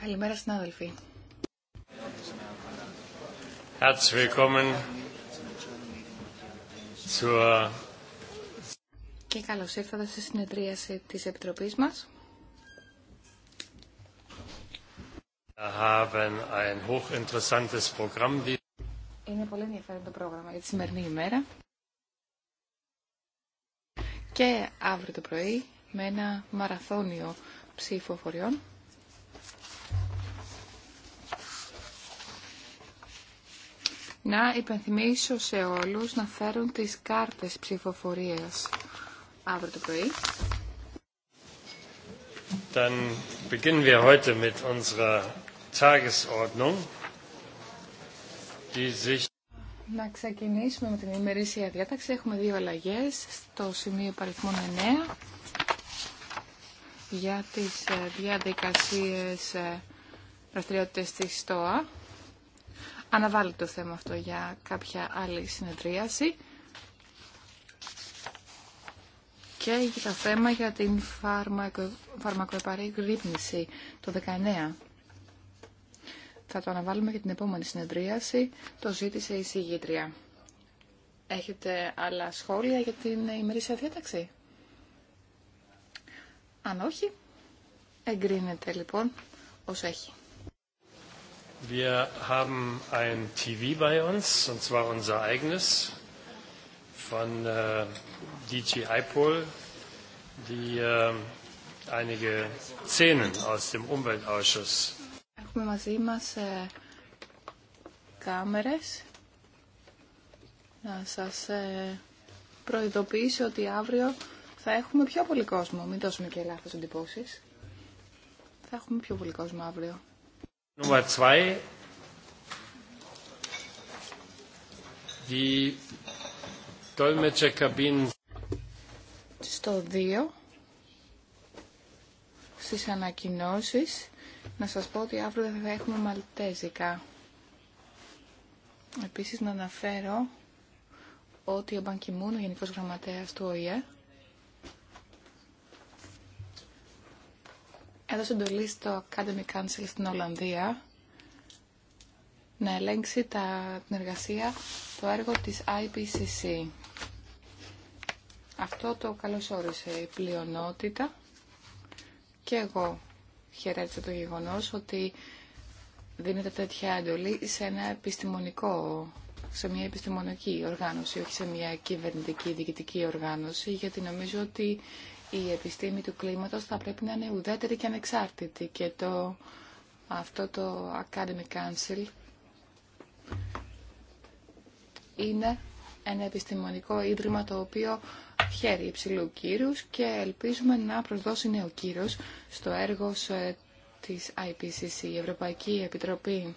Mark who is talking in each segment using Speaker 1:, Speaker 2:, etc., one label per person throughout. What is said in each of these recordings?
Speaker 1: Καλημέρα συνάδελφοι.
Speaker 2: Herzlich
Speaker 1: Και καλώ ήρθατε στη συνεδρίαση τη Επιτροπή μα. Είναι πολύ ενδιαφέρον το πρόγραμμα για τη σημερινή ημέρα και αύριο το πρωί με ένα μαραθώνιο ψηφοφοριών. Να υπενθυμίσω σε όλους να φέρουν τις κάρτες ψηφοφορίας αύριο το πρωί.
Speaker 2: Dann beginnen wir heute mit unserer Tagesordnung, die sich
Speaker 1: να ξεκινήσουμε με την ημερήσια διάταξη. Έχουμε δύο αλλαγέ στο σημείο παριθμών 9 για τις ε, διαδικασίες ε, δραστηριότητες της ΣΤΟΑ. Αναβάλλει το θέμα αυτό για κάποια άλλη συνεδρίαση. Και για το θέμα για την φαρμακο... φαρμακοεπαρή το 19. Θα το αναβάλουμε για την επόμενη συνεδρίαση. Το ζήτησε η συγγήτρια. Έχετε άλλα σχόλια για την ημερήσια διάταξη. Αν όχι, εγκρίνεται λοιπόν ως έχει.
Speaker 2: Wir haben ein TV bei uns, und zwar unser eigenes von äh, DG IPOL, die äh, einige Szenen aus dem Umweltausschuss
Speaker 1: έχουμε μαζί μας ε, κάμερες. Να σας ε, προειδοποιήσω ότι αύριο θα έχουμε πιο πολύ κόσμο. Μην δώσουμε και λάθος εντυπώσεις. Θα έχουμε πιο πολύ κόσμο αύριο.
Speaker 2: Νούμερο 2.
Speaker 1: Στο 2. Στις ανακοινώσεις να σας πω ότι αύριο δεν θα έχουμε μαλτέζικα. Επίσης να αναφέρω ότι ο Μπανκιμούν, ο Γενικός Γραμματέας του ΟΗΕ, έδωσε εντολή στο Academy Council στην Ολλανδία να ελέγξει τα, την εργασία, το έργο της IPCC. Αυτό το καλωσόρισε η πλειονότητα και εγώ χαιρέτησε το γεγονός ότι δίνεται τέτοια εντολή σε ένα επιστημονικό σε μια επιστημονική οργάνωση, όχι σε μια κυβερνητική διοικητική οργάνωση, γιατί νομίζω ότι η επιστήμη του κλίματος θα πρέπει να είναι ουδέτερη και ανεξάρτητη και το, αυτό το Academy Council είναι ένα επιστημονικό ίδρυμα το οποίο χαίρει υψηλού κύρους και ελπίζουμε να προσδώσει νέο κύρος στο έργο της IPCC, η Ευρωπαϊκή Επιτροπή.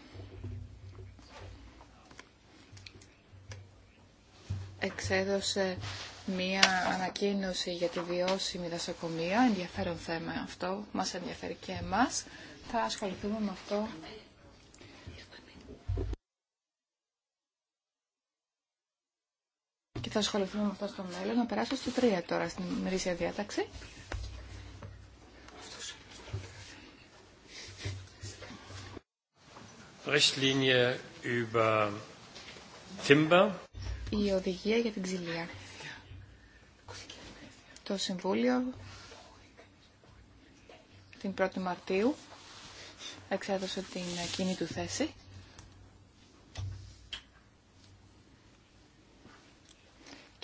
Speaker 1: Εξέδωσε μία ανακοίνωση για τη βιώσιμη δασοκομεία, ενδιαφέρον θέμα αυτό, μας ενδιαφέρει και εμάς. Θα ασχοληθούμε με αυτό και θα ασχοληθούμε με αυτό στο μέλλον. Να περάσω στο 3 τώρα στην μερίσια διάταξη. Η οδηγία για την ξυλία. Το Συμβούλιο την 1η Μαρτίου εξέδωσε την ε, κοινή του θέση.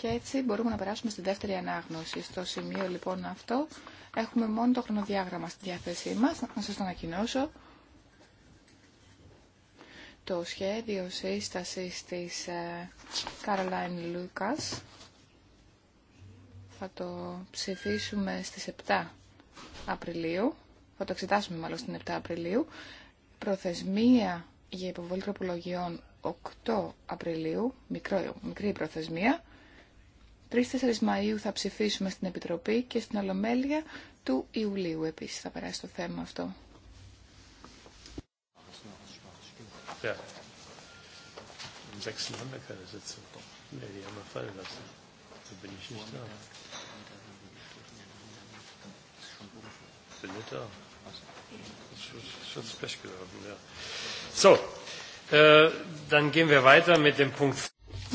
Speaker 1: Και έτσι μπορούμε να περάσουμε στη δεύτερη ανάγνωση. Στο σημείο λοιπόν αυτό έχουμε μόνο το χρονοδιάγραμμα στη διάθεσή μας. Να σας το ανακοινώσω. Το σχέδιο σύστασης της ε, Caroline Λούκας θα το ψηφίσουμε στις 7 Απριλίου. Θα το εξετάσουμε μάλλον στις 7 Απριλίου. Προθεσμία για υποβολή τροπολογιών 8 Απριλίου, μικρό, μικρή προθεσμία. 3-4 Μαΐου θα ψηφίσουμε στην Επιτροπή και στην Ολομέλεια του Ιουλίου επίσης θα περάσει το θέμα αυτό.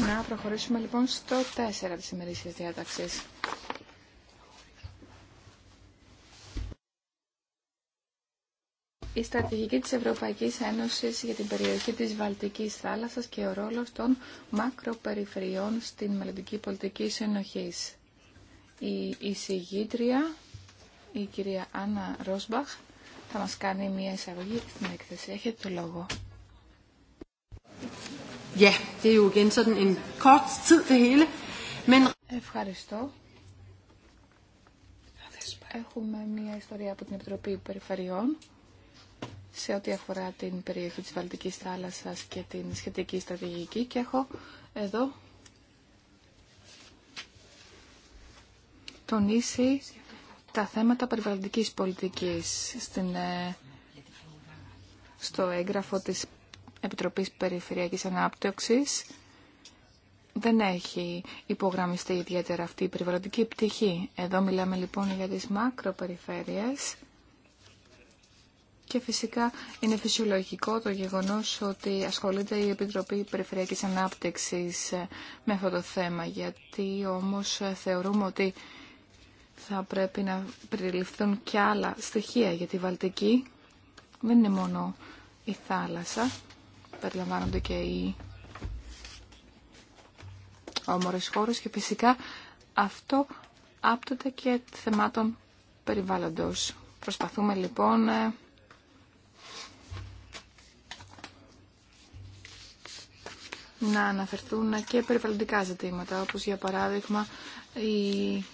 Speaker 1: Να προχωρήσουμε λοιπόν στο 4 της ημερήσιας διάταξης. Η στρατηγική της Ευρωπαϊκής Ένωσης για την περιοχή της Βαλτικής θάλασσας και ο ρόλος των μακροπεριφερειών στην μελλοντική πολιτική συνοχής. Η εισηγήτρια, η κυρία Άννα Ρόσμπαχ, θα μας κάνει μια εισαγωγή στην έκθεση. Έχετε το λόγο.
Speaker 3: Ja, det er jo
Speaker 1: Ευχαριστώ. Έχουμε μια ιστορία από την Επιτροπή Περιφερειών σε ό,τι αφορά την περιοχή της Βαλτικής θάλασσας και την σχετική στρατηγική και έχω εδώ τονίσει τα θέματα περιβαλλοντικής πολιτικής στην, ε, στο έγγραφο της Επιτροπής Περιφερειακής Ανάπτυξης δεν έχει υπογραμμιστεί ιδιαίτερα αυτή η περιβαλλοντική πτυχή. Εδώ μιλάμε λοιπόν για τις μακροπεριφέρειες και φυσικά είναι φυσιολογικό το γεγονός ότι ασχολείται η Επιτροπή Περιφερειακής Ανάπτυξης με αυτό το θέμα, γιατί όμως θεωρούμε ότι θα πρέπει να περιληφθούν και άλλα στοιχεία για τη Βαλτική. Δεν είναι μόνο η θάλασσα περιλαμβάνονται και οι όμορες χώρες και φυσικά αυτό άπτονται και θεμάτων περιβάλλοντος. Προσπαθούμε λοιπόν ε, να αναφερθούν και περιβαλλοντικά ζητήματα, όπως για παράδειγμα η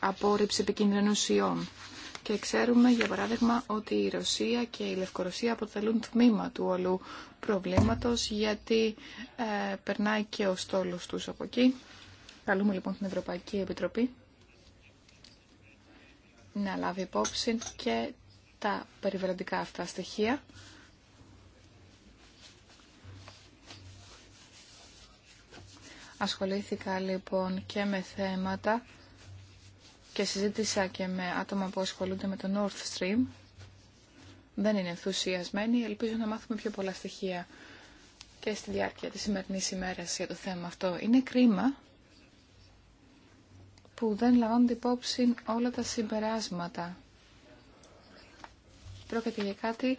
Speaker 1: απόρριψη επικίνδυνων ουσιών. Και ξέρουμε, για παράδειγμα, ότι η Ρωσία και η Λευκορωσία αποτελούν τμήμα του όλου προβλήματος, γιατί ε, περνάει και ο στόλος τους από εκεί. Καλούμε λοιπόν την Ευρωπαϊκή Επιτροπή να λάβει υπόψη και τα περιβαλλοντικά αυτά στοιχεία. Ασχολήθηκα λοιπόν και με θέματα και συζήτησα και με άτομα που ασχολούνται με το North Stream. Δεν είναι ενθουσιασμένοι. Ελπίζω να μάθουμε πιο πολλά στοιχεία και στη διάρκεια της σημερινής ημέρας για το θέμα αυτό. Είναι κρίμα που δεν λαμβάνονται υπόψη όλα τα συμπεράσματα. Πρόκειται για κάτι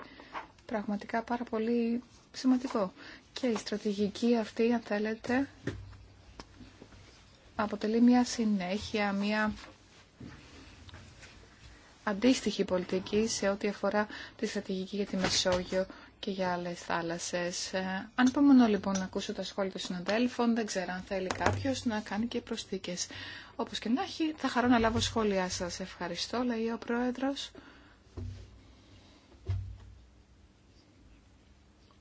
Speaker 1: πραγματικά πάρα πολύ σημαντικό. Και η στρατηγική αυτή, αν θέλετε, αποτελεί μια συνέχεια, μια αντίστοιχη πολιτική σε ό,τι αφορά τη στρατηγική για τη Μεσόγειο και για άλλες θάλασσες. Ε, αν μόνο λοιπόν να ακούσω τα σχόλια των συναδέλφων, δεν ξέρω αν θέλει κάποιο να κάνει και προσθήκες. Όπως και να έχει, θα χαρώ να λάβω σχόλιά σας. Ευχαριστώ, λέει ο Πρόεδρος.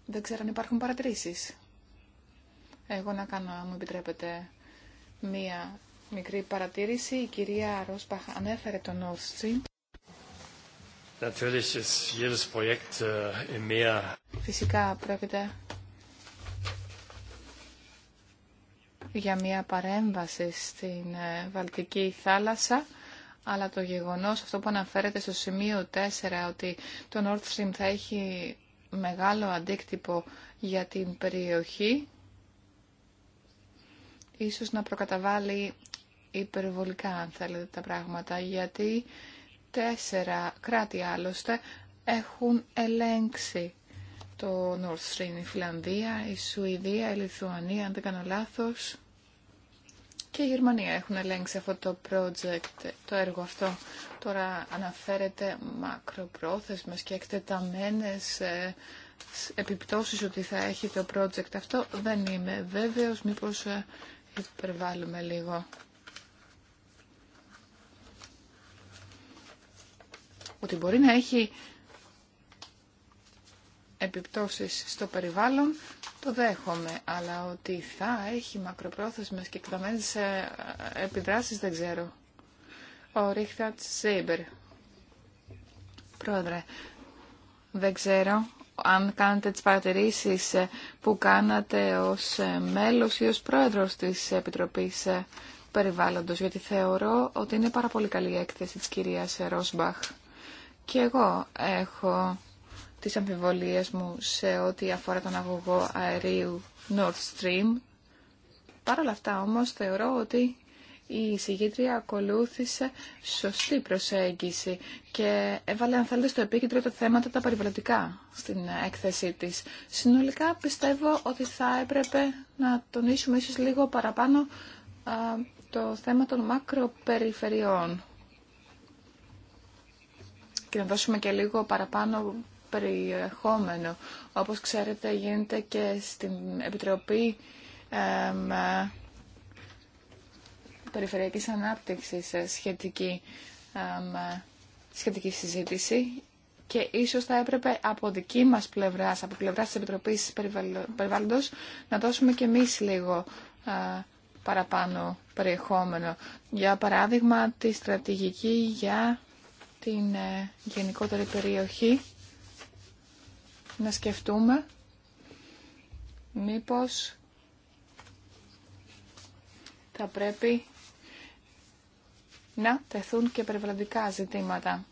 Speaker 1: Δεν ξέρω αν υπάρχουν παρατηρήσει. Εγώ να κάνω, αν μου επιτρέπετε, μία μικρή παρατήρηση. Η κυρία Ρόσπαχ ανέφερε τον
Speaker 2: Äh,
Speaker 1: Φυσικά πρόκειται για μια παρέμβαση στην ε, Βαλτική θάλασσα, αλλά το γεγονός αυτό που αναφέρεται στο σημείο 4 ότι το Nord Stream θα έχει μεγάλο αντίκτυπο για την περιοχή, ίσως να προκαταβάλει υπερβολικά αν θέλετε τα πράγματα, γιατί Τέσσερα κράτη άλλωστε έχουν ελέγξει το Nord Stream, η Φιλανδία, η Σουηδία, η Λιθουανία, αν δεν κάνω λάθος, και η Γερμανία έχουν ελέγξει αυτό το project, το έργο αυτό. Τώρα αναφέρεται μακροπρόθεσμες και εκτεταμένες ε, επιπτώσεις ότι θα έχει το project αυτό. Δεν είμαι βέβαιος, μήπως ε, υπερβάλλουμε λίγο. ότι μπορεί να έχει επιπτώσεις στο περιβάλλον, το δέχομαι, αλλά ότι θα έχει μακροπρόθεσμες και εκδομένες ε, επιδράσεις δεν ξέρω. Ο Ρίχτατ Σέιμπερ. Πρόεδρε, δεν ξέρω αν κάνετε τις παρατηρήσεις ε, που κάνατε ως ε, μέλος ή ως πρόεδρος της Επιτροπής Περιβάλλοντος, γιατί θεωρώ ότι είναι πάρα πολύ καλή η έκθεση της κυρίας Ρόσμπαχ. Και εγώ έχω τις αμφιβολίες μου σε ό,τι αφορά τον αγωγό αερίου Nord Stream. Παρ' όλα αυτά όμως θεωρώ ότι η συγγήτρια ακολούθησε σωστή προσέγγιση και έβαλε αν θέλετε στο επίκεντρο τα θέματα τα περιβαλλοντικά στην έκθεσή της. Συνολικά πιστεύω ότι θα έπρεπε να τονίσουμε ίσως λίγο παραπάνω το θέμα των μακροπεριφερειών και να δώσουμε και λίγο παραπάνω περιεχόμενο. Όπως ξέρετε γίνεται και στην Επιτροπή εμ, Περιφερειακής Ανάπτυξης ε, σχετική, σχετική συζήτηση και ίσως θα έπρεπε από δική μας πλευρά, από πλευρά της Επιτροπής Περιβάλλοντος, να δώσουμε και εμείς λίγο ε, παραπάνω περιεχόμενο. Για παράδειγμα, τη στρατηγική για την ε, γενικότερη περιοχή να σκεφτούμε μήπως θα πρέπει να τεθούν και περιβαλλοντικά ζητήματα.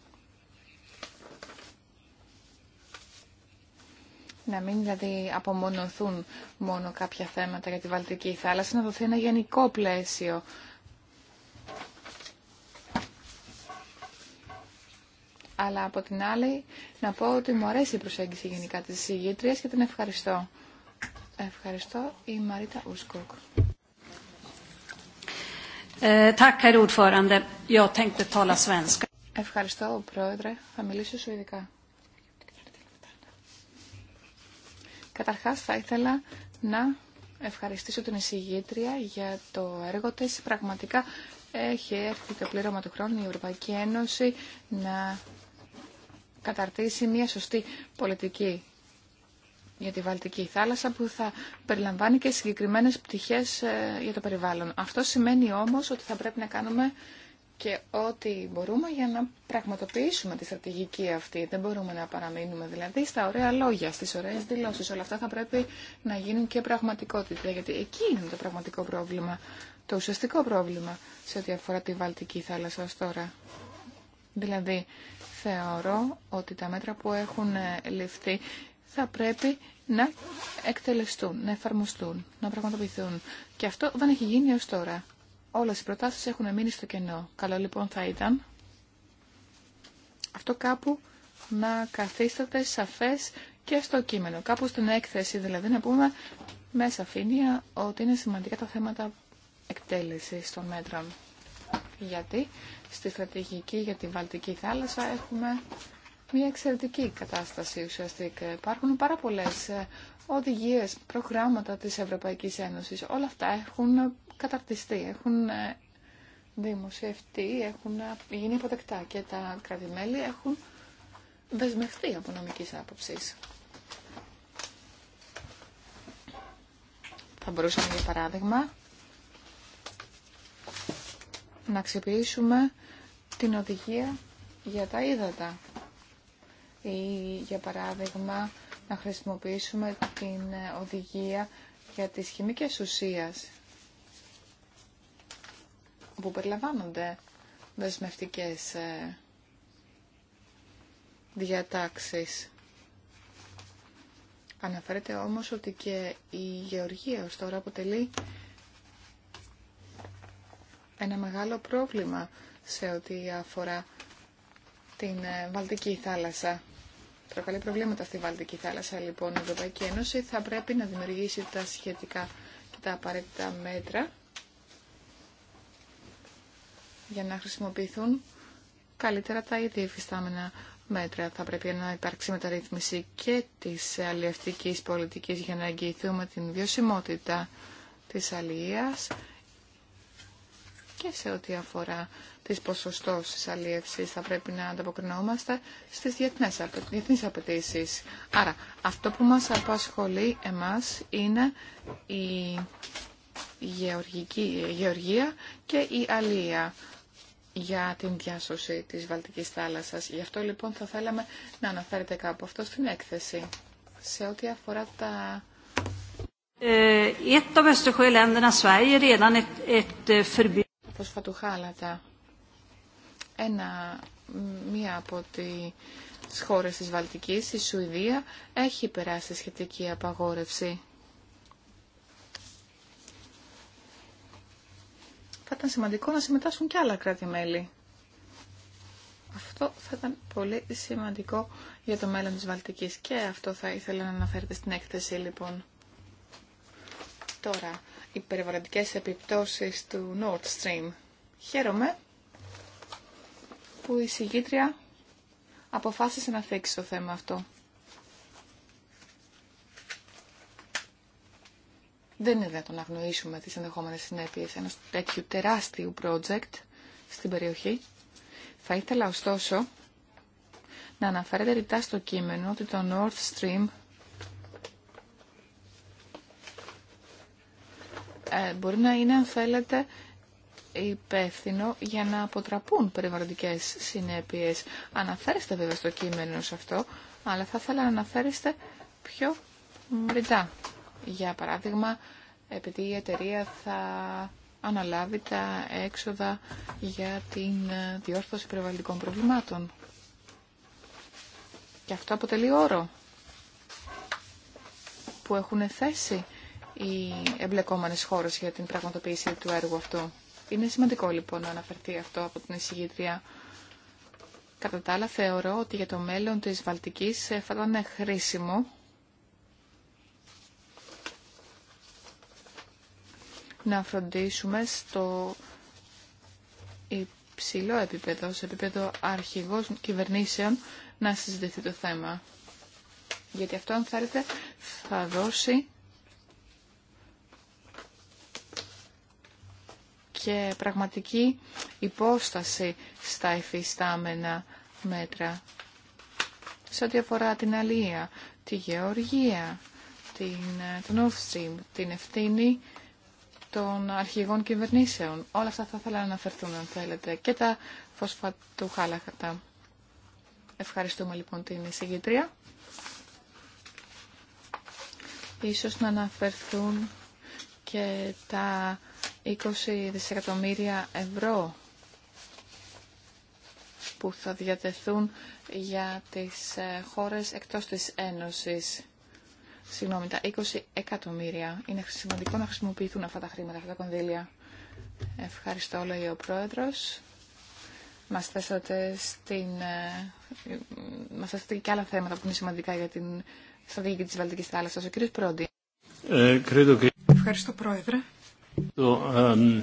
Speaker 1: Να μην δηλαδή απομονωθούν μόνο κάποια θέματα για τη Βαλτική θάλασσα, να δοθεί ένα γενικό πλαίσιο Αλλά από την άλλη να πω ότι μου αρέσει η προσέγγιση γενικά της συγγήτριας και την ευχαριστώ. Ευχαριστώ η Μαρίτα Ουσκόκ. Ε, ευχαριστώ, Πρόεδρε. Θα μιλήσω σου ειδικά. Καταρχάς, θα ήθελα να ευχαριστήσω την εισηγήτρια για το έργο της. Πραγματικά έχει έρθει το πλήρωμα του χρόνου η Ευρωπαϊκή Ένωση να καταρτήσει μια σωστή πολιτική για τη Βαλτική θάλασσα που θα περιλαμβάνει και συγκεκριμένες πτυχές ε, για το περιβάλλον. Αυτό σημαίνει όμως ότι θα πρέπει να κάνουμε και ό,τι μπορούμε για να πραγματοποιήσουμε τη στρατηγική αυτή. Δεν μπορούμε να παραμείνουμε δηλαδή στα ωραία λόγια, στις ωραίες δηλώσεις. Όλα αυτά θα πρέπει να γίνουν και πραγματικότητα, γιατί εκεί είναι το πραγματικό πρόβλημα, το ουσιαστικό πρόβλημα σε ό,τι αφορά τη Βαλτική θάλασσα τώρα. Δηλαδή, θεωρώ ότι τα μέτρα που έχουν ε, ληφθεί θα πρέπει να εκτελεστούν, να εφαρμοστούν, να πραγματοποιηθούν. Και αυτό δεν έχει γίνει έως τώρα. Όλες οι προτάσεις έχουν μείνει στο κενό. Καλό λοιπόν θα ήταν αυτό κάπου να καθίσταται σαφές και στο κείμενο. Κάπου στην έκθεση δηλαδή να πούμε με σαφήνεια ότι είναι σημαντικά τα θέματα εκτέλεσης των μέτρων. Γιατί στη στρατηγική για την Βαλτική θάλασσα έχουμε μια εξαιρετική κατάσταση ουσιαστικά. Υπάρχουν πάρα πολλές ε, οδηγίες, προγράμματα της Ευρωπαϊκής Ένωσης. Όλα αυτά έχουν καταρτιστεί, έχουν ε, δημοσιευτεί, έχουν ε, γίνει υποδεκτά και τα κρατημέλη έχουν δεσμευτεί από νομικής άποψης. Θα μπορούσαμε για παράδειγμα να αξιοποιήσουμε την οδηγία για τα ύδατα ή για παράδειγμα να χρησιμοποιήσουμε την οδηγία για τις χημικές ουσίες που περιλαμβάνονται δεσμευτικές ε, διατάξεις. Αναφέρεται όμως ότι και η γεωργία ως τώρα αποτελεί ένα μεγάλο πρόβλημα σε ό,τι αφορά την ε, Βαλτική θάλασσα. Προκαλεί προβλήματα στη Βαλτική θάλασσα, λοιπόν, η Ευρωπαϊκή Ένωση θα πρέπει να δημιουργήσει τα σχετικά και τα απαραίτητα μέτρα για να χρησιμοποιηθούν καλύτερα τα ήδη υφιστάμενα μέτρα. Θα πρέπει να υπάρξει μεταρρύθμιση και της αλλιευτικής πολιτικής για να εγγυηθούμε την βιωσιμότητα της αλληλείας και σε ό,τι αφορά τις ποσοστώσεις αλλιεύσης θα πρέπει να ανταποκρινόμαστε στις διεθνείς απαιτήσει. Άρα, αυτό που μας απασχολεί εμάς είναι η γεωργική γεωργία και η αλία για την διάσωση της Βαλτικής θάλασσας. Γι' αυτό λοιπόν θα θέλαμε να αναφέρετε κάπου αυτό στην έκθεση. Σε ό,τι αφορά τα... Ε, φατουχάλατα. Ένα, μία από τις χώρες της Βαλτικής, η Σουηδία, έχει περάσει σχετική απαγόρευση. Θα ήταν σημαντικό να συμμετάσχουν και άλλα κράτη-μέλη. Αυτό θα ήταν πολύ σημαντικό για το μέλλον της Βαλτικής και αυτό θα ήθελα να αναφέρετε στην έκθεση λοιπόν. Τώρα, οι περιβαλλοντικές επιπτώσεις του Nord Stream. Χαίρομαι που η συγκήτρια αποφάσισε να θέξει το θέμα αυτό. Δεν είναι δυνατόν να γνωρίσουμε τις ενδεχόμενες συνέπειες ενός τέτοιου τεράστιου project στην περιοχή. Θα ήθελα ωστόσο να αναφέρεται ρητά στο κείμενο ότι το North Stream Ε, μπορεί να είναι, αν θέλετε, υπεύθυνο για να αποτραπούν περιβαλλοντικές συνέπειες. Αναφέρεστε βέβαια στο κείμενο σε αυτό, αλλά θα ήθελα να αναφέρεστε πιο ρητά. Για παράδειγμα, επειδή η εταιρεία θα αναλάβει τα έξοδα για την ε, διόρθωση περιβαλλοντικών προβλημάτων. Και αυτό αποτελεί όρο που έχουν θέσει οι εμπλεκόμενες χώρες για την πραγματοποίηση του έργου αυτού. Είναι σημαντικό λοιπόν να αναφερθεί αυτό από την εισηγήτρια. Κατά τα άλλα θεωρώ ότι για το μέλλον της Βαλτικής ε, θα ήταν χρήσιμο να φροντίσουμε στο υψηλό επίπεδο, σε επίπεδο αρχηγός κυβερνήσεων, να συζητηθεί το θέμα. Γιατί αυτό, αν θέλετε, θα δώσει και πραγματική υπόσταση στα εφιστάμενα μέτρα. Σε ό,τι αφορά την αλία, τη γεωργία, την, ε, τον Stream, την ευθύνη των αρχηγών κυβερνήσεων. Όλα αυτά θα ήθελα να αναφερθούν, αν θέλετε, και τα χάλακτα. Ευχαριστούμε λοιπόν την εισηγήτρια. Ίσως να αναφερθούν και τα 20 δισεκατομμύρια ευρώ που θα διατεθούν για τις ε, χώρες εκτός της Ένωσης. Συγγνώμη, τα 20 εκατομμύρια. Είναι σημαντικό να χρησιμοποιηθούν αυτά τα χρήματα, αυτά τα κονδύλια. Ευχαριστώ, λέει ο Πρόεδρος. Μας θέσατε, στην... Ε, μας θέσατε και άλλα θέματα που είναι σημαντικά για την στρατηγική της Βαλτικής θάλασσας. Ο κύριος Πρόντι. Ε, Ευχαριστώ, Πρόεδρε.
Speaker 2: Ε,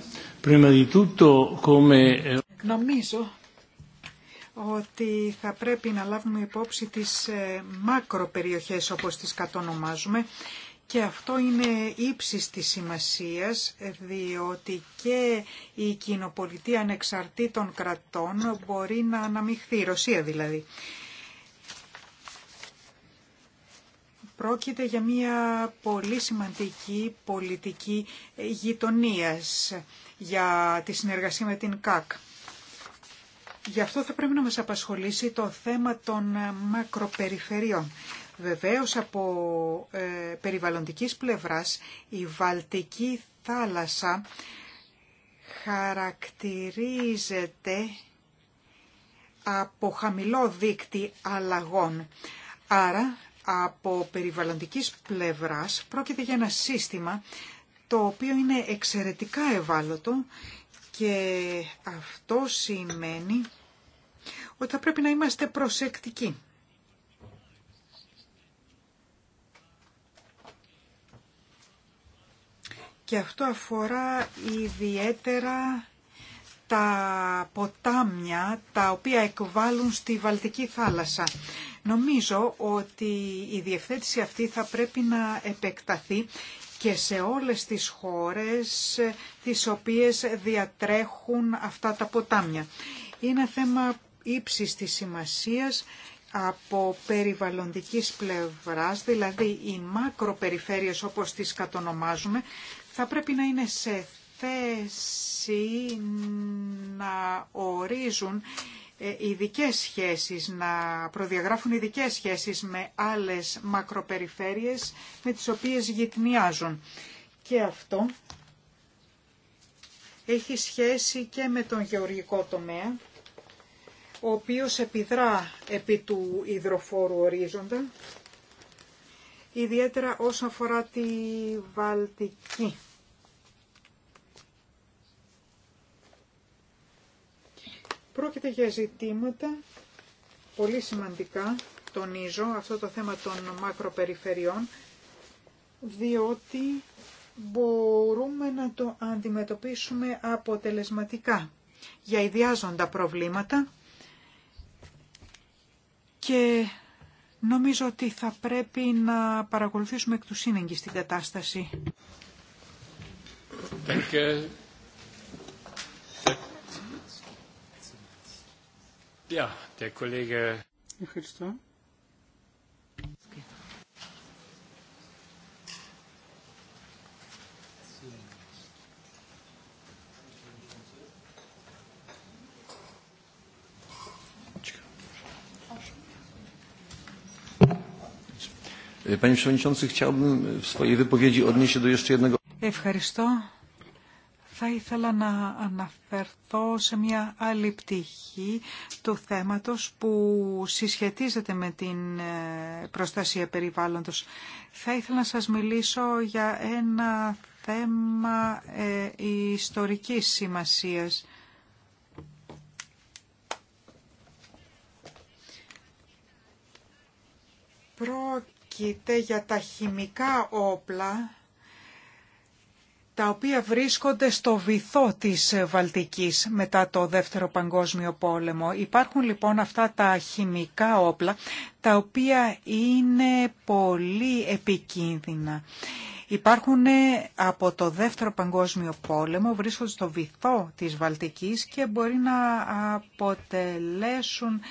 Speaker 4: Νομίζω ότι θα πρέπει να λάβουμε υπόψη τις ε, μακροπεριοχές όπως τις κατονομάζουμε και αυτό είναι ύψης της σημασίας διότι και η κοινοπολιτεία ανεξαρτήτων κρατών μπορεί να αναμειχθεί, η Ρωσία δηλαδή. Πρόκειται για μια πολύ σημαντική πολιτική γειτονίας για τη συνεργασία με την ΚΑΚ. Γι' αυτό θα πρέπει να μας απασχολήσει το θέμα των μακροπεριφερειών. Βεβαίως από ε, περιβαλλοντικής πλευράς η Βαλτική θάλασσα χαρακτηρίζεται από χαμηλό δίκτυ αλλαγών. Άρα από περιβαλλοντικής πλευράς πρόκειται για ένα σύστημα το οποίο είναι εξαιρετικά ευάλωτο και αυτό σημαίνει ότι θα πρέπει να είμαστε προσεκτικοί. Και αυτό αφορά ιδιαίτερα τα ποτάμια τα οποία εκβάλλουν στη Βαλτική θάλασσα. Νομίζω ότι η διευθέτηση αυτή θα πρέπει να επεκταθεί και σε όλες τις χώρες τις οποίες διατρέχουν αυτά τα ποτάμια. Είναι θέμα ύψης της σημασίας από περιβαλλοντικής πλευράς, δηλαδή οι μακροπεριφέρειες όπως τις κατονομάζουμε, θα πρέπει να είναι σε θέση να ορίζουν ε, ειδικέ σχέσεις, να προδιαγράφουν ειδικέ σχέσεις με άλλες μακροπεριφέρειες με τις οποίες γυτνιάζουν. Και αυτό έχει σχέση και με τον γεωργικό τομέα, ο οποίος επιδρά επί του υδροφόρου ορίζοντα, ιδιαίτερα όσον αφορά τη Βαλτική. Πρόκειται για ζητήματα πολύ σημαντικά, τονίζω, αυτό το θέμα των μακροπεριφερειών, διότι μπορούμε να το αντιμετωπίσουμε αποτελεσματικά για ιδιάζοντα προβλήματα και νομίζω ότι θα πρέπει να παρακολουθήσουμε εκ του σύνεγγι στην κατάσταση.
Speaker 2: Ja, der Kollege... Ευχαριστώ.
Speaker 5: Panie Przewodniczący, chciałbym w swojej wypowiedzi odnieść się do jeszcze jednego.
Speaker 4: Ευχαριστώ. Θα ήθελα να αναφερθώ σε μια άλλη πτυχή του θέματος που συσχετίζεται με την ε, προστασία περιβάλλοντος. Θα ήθελα να σας μιλήσω για ένα θέμα ε, ιστορικής σημασίας. Πρόκειται για τα χημικά όπλα τα οποία βρίσκονται στο βυθό της Βαλτικής μετά το Δεύτερο Παγκόσμιο Πόλεμο. Υπάρχουν λοιπόν αυτά τα χημικά όπλα, τα οποία είναι πολύ επικίνδυνα. Υπάρχουν από το Δεύτερο Παγκόσμιο Πόλεμο, βρίσκονται στο βυθό της Βαλτικής και μπορεί να αποτελέσουν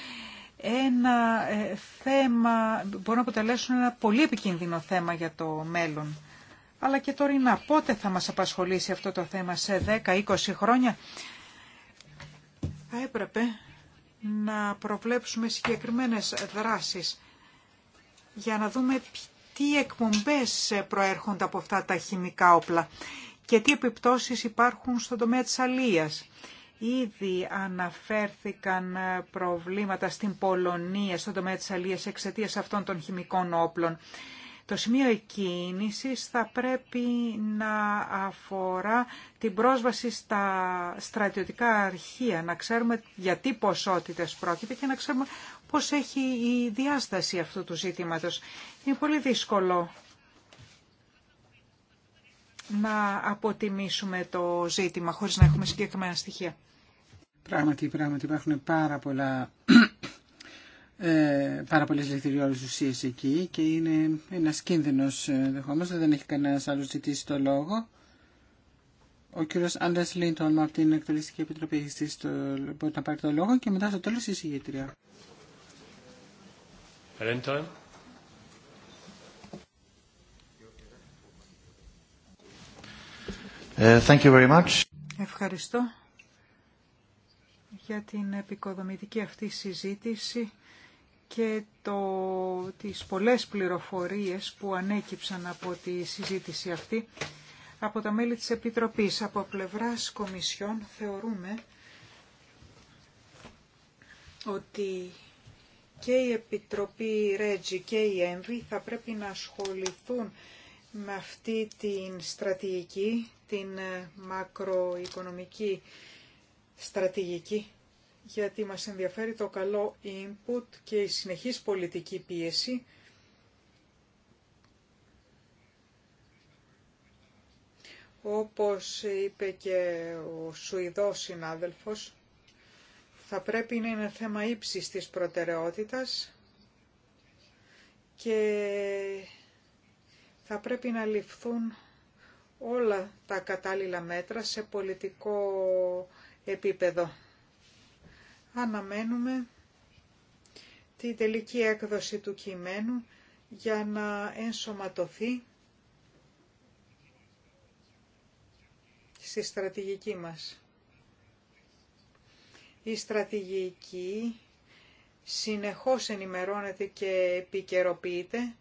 Speaker 4: ένα ε, θέμα, μπορούν να αποτελέσουν ένα πολύ επικίνδυνο θέμα για το μέλλον αλλά και είναι Πότε θα μας απασχολήσει αυτό το θέμα, σε 10-20 χρόνια. Θα έπρεπε να προβλέψουμε συγκεκριμένες δράσεις για να δούμε τι εκπομπές προέρχονται από αυτά τα χημικά όπλα και τι επιπτώσεις υπάρχουν στον τομέα της αλίας. Ήδη αναφέρθηκαν προβλήματα στην Πολωνία, στον τομέα της αλίας εξαιτίας αυτών των χημικών όπλων το σημείο εκκίνησης θα πρέπει να αφορά την πρόσβαση στα στρατιωτικά αρχεία, να ξέρουμε για τι ποσότητες πρόκειται και να ξέρουμε πώς έχει η διάσταση αυτού του ζήτηματος. Είναι πολύ δύσκολο να αποτιμήσουμε το ζήτημα χωρίς να έχουμε συγκεκριμένα στοιχεία. Πράγματι, πράγματι υπάρχουν πάρα πολλά
Speaker 3: ε, πάρα πολλέ λεκτηριόλες ουσίε εκεί και είναι ένα κίνδυνο ε, δεχόμενος, δεν έχει κανένα άλλος ζητήσει το λόγο. Ο κύριος Άντερ Λίντον από την Εκτελεστική Επιτροπή έχει ζητήσει το, μπορεί να πάρει το λόγο και μετά στο τέλος η συγγήτρια.
Speaker 2: Ε,
Speaker 4: Ευχαριστώ για την επικοδομητική αυτή συζήτηση και τις πολλές πληροφορίες που ανέκυψαν από τη συζήτηση αυτή από τα μέλη της Επιτροπής. Από πλευράς Κομισιόν θεωρούμε ότι και η Επιτροπή Ρέτζι και η ΕΜΒΗ θα πρέπει να ασχοληθούν με αυτή την στρατηγική, την μακροοικονομική στρατηγική γιατί μας ενδιαφέρει το καλό input και η συνεχής πολιτική πίεση όπως είπε και ο Σουηδός συνάδελφος, θα πρέπει να είναι θέμα ύψης της προτεραιότητας και θα πρέπει να ληφθούν όλα τα κατάλληλα μέτρα σε πολιτικό επίπεδο αναμένουμε τη τελική έκδοση του κειμένου για να ενσωματωθεί στη στρατηγική μας. Η στρατηγική συνεχώς ενημερώνεται και επικαιροποιείται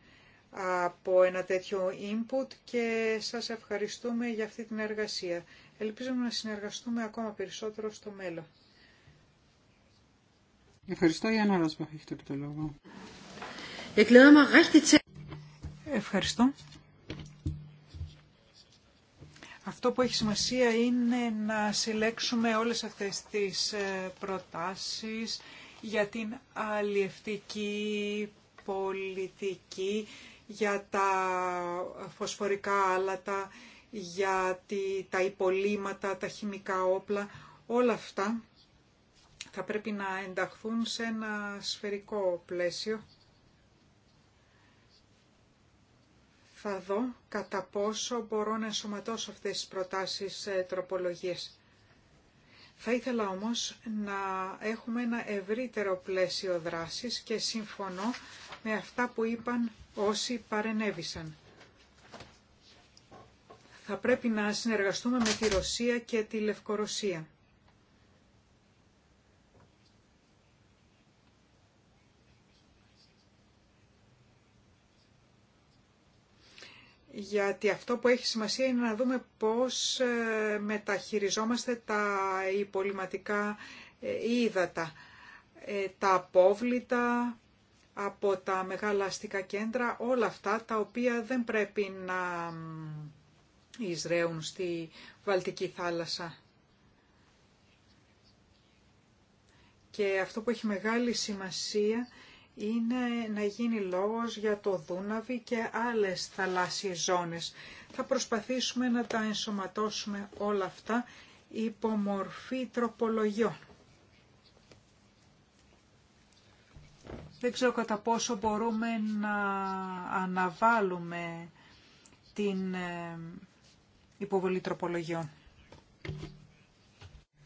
Speaker 4: από ένα τέτοιο input και σας ευχαριστούμε για αυτή την εργασία. Ελπίζουμε να συνεργαστούμε ακόμα περισσότερο στο μέλλον. Ευχαριστώ, να Ράσπαχ, έχετε το λόγο. Ευχαριστώ. Αυτό που έχει σημασία είναι να συλλέξουμε όλες αυτές τις ε, προτάσεις για την αλλιευτική πολιτική, για τα φωσφορικά άλατα, για τα υπολείμματα, τα χημικά όπλα, όλα αυτά θα πρέπει να ενταχθούν σε ένα σφαιρικό πλαίσιο. Θα δω κατά πόσο μπορώ να ενσωματώσω αυτές τις προτάσεις τροπολογίες. Θα ήθελα όμως να έχουμε ένα ευρύτερο πλαίσιο δράσης και συμφωνώ με αυτά που είπαν όσοι παρενέβησαν. Θα πρέπει να συνεργαστούμε με τη Ρωσία και τη Λευκορωσία. γιατί αυτό που έχει σημασία είναι να δούμε πώς ε, μεταχειριζόμαστε τα υπολοιματικά ε, ύδατα, ε, τα απόβλητα από τα μεγάλα αστικά κέντρα, όλα αυτά τα οποία δεν πρέπει να εισραίουν στη Βαλτική θάλασσα. Και αυτό που έχει μεγάλη σημασία είναι να γίνει λόγος για το Δούναβι και άλλες θαλάσσιες ζώνες. Θα προσπαθήσουμε να τα ενσωματώσουμε όλα αυτά υπό μορφή τροπολογιών. Δεν ξέρω κατά πόσο μπορούμε να αναβάλουμε την ε, υποβολή τροπολογιών.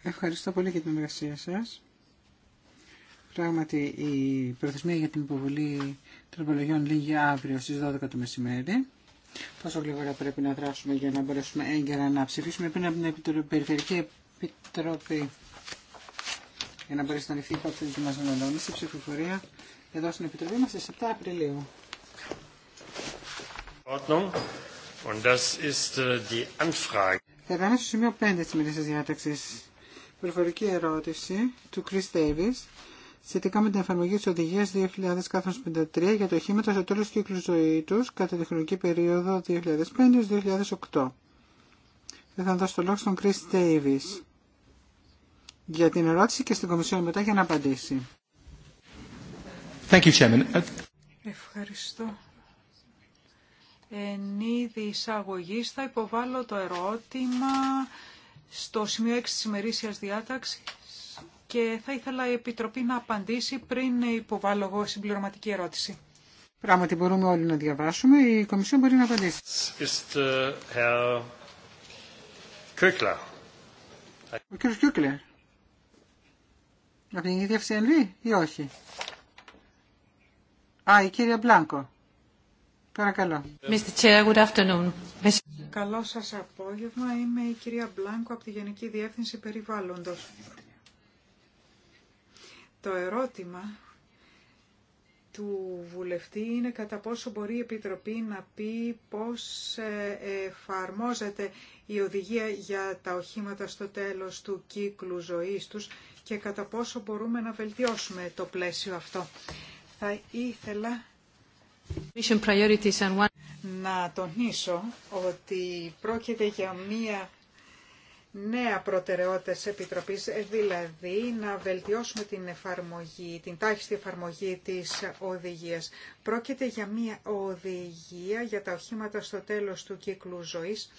Speaker 3: Ευχαριστώ πολύ για την εργασία σας. Πράγματι, η προθεσμία για την υποβολή τροπολογιών λήγει αύριο στις 12 το μεσημέρι. Πόσο γρήγορα πρέπει να δράσουμε για να μπορέσουμε έγκαιρα να ψηφίσουμε πριν από την Περιφερειακή Επιτροπή για να μπορέσει να ληφθεί υπόψη τη μας μελώνηση ψηφοφορία εδώ στην Επιτροπή μας στις 7 Απριλίου. Äh, Περνάμε στο σημείο 5 τη μερικής διάταξης. Προφορική ερώτηση του Chris Davis σχετικά με την εφαρμογή της οδηγίας 2053 για το οχήματα στο τέλος κύκλου ζωή του κατά τη χρονική περίοδο 2005-2008. Θα δώσω το λόγο στον Chris Davis για την ερώτηση και στην Κομισιόν μετά για να απαντήσει.
Speaker 2: Thank you, Chairman. Uh,
Speaker 4: Ευχαριστώ. Εν είδη εισαγωγή θα υποβάλω το ερώτημα στο σημείο 6 της ημερήσιας διάταξης και θα ήθελα η Επιτροπή να απαντήσει πριν υποβάλω εγώ συμπληρωματική ερώτηση.
Speaker 3: Πράγματι μπορούμε όλοι να διαβάσουμε. Η Κομισιόν μπορεί να απαντήσει. Ο κύριος Κιούκλερ. Από την ίδια Ευσενλή ή όχι. Α, η κυρία Μπλάνκο. Παρακαλώ. Mr. Chair, good
Speaker 4: Καλό σας απόγευμα. Είμαι η κυρία Μπλάνκο από τη Γενική Διεύθυνση Περιβάλλοντος. Το ερώτημα του βουλευτή είναι κατά πόσο μπορεί η Επιτροπή να πει πώς ε, εφαρμόζεται η οδηγία για τα οχήματα στο τέλος του κύκλου ζωής τους και κατά πόσο μπορούμε να βελτιώσουμε το πλαίσιο αυτό. Θα ήθελα να τονίσω ότι πρόκειται για μία νέα προτεραιότητες Επιτροπής, δηλαδή να βελτιώσουμε την εφαρμογή, την τάχιστη εφαρμογή της οδηγίας. Πρόκειται για μια οδηγία για τα οχήματα στο τέλος του κύκλου ζωής,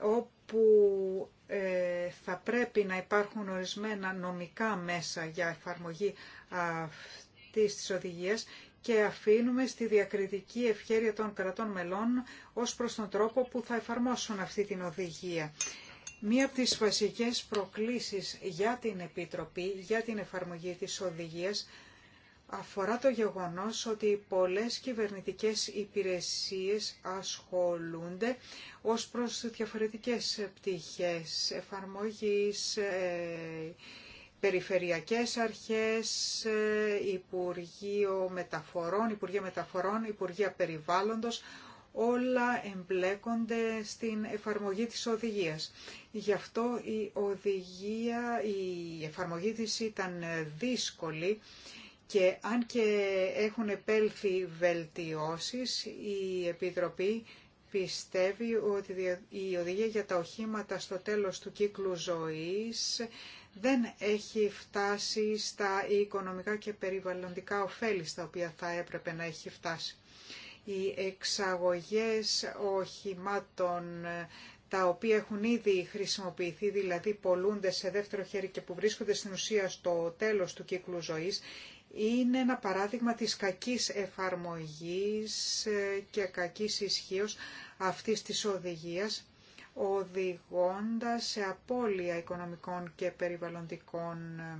Speaker 4: όπου ε, θα πρέπει να υπάρχουν ορισμένα νομικά μέσα για εφαρμογή αυτής της οδηγίας και αφήνουμε στη διακριτική ευχέρεια των κρατών μελών ως προς τον τρόπο που θα εφαρμόσουν αυτή την οδηγία. Μία από τις βασικές προκλήσεις για την Επιτροπή, για την εφαρμογή της οδηγίας, αφορά το γεγονός ότι πολλές κυβερνητικές υπηρεσίες ασχολούνται ως προς διαφορετικές πτυχές εφαρμογής, ε, περιφερειακές αρχές, ε, Υπουργείο Μεταφορών, Υπουργεία Μεταφορών, Υπουργεία Περιβάλλοντος, όλα εμπλέκονται στην εφαρμογή της οδηγίας. Γι' αυτό η οδηγία, η εφαρμογή της ήταν δύσκολη και αν και έχουν επέλθει βελτιώσεις, η Επιτροπή πιστεύει ότι η οδηγία για τα οχήματα στο τέλος του κύκλου ζωής δεν έχει φτάσει στα οικονομικά και περιβαλλοντικά ωφέλη στα οποία θα έπρεπε να έχει φτάσει. Οι εξαγωγές οχημάτων τα οποία έχουν ήδη χρησιμοποιηθεί, δηλαδή πολλούνται σε δεύτερο χέρι και που βρίσκονται στην ουσία στο τέλος του κύκλου ζωής, είναι ένα παράδειγμα της κακής εφαρμογής ε, και κακής ισχύω αυτής της οδηγίας, οδηγώντας σε απώλεια οικονομικών και περιβαλλοντικών ε,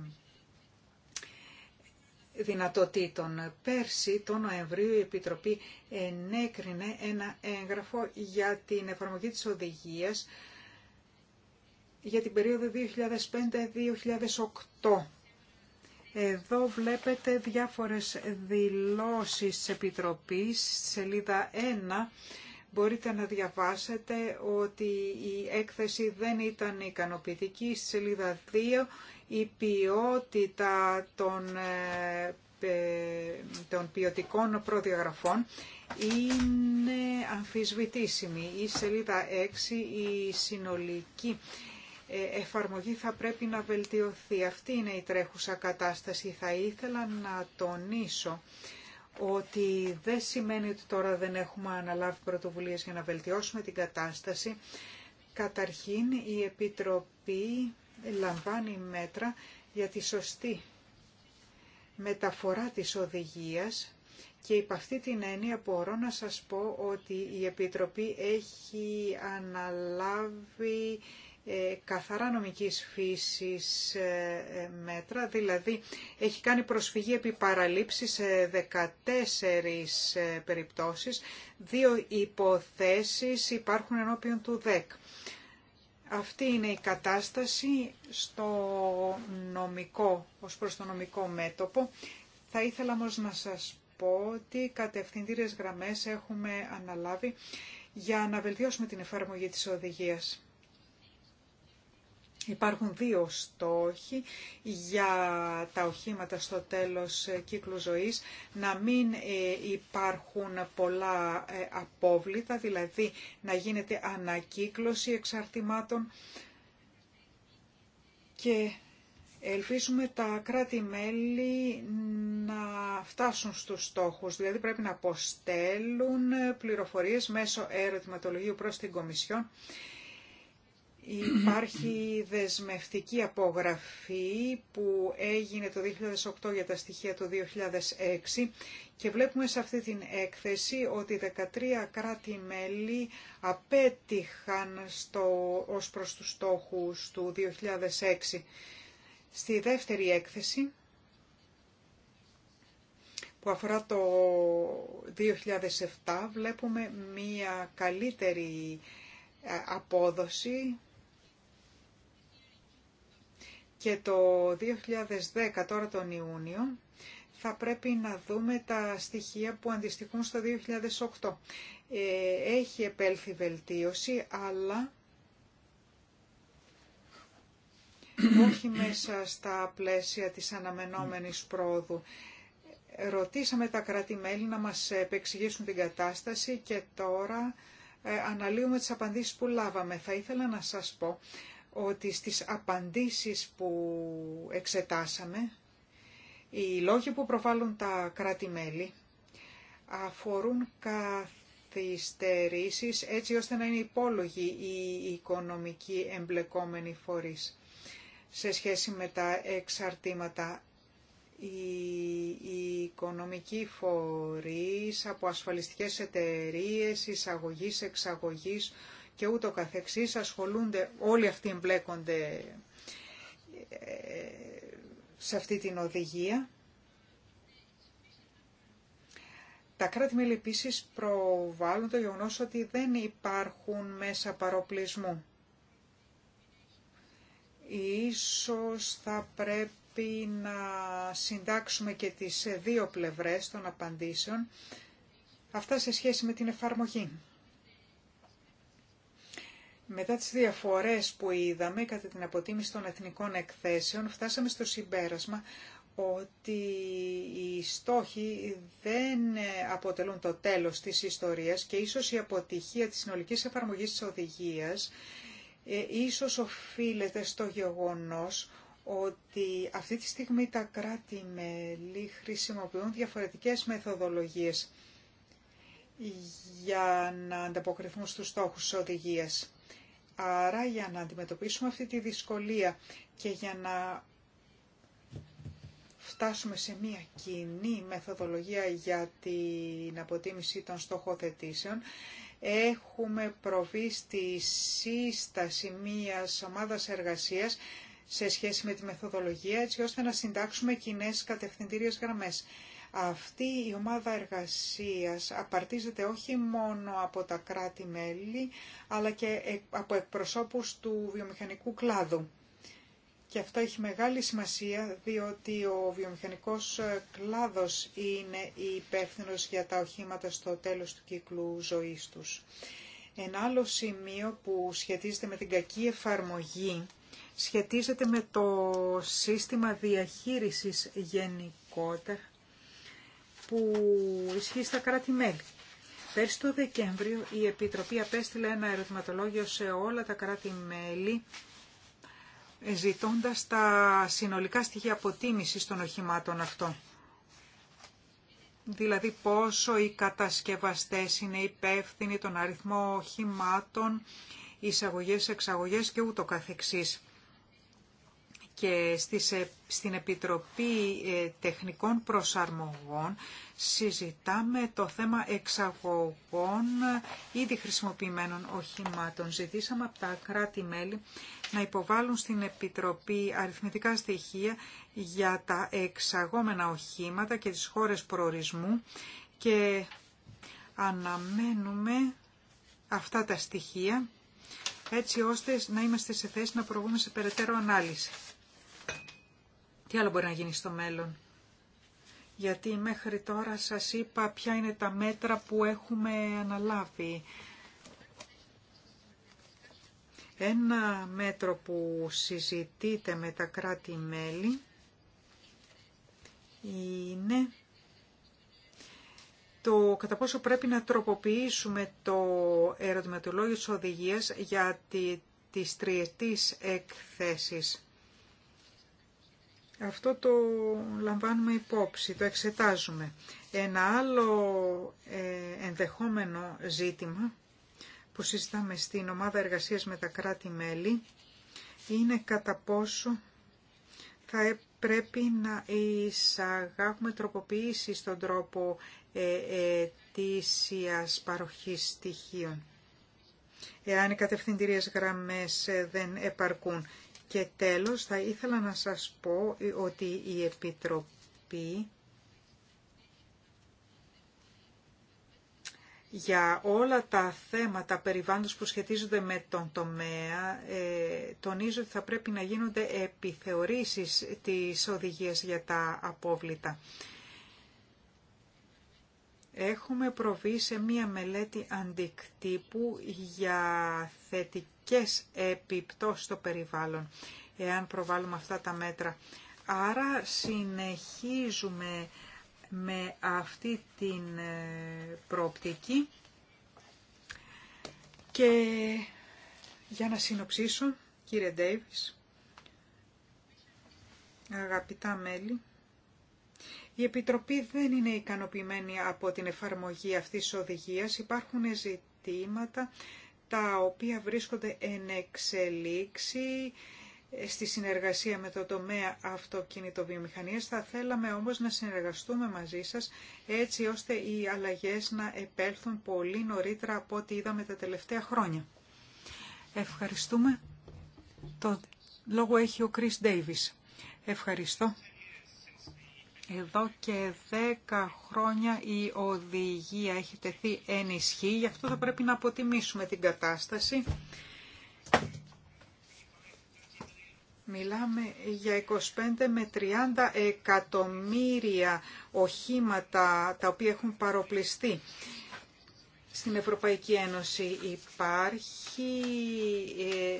Speaker 4: δυνατοτήτων. Πέρσι, τον Νοεμβρίου, η Επιτροπή ενέκρινε ένα έγγραφο για την εφαρμογή της οδηγίας για την περίοδο 2005-2008. Εδώ βλέπετε διάφορες δηλώσεις της Επιτροπής. σελίδα 1 μπορείτε να διαβάσετε ότι η έκθεση δεν ήταν ικανοποιητική. Στη σελίδα 2 η ποιότητα των, ε, των ποιοτικών προδιαγραφών είναι αμφισβητήσιμη. Η σελίδα 6, η συνολική ε, εφαρμογή θα πρέπει να βελτιωθεί. Αυτή είναι η τρέχουσα κατάσταση. Θα ήθελα να τονίσω ότι δεν σημαίνει ότι τώρα δεν έχουμε αναλάβει πρωτοβουλίες για να βελτιώσουμε την κατάσταση. Καταρχήν, η Επιτροπή λαμβάνει μέτρα για τη σωστή μεταφορά της οδηγίας και υπ' αυτή την έννοια μπορώ να σας πω ότι η Επιτροπή έχει αναλάβει ε, καθαρά νομικής φύσης ε, ε, μέτρα, δηλαδή έχει κάνει προσφυγή επί παραλήψη σε 14 περιπτώσεις, δύο υποθέσεις υπάρχουν ενώπιον του ΔΕΚ. Αυτή είναι η κατάσταση στο νομικό, ως προς το νομικό μέτωπο. Θα ήθελα όμως να σας πω ότι κατευθυντήρες γραμμές έχουμε αναλάβει για να βελτιώσουμε την εφαρμογή της οδηγίας. Υπάρχουν δύο στόχοι για τα οχήματα στο τέλος ε, κύκλου ζωής, να μην ε, υπάρχουν πολλά ε, απόβλητα, δηλαδή να γίνεται ανακύκλωση εξαρτημάτων και ελπίζουμε τα κράτη-μέλη να φτάσουν στους στόχους, δηλαδή πρέπει να αποστέλουν πληροφορίες μέσω ερωτηματολογίου προς την Κομισιόν Υπάρχει δεσμευτική απογραφή που έγινε το 2008 για τα στοιχεία του 2006 και βλέπουμε σε αυτή την έκθεση ότι 13 κράτη-μέλη απέτυχαν στο, ως προς τους στόχους του 2006. Στη δεύτερη έκθεση που αφορά το 2007 βλέπουμε μία καλύτερη ε, απόδοση και το 2010, τώρα τον Ιούνιο, θα πρέπει να δούμε τα στοιχεία που αντιστοιχούν στο 2008. Ε, έχει επέλθει βελτίωση, αλλά όχι μέσα στα πλαίσια της αναμενόμενης πρόοδου. Ρωτήσαμε τα κράτη-μέλη να μας επεξηγήσουν την κατάσταση και τώρα ε, αναλύουμε τις απαντήσεις που λάβαμε. Θα ήθελα να σας πω ότι στις απαντήσεις που εξετάσαμε, οι λόγοι που προβάλλουν τα κράτη-μέλη αφορούν καθυστερήσεις έτσι ώστε να είναι υπόλογοι οι οικονομικοί εμπλεκόμενοι φορείς σε σχέση με τα εξαρτήματα. Οι οικονομικοί φορείς από ασφαλιστικές εταιρείες, εισαγωγής, εξαγωγής, και ούτω καθεξής ασχολούνται, όλοι αυτοί εμπλέκονται ε, σε αυτή την οδηγία. Τα κράτη-μέλη επίσης προβάλλουν το γεγονό ότι δεν υπάρχουν μέσα παροπλισμού. Ίσως θα πρέπει να συντάξουμε και τις δύο πλευρές των απαντήσεων, αυτά σε σχέση με την εφαρμογή. Μετά τις διαφορές που είδαμε κατά την αποτίμηση των εθνικών εκθέσεων, φτάσαμε στο συμπέρασμα ότι οι στόχοι δεν αποτελούν το τέλος της ιστορίας και ίσως η αποτυχία της συνολικής εφαρμογής της οδηγίας ε, ίσως οφείλεται στο γεγονός ότι αυτή τη στιγμή τα κράτη-μέλη χρησιμοποιούν διαφορετικές μεθοδολογίες για να ανταποκριθούν στους στόχους της οδηγίας. Άρα για να αντιμετωπίσουμε αυτή τη δυσκολία και για να φτάσουμε σε μια κοινή μεθοδολογία για την αποτίμηση των στοχοθετήσεων, έχουμε προβεί στη σύσταση μιας ομάδας εργασίας σε σχέση με τη μεθοδολογία, έτσι ώστε να συντάξουμε κοινές κατευθυντήριες γραμμές. Αυτή η ομάδα εργασίας απαρτίζεται όχι μόνο από τα κράτη-μέλη, αλλά και από εκπροσώπους του βιομηχανικού κλάδου. Και αυτό έχει μεγάλη σημασία διότι ο βιομηχανικός ε, κλάδος είναι υπεύθυνο για τα οχήματα στο τέλος του κύκλου ζωής τους. Ένα άλλο σημείο που σχετίζεται με την κακή εφαρμογή σχετίζεται με το σύστημα διαχείρισης γενικότερα που ισχύει στα κράτη-μέλη. Πέρσι το Δεκέμβριο η Επιτροπή απέστειλε ένα ερωτηματολόγιο σε όλα τα κράτη-μέλη ζητώντας τα συνολικά στοιχεία αποτίμησης των οχημάτων αυτών. Δηλαδή πόσο οι κατασκευαστές είναι υπεύθυνοι, τον αριθμό οχημάτων, εισαγωγές, εξαγωγές και ούτω καθεξής και ε, στην Επιτροπή ε, Τεχνικών Προσαρμογών συζητάμε το θέμα εξαγωγών ε, ήδη χρησιμοποιημένων οχημάτων. Ζητήσαμε από τα κράτη-μέλη να υποβάλουν στην Επιτροπή αριθμητικά στοιχεία για τα εξαγόμενα οχήματα και τις χώρες προορισμού και αναμένουμε αυτά τα στοιχεία έτσι ώστε να είμαστε σε θέση να προβούμε σε περαιτέρω ανάλυση. Τι άλλο μπορεί να γίνει στο μέλλον. Γιατί μέχρι τώρα σας είπα ποια είναι τα μέτρα που έχουμε αναλάβει. Ένα μέτρο που συζητείται με τα κράτη-μέλη είναι το κατά πόσο πρέπει να τροποποιήσουμε το ερωτηματολόγιο της οδηγίας για τις τριετής εκθέσεις. Αυτό το λαμβάνουμε υπόψη, το εξετάζουμε. Ένα άλλο ε, ενδεχόμενο ζήτημα που συζητάμε στην ομάδα εργασίας με τα κράτη-μέλη είναι κατά πόσο θα ε, πρέπει να εισαγάγουμε τροποποίηση στον τρόπο ε, ετήσιας παροχής στοιχείων. Εάν οι κατευθυντηρίες γραμμές δεν επαρκούν και τέλος θα ήθελα να σας πω ότι η Επιτροπή για όλα τα θέματα περιβάλλοντος που σχετίζονται με τον τομέα ε, τονίζω ότι θα πρέπει να γίνονται επιθεωρήσεις της οδηγίας για τα απόβλητα. Έχουμε προβεί σε μία μελέτη αντικτύπου για θετική αρνητικές επιπτώσεις στο περιβάλλον εάν προβάλλουμε αυτά τα μέτρα. Άρα συνεχίζουμε με αυτή την ε, προοπτική και για να συνοψίσω, κύριε Ντέιβις, αγαπητά μέλη, η Επιτροπή δεν είναι ικανοποιημένη από την εφαρμογή αυτής της οδηγίας. Υπάρχουν ζητήματα τα οποία βρίσκονται εν εξελίξη στη συνεργασία με το τομέα αυτοκινητοβιομηχανίας. Θα θέλαμε όμως να συνεργαστούμε μαζί σας έτσι ώστε οι αλλαγές να επέλθουν πολύ νωρίτερα από ό,τι είδαμε τα τελευταία χρόνια. Ευχαριστούμε. Το λόγο έχει ο Κρίς Ντέιβις. Ευχαριστώ. Εδώ και 10 χρόνια η οδηγία έχει τεθεί ισχύ, γι' αυτό θα πρέπει να αποτιμήσουμε την κατάσταση. Μιλάμε για 25 με 30 εκατομμύρια οχήματα τα οποία έχουν παροπληστεί Στην Ευρωπαϊκή Ένωση υπάρχει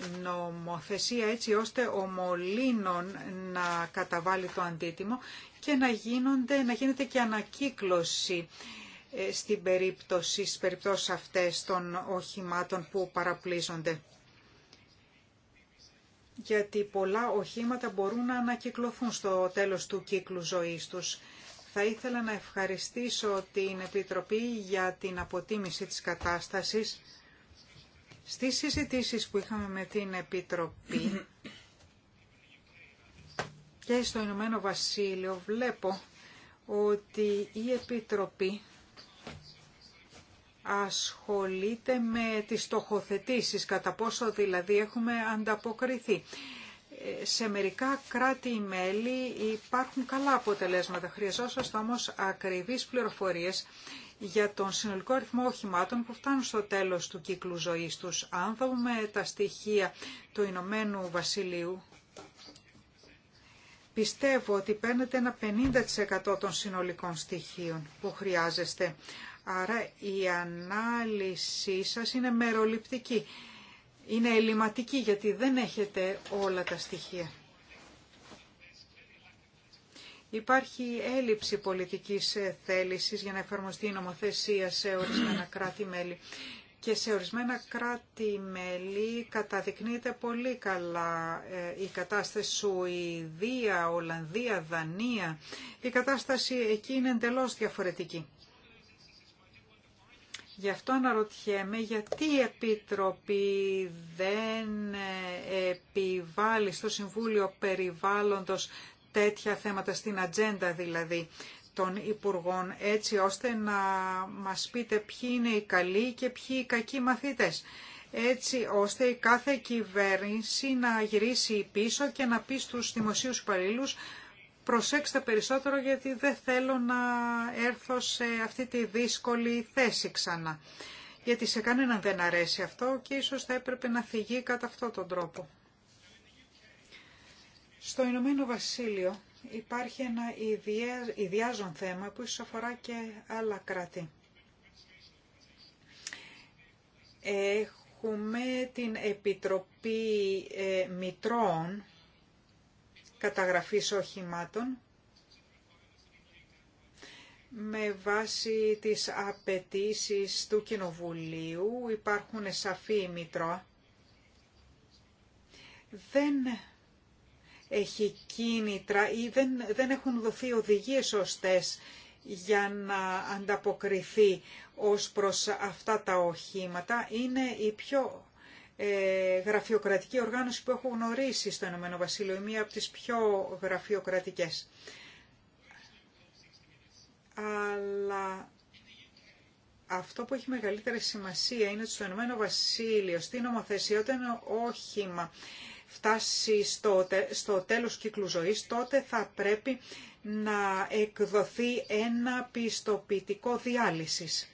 Speaker 4: ε, νομοθεσία έτσι ώστε ο Μολύνων να καταβάλει το αντίτιμο και να, γίνονται, να γίνεται και ανακύκλωση ε, στην περίπτωση, στις περιπτώσεις αυτές των οχημάτων που παραπλήσονται. Γιατί πολλά οχήματα μπορούν να ανακυκλωθούν στο τέλος του κύκλου ζωής τους. Θα ήθελα να ευχαριστήσω την Επιτροπή για την αποτίμηση της κατάστασης. Στις συζητήσεις που είχαμε με την Επιτροπή και στο Ηνωμένο Βασίλειο βλέπω ότι η Επιτροπή ασχολείται με τις στοχοθετήσεις, κατά πόσο δηλαδή έχουμε ανταποκριθεί. Σε μερικά κράτη-μέλη υπάρχουν καλά αποτελέσματα. Χρειαζόσαστε όμως ακριβείς πληροφορίες για τον συνολικό αριθμό οχημάτων που φτάνουν στο τέλος του κύκλου ζωής τους. Αν δούμε τα στοιχεία του Ηνωμένου Βασιλείου, Πιστεύω ότι παίρνετε ένα 50% των συνολικών στοιχείων που χρειάζεστε. Άρα η ανάλυση σας είναι μεροληπτική. Είναι ελληματική γιατί δεν έχετε όλα τα στοιχεία. Υπάρχει έλλειψη πολιτικής θέλησης για να εφαρμοστεί η νομοθεσία σε ορισμένα κράτη-μέλη και σε ορισμένα κράτη-μέλη καταδεικνύεται πολύ καλά ε, η κατάσταση Σουηδία, Ολλανδία, Δανία. Η κατάσταση εκεί είναι εντελώς διαφορετική. Γι' αυτό αναρωτιέμαι γιατί η Επίτροπη δεν ε, επιβάλλει στο Συμβούλιο Περιβάλλοντος τέτοια θέματα στην ατζέντα δηλαδή των Υπουργών έτσι ώστε να μας πείτε ποιοι είναι οι καλοί και ποιοι οι κακοί μαθητές έτσι ώστε η κάθε κυβέρνηση να γυρίσει πίσω και να πει στους δημοσίους υπαλλήλου προσέξτε περισσότερο γιατί δεν θέλω να έρθω σε αυτή τη δύσκολη θέση ξανά. Γιατί σε κανέναν δεν αρέσει αυτό και ίσως θα έπρεπε να φυγεί κατά αυτόν τον τρόπο. Στο Ηνωμένο Βασίλειο υπάρχει ένα ιδιάζον θέμα που ίσως αφορά και άλλα κράτη. Έχουμε την Επιτροπή ε, μητρών Καταγραφής Οχημάτων με βάση τις απαιτήσεις του Κοινοβουλίου υπάρχουν σαφή μητρώα. Δεν έχει κίνητρα ή δεν, δεν έχουν δοθεί οδηγίες σωστές για να ανταποκριθεί ως προς αυτά τα οχήματα είναι η πιο ε, γραφειοκρατική οργάνωση που έχω γνωρίσει στο Ηνωμένο Βασίλειο, μία από τις πιο γραφειοκρατικές. Αλλά αυτό που έχει μεγαλύτερη σημασία είναι ότι στο Ηνωμένο Βασίλειο, στην νομοθεσία, όταν όχημα φτάσει στο, τέλος κύκλου ζωής, τότε θα πρέπει να εκδοθεί ένα πιστοποιητικό διάλυσης.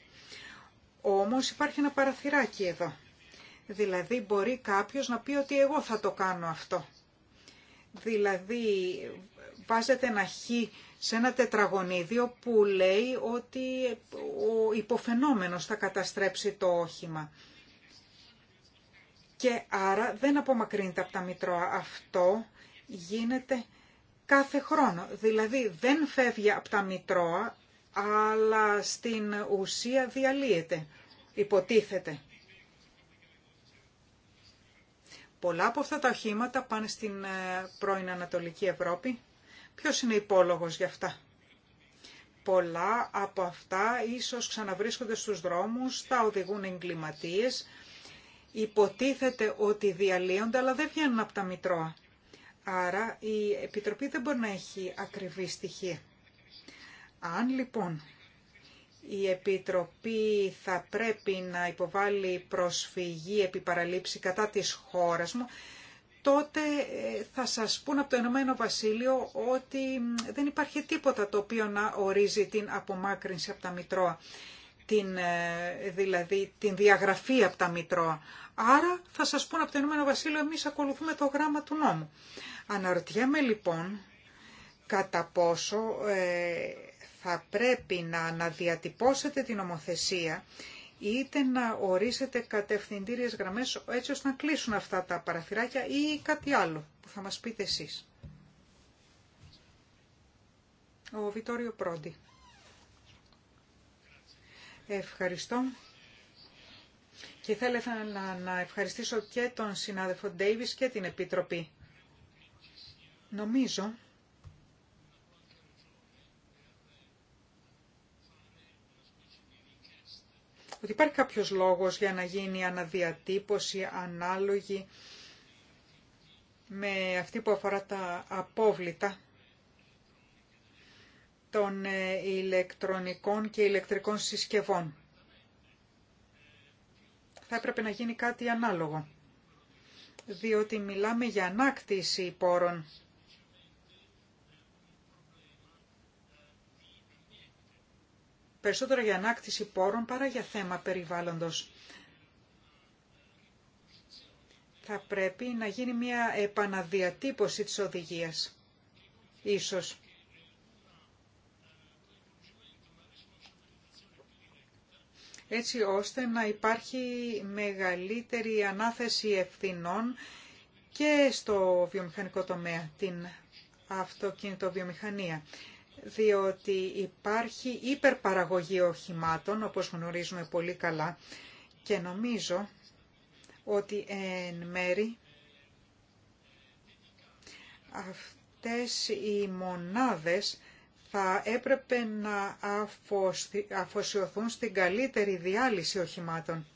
Speaker 4: Όμως υπάρχει ένα παραθυράκι εδώ. Δηλαδή μπορεί κάποιος να πει ότι εγώ θα το κάνω αυτό. Δηλαδή βάζεται ένα χ σε ένα τετραγωνίδιο που λέει ότι ο υποφαινόμενος θα καταστρέψει το όχημα και άρα δεν απομακρύνεται από τα μητρώα. Αυτό γίνεται κάθε χρόνο. Δηλαδή δεν φεύγει από τα μητρώα, αλλά στην ουσία διαλύεται, υποτίθεται. Πολλά από αυτά τα οχήματα πάνε στην ε, πρώην Ανατολική Ευρώπη. Ποιος είναι υπόλογος για αυτά. Πολλά από αυτά ίσως ξαναβρίσκονται στους δρόμους, τα οδηγούν εγκληματίες υποτίθεται ότι διαλύονται αλλά δεν βγαίνουν από τα Μητρώα. Άρα η Επιτροπή δεν μπορεί να έχει ακριβή στοιχεία. Αν λοιπόν η Επιτροπή θα πρέπει να υποβάλει προσφυγή επί κατά της χώρας μου, τότε ε, θα σας πούν από το Ενωμένο Βασίλειο ότι δεν υπάρχει τίποτα το οποίο να ορίζει την απομάκρυνση από τα Μητρώα την, ε, δηλαδή, την διαγραφή από τα Μητρώα. Άρα θα σας πω από το Ηνωμένο Βασίλειο εμείς ακολουθούμε το γράμμα του νόμου. Αναρωτιέμαι λοιπόν κατά πόσο ε, θα πρέπει να αναδιατυπώσετε την ομοθεσία είτε να ορίσετε κατευθυντήριες γραμμές έτσι ώστε να κλείσουν αυτά τα παραθυράκια ή κάτι άλλο που θα μας πείτε εσείς. Ο Βιτόριο Πρόντι. Ευχαριστώ. Και θα να ευχαριστήσω και τον συνάδελφο Ντέιβις και την Επίτροπη. Νομίζω ότι υπάρχει κάποιος λόγος για να γίνει αναδιατύπωση ανάλογη με αυτή που αφορά τα απόβλητα των ε, ηλεκτρονικών και ηλεκτρικών συσκευών. Θα έπρεπε να γίνει κάτι ανάλογο, διότι μιλάμε για ανάκτηση πόρων. Περισσότερο για ανάκτηση πόρων παρά για θέμα περιβάλλοντος. Θα πρέπει να γίνει μια επαναδιατύπωση της οδηγίας, ίσως έτσι ώστε να υπάρχει μεγαλύτερη ανάθεση ευθυνών και στο βιομηχανικό τομέα, την αυτοκινητοβιομηχανία διότι υπάρχει υπερπαραγωγή οχημάτων, όπως γνωρίζουμε πολύ καλά, και νομίζω ότι εν μέρη αυτές οι μονάδες θα έπρεπε να αφοσιωθούν στην καλύτερη διάλυση οχημάτων,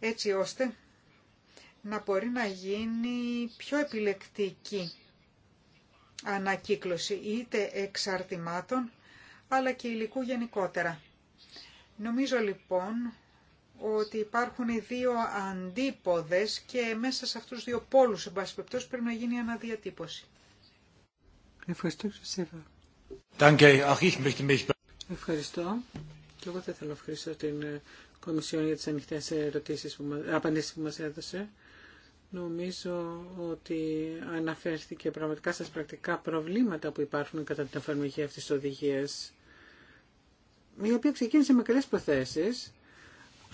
Speaker 4: έτσι ώστε να μπορεί να γίνει πιο επιλεκτική ανακύκλωση είτε εξαρτημάτων αλλά και υλικού γενικότερα. Νομίζω λοιπόν ότι υπάρχουν οι δύο αντίποδες και μέσα σε αυτούς δύο πόλους, εν πρέπει να γίνει αναδιατύπωση.
Speaker 2: Ευχαριστώ,
Speaker 3: Ευχαριστώ. Και εγώ θα ήθελα να ευχαριστώ την ε, Κομισιόν για τις ανοιχτές ερωτήσεις που μας, απαντήσεις που μας έδωσε. Νομίζω ότι αναφέρθηκε πραγματικά στα πρακτικά προβλήματα που υπάρχουν κατά την εφαρμογή αυτή τη οδηγία, η οποία ξεκίνησε με καλές προθέσει,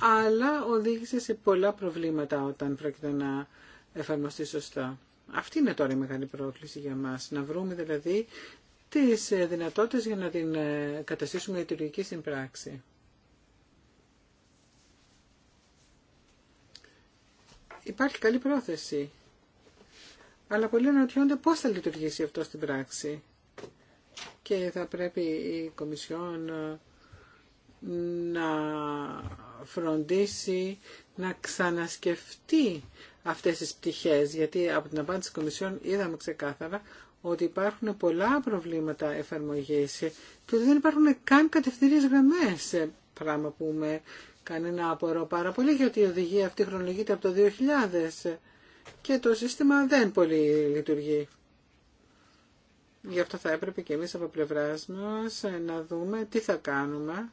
Speaker 3: αλλά οδήγησε σε πολλά προβλήματα όταν πρόκειται να εφαρμοστεί σωστά. Αυτή είναι τώρα η μεγάλη πρόκληση για μας. Να βρούμε δηλαδή τις ε, δυνατότητες για να την ε, καταστήσουμε λειτουργική στην πράξη. Υπάρχει καλή πρόθεση. Αλλά πολλοί αναρωτιόνται πώς θα λειτουργήσει αυτό στην πράξη. Και θα πρέπει η Κομισιόν ε, να φροντίσει να ξανασκεφτεί αυτές τις πτυχές, γιατί από την απάντηση της Κομισιόν είδαμε ξεκάθαρα ότι υπάρχουν πολλά προβλήματα εφαρμογής και ότι δεν υπάρχουν καν κατευθυντήριες γραμμές, πράγμα που με κάνει να απορώ πάρα πολύ, γιατί η οδηγία αυτή χρονολογείται από το 2000 και το σύστημα δεν πολύ λειτουργεί. Γι' αυτό θα έπρεπε και εμείς από πλευράς μας να δούμε τι θα κάνουμε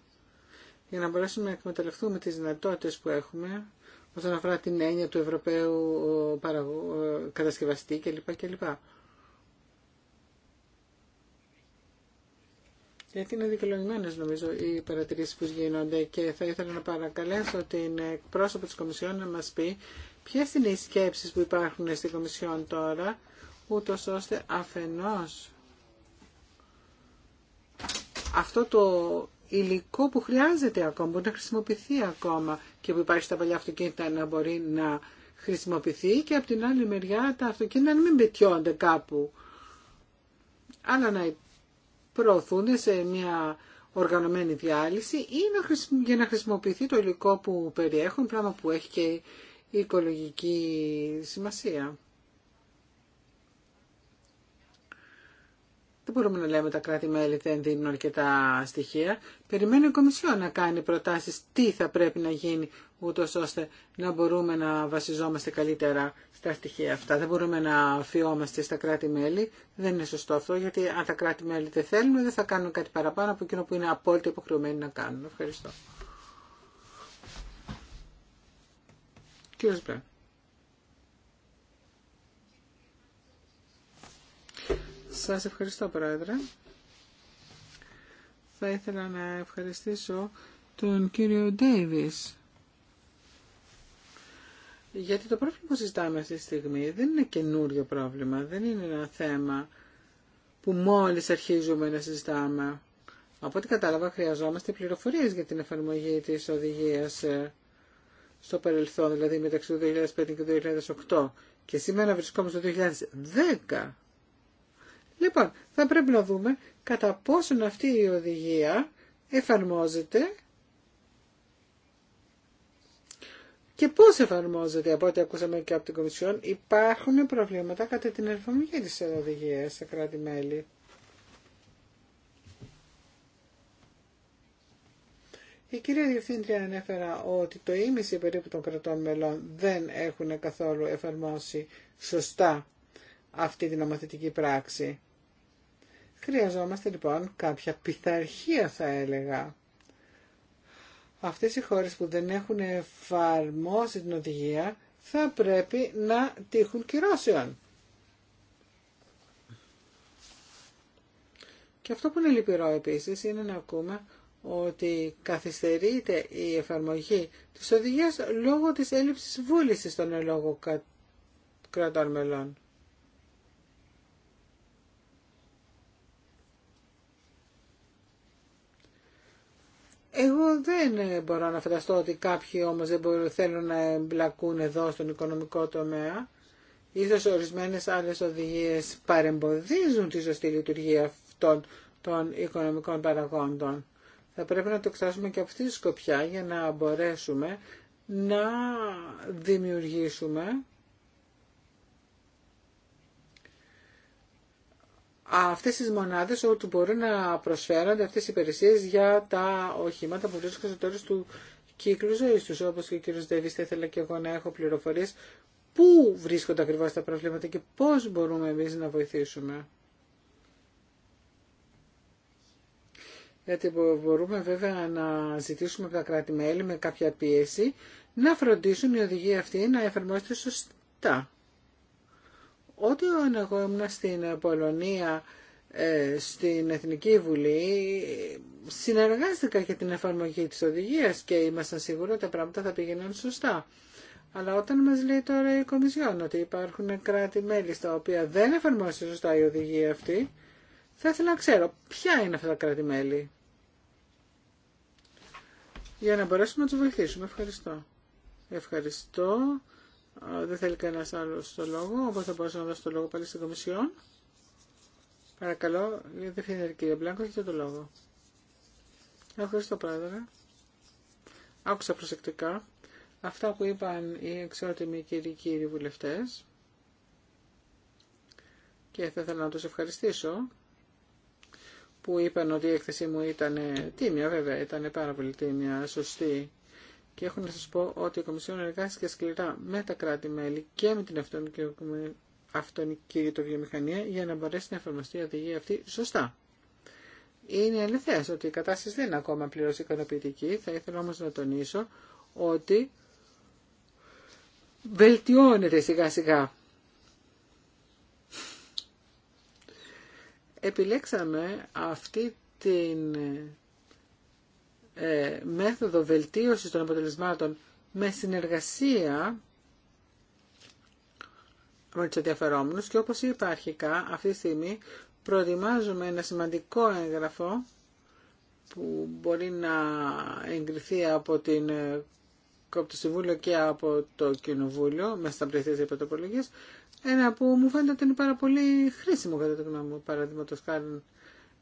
Speaker 3: για να μπορέσουμε να εκμεταλλευτούμε τις δυνατότητες που έχουμε όσον αφορά την έννοια του Ευρωπαίου κατασκευαστή κλπ. κλπ. Γιατί είναι δικαιολογημένες νομίζω οι παρατηρήσεις που γίνονται και θα ήθελα να παρακαλέσω την πρόσωπο της Κομισιόν να μας πει ποιε είναι οι σκέψεις που υπάρχουν στην Κομισιόν τώρα ούτω ώστε αφενός αυτό το υλικό που χρειάζεται ακόμα, Μπορεί να χρησιμοποιηθεί ακόμα και που υπάρχει στα παλιά αυτοκίνητα να μπορεί να χρησιμοποιηθεί και από την άλλη μεριά τα αυτοκίνητα να μην πετιώνται κάπου αλλά να προωθούν σε μια οργανωμένη διάλυση ή να για να χρησιμοποιηθεί το υλικό που περιέχουν, πράγμα που έχει και οικολογική σημασία. Δεν μπορούμε να λέμε τα κράτη-μέλη δεν δίνουν αρκετά στοιχεία. Περιμένει η Κομισιό να κάνει προτάσεις τι θα πρέπει να γίνει ούτω ώστε να μπορούμε να βασιζόμαστε καλύτερα στα στοιχεία αυτά. Δεν μπορούμε να φιόμαστε στα κράτη-μέλη. Δεν είναι σωστό αυτό γιατί αν τα κράτη-μέλη δεν θέλουν δεν θα κάνουν κάτι παραπάνω από εκείνο που είναι απόλυτα υποχρεωμένοι να κάνουν. Ευχαριστώ. Σας ευχαριστώ Πρόεδρε. Θα ήθελα να ευχαριστήσω τον κύριο Ντέιβις. Γιατί το πρόβλημα που συζητάμε αυτή τη στιγμή δεν είναι καινούριο πρόβλημα, δεν είναι ένα θέμα που μόλις αρχίζουμε να συζητάμε. Από ό,τι κατάλαβα χρειαζόμαστε πληροφορίες για την εφαρμογή της οδηγίας ε, στο παρελθόν, δηλαδή μεταξύ του 2005 και 2008. Και σήμερα βρισκόμαστε στο 2010. Λοιπόν, θα πρέπει να δούμε κατά πόσον αυτή η οδηγία εφαρμόζεται και πώς εφαρμόζεται. Από ό,τι ακούσαμε και από την Κομισιόν υπάρχουν προβλήματα κατά την εφαρμογή της οδηγίας σε κράτη-μέλη. Η κυρία Διευθύντρια ανέφερα ότι το ίμιση περίπου των κρατών μελών δεν έχουν καθόλου εφαρμόσει σωστά αυτή την νομοθετική πράξη. Χρειαζόμαστε λοιπόν κάποια πειθαρχία θα έλεγα. Αυτές οι χώρες που δεν έχουν εφαρμόσει την οδηγία θα πρέπει να τύχουν κυρώσεων. Και αυτό που είναι λυπηρό επίσης είναι να ακούμε ότι καθυστερείται η εφαρμογή της οδηγίας λόγω της έλλειψης βούλησης των ελόγων κρατών μελών. Εγώ δεν ε, μπορώ να φανταστώ ότι κάποιοι όμως δεν μπορούν, θέλουν να εμπλακούν εδώ στον οικονομικό τομέα. Ίσως ορισμένες άλλες οδηγίες παρεμποδίζουν τη σωστή λειτουργία αυτών των οικονομικών παραγόντων. Θα πρέπει να το εξάσουμε και από αυτή τη σκοπιά για να μπορέσουμε να δημιουργήσουμε αυτές τις μονάδες όπου μπορούν να προσφέρονται αυτές οι υπηρεσίες για τα οχήματα που βρίσκονται στο τέλος του κύκλου ζωής τους. Όπως και ο κύριος Ντεβίς θα ήθελα και εγώ να έχω πληροφορίες πού βρίσκονται ακριβώς τα προβλήματα και πώς μπορούμε εμείς να βοηθήσουμε. γιατί μπορούμε βέβαια να ζητήσουμε από τα κράτη-μέλη με κάποια πίεση να φροντίσουν η οδηγία αυτή να εφαρμόζεται σωστά. Όταν εγώ ήμουν στην Πολωνία, ε, στην Εθνική Βουλή, συνεργάστηκα για την εφαρμογή της οδηγίας και ήμασταν σίγουροι ότι τα πράγματα θα πήγαιναν σωστά. Αλλά όταν μας λέει τώρα η Κομισιόν ότι υπάρχουν κράτη-μέλη στα οποία δεν εφαρμόζει σωστά η οδηγία αυτή, θα ήθελα να ξέρω ποια είναι αυτά τα κράτη-μέλη. Για να μπορέσουμε να τους βοηθήσουμε. Ευχαριστώ. Ευχαριστώ. Δεν θέλει κανένα άλλο το λόγο, οπότε θα μπορούσα να δώσω το λόγο πάλι στην Κομισιόν. Παρακαλώ, η φαίνεται κύριε Μπλάνκο, έχετε το λόγο. Ευχαριστώ πρόεδρε. Άκουσα προσεκτικά αυτά που είπαν οι εξώτιμοι κύριοι κύριοι βουλευτές και θα ήθελα να τους ευχαριστήσω που είπαν ότι η έκθεσή μου ήταν τίμια βέβαια, ήταν πάρα πολύ τίμια, σωστή και έχω να σα πω ότι η Κομισιόν εργάστηκε σκληρά με τα κράτη-μέλη και με την βιομηχανία για να μπορέσει να εφαρμοστεί η οδηγία αυτή σωστά. Είναι αληθέα ότι η κατάσταση δεν είναι ακόμα πλήρω ικανοποιητική. Θα ήθελα όμω να τονίσω ότι βελτιώνεται σιγά-σιγά. Επιλέξαμε αυτή την ε, μέθοδο βελτίωσης των αποτελεσμάτων με συνεργασία με τους ενδιαφερόμενους και όπως είπα αρχικά αυτή τη στιγμή προετοιμάζουμε ένα σημαντικό έγγραφο που μπορεί να εγκριθεί από, την, ε, από το Συμβούλιο και από το Κοινοβούλιο μέσα στα πλαίσια της ένα που μου φαίνεται ότι είναι πάρα πολύ χρήσιμο κατά το γνώμη μου παραδείγματος χάρη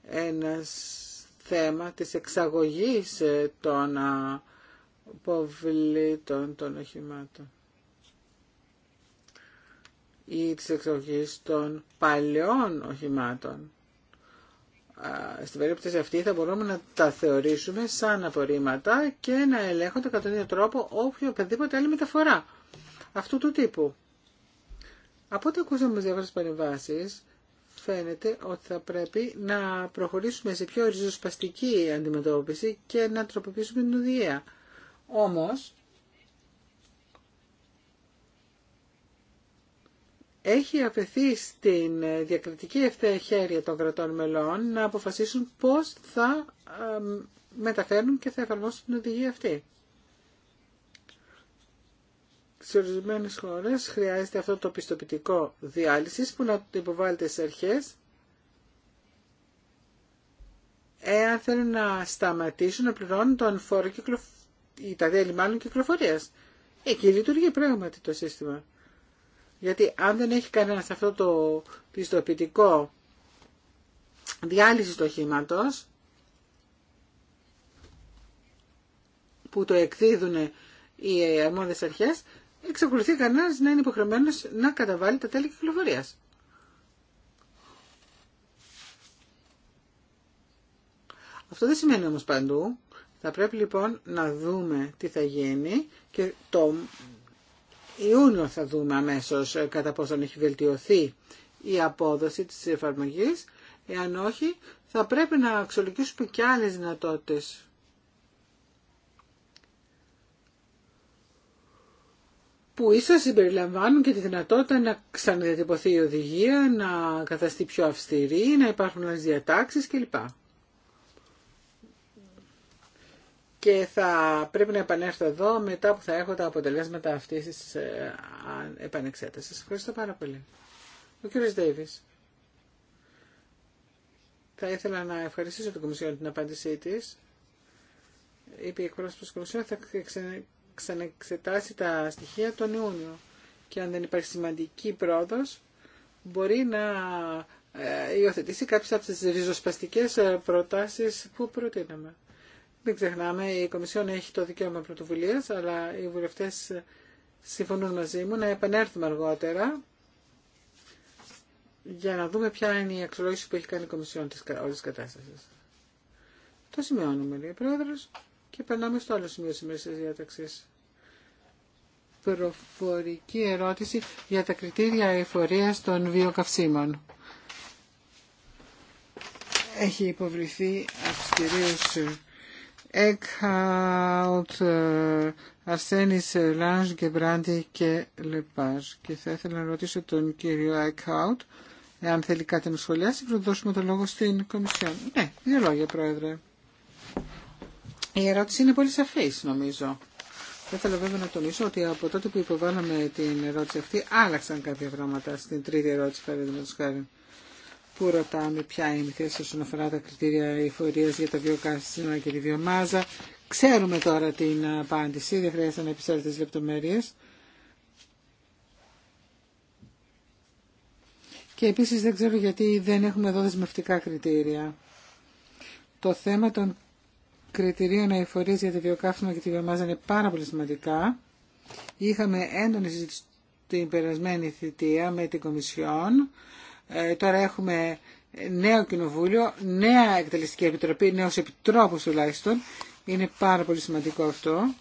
Speaker 3: ένας θέμα της εξαγωγής ε, των αποβλήτων των οχημάτων ή της εξαγωγής των παλαιών οχημάτων. Στην περίπτωση αυτή θα μπορούμε να τα θεωρήσουμε σαν απορρίμματα και να ελέγχονται κατά τον ίδιο τρόπο όποιο οποιαδήποτε άλλη μεταφορά αυτού του τύπου. Από ό,τι ακούσαμε με διάφορες φαίνεται ότι θα πρέπει να προχωρήσουμε σε πιο ριζοσπαστική αντιμετώπιση και να τροποποιήσουμε την οδηγία. Όμως, έχει αφαιθεί στην διακριτική ευθεία των κρατών μελών να αποφασίσουν πώς θα ε, μεταφέρουν και θα εφαρμόσουν την οδηγία αυτή σε ορισμένε χώρε χρειάζεται αυτό το πιστοποιητικό διάλυση που να το υποβάλλεται στι αρχέ εάν θέλουν να σταματήσουν να πληρώνουν τον φόρο τα δέλη μάλλον κυκλοφορία. Εκεί λειτουργεί πράγματι το σύστημα. Γιατί αν δεν έχει κανένα αυτό το πιστοποιητικό διάλυση του οχήματο που το εκδίδουν οι αρμόδιες αρχές εξακολουθεί κανένα να είναι υποχρεωμένο να καταβάλει τα τέλη κυκλοφορία. Αυτό δεν σημαίνει όμως παντού. Θα πρέπει λοιπόν να δούμε τι θα γίνει και το Ιούνιο θα δούμε αμέσως ε, κατά πόσον έχει βελτιωθεί η απόδοση της εφαρμογής. Εάν όχι, θα πρέπει να αξιολογήσουμε και άλλες δυνατότητες που ίσως συμπεριλαμβάνουν και τη δυνατότητα να ξαναδιατυπωθεί η οδηγία, να καταστεί πιο αυστηρή, να υπάρχουν άλλες διατάξεις κλπ. Και θα πρέπει να επανέλθω εδώ μετά που θα έχω τα αποτελέσματα αυτής της ε, επανεξέτασης. Ευχαριστώ πάρα πολύ. Ο κύριο Ντέιβις. Θα ήθελα να ευχαριστήσω την Κομισιόν την απάντησή της. Είπε η εκπρόσωπος της Κομισιόν θα ξαναεξετάσει τα στοιχεία τον Ιούνιο. Και αν δεν υπάρχει σημαντική πρόοδος, μπορεί να ε, υιοθετήσει κάποιες από τις ριζοσπαστικές ε, προτάσεις που προτείναμε. Δεν ξεχνάμε, η Κομισιόν έχει το δικαίωμα πρωτοβουλία, αλλά οι βουλευτέ συμφωνούν μαζί μου να επανέλθουμε αργότερα για να δούμε ποια είναι η αξιολόγηση που έχει κάνει η Κομισιόν τη όλη κατάσταση. Το σημειώνουμε, λέει ο Πρόεδρος. Και περνάμε στο άλλο σημείο σήμερα τη διάταξη. Προφορική ερώτηση για τα κριτήρια εφορία των βιοκαυσίμων. Έχει υποβληθεί από του κυρίου Έκχαουτ, Αρσένη Λάνζ και και Λεπάζ. Και θα ήθελα να ρωτήσω τον κύριο Έκχαουτ, εάν θέλει κάτι να σχολιάσει, να δώσουμε το λόγο στην Κομισιόν. Ναι, δύο λόγια, Πρόεδρε. Η ερώτηση είναι πολύ σαφής νομίζω. Θα ήθελα βέβαια να τονίσω ότι από τότε που υποβάλαμε την ερώτηση αυτή άλλαξαν κάποια πράγματα στην τρίτη ερώτηση παραδείγματο χάρη που ρωτάμε ποια είναι η θέση όσον αφορά τα κριτήρια εφορία για τα βιοκάστημα και τη βιομάζα. Ξέρουμε τώρα την απάντηση, δεν χρειάζεται να επισέλθω τι λεπτομέρειε. Και επίσης δεν ξέρω γιατί δεν έχουμε εδώ δεσμευτικά κριτήρια. Το θέμα των κριτηρίων αηφορίας για το βιοκαύσιμα και τη βιομάζα είναι πάρα πολύ σημαντικά. Είχαμε έντονη συζήτηση την περασμένη θητεία με την Κομισιόν. Ε, τώρα έχουμε νέο κοινοβούλιο, νέα εκτελεστική επιτροπή, νέους επιτρόπους τουλάχιστον. Είναι πάρα πολύ σημαντικό αυτό.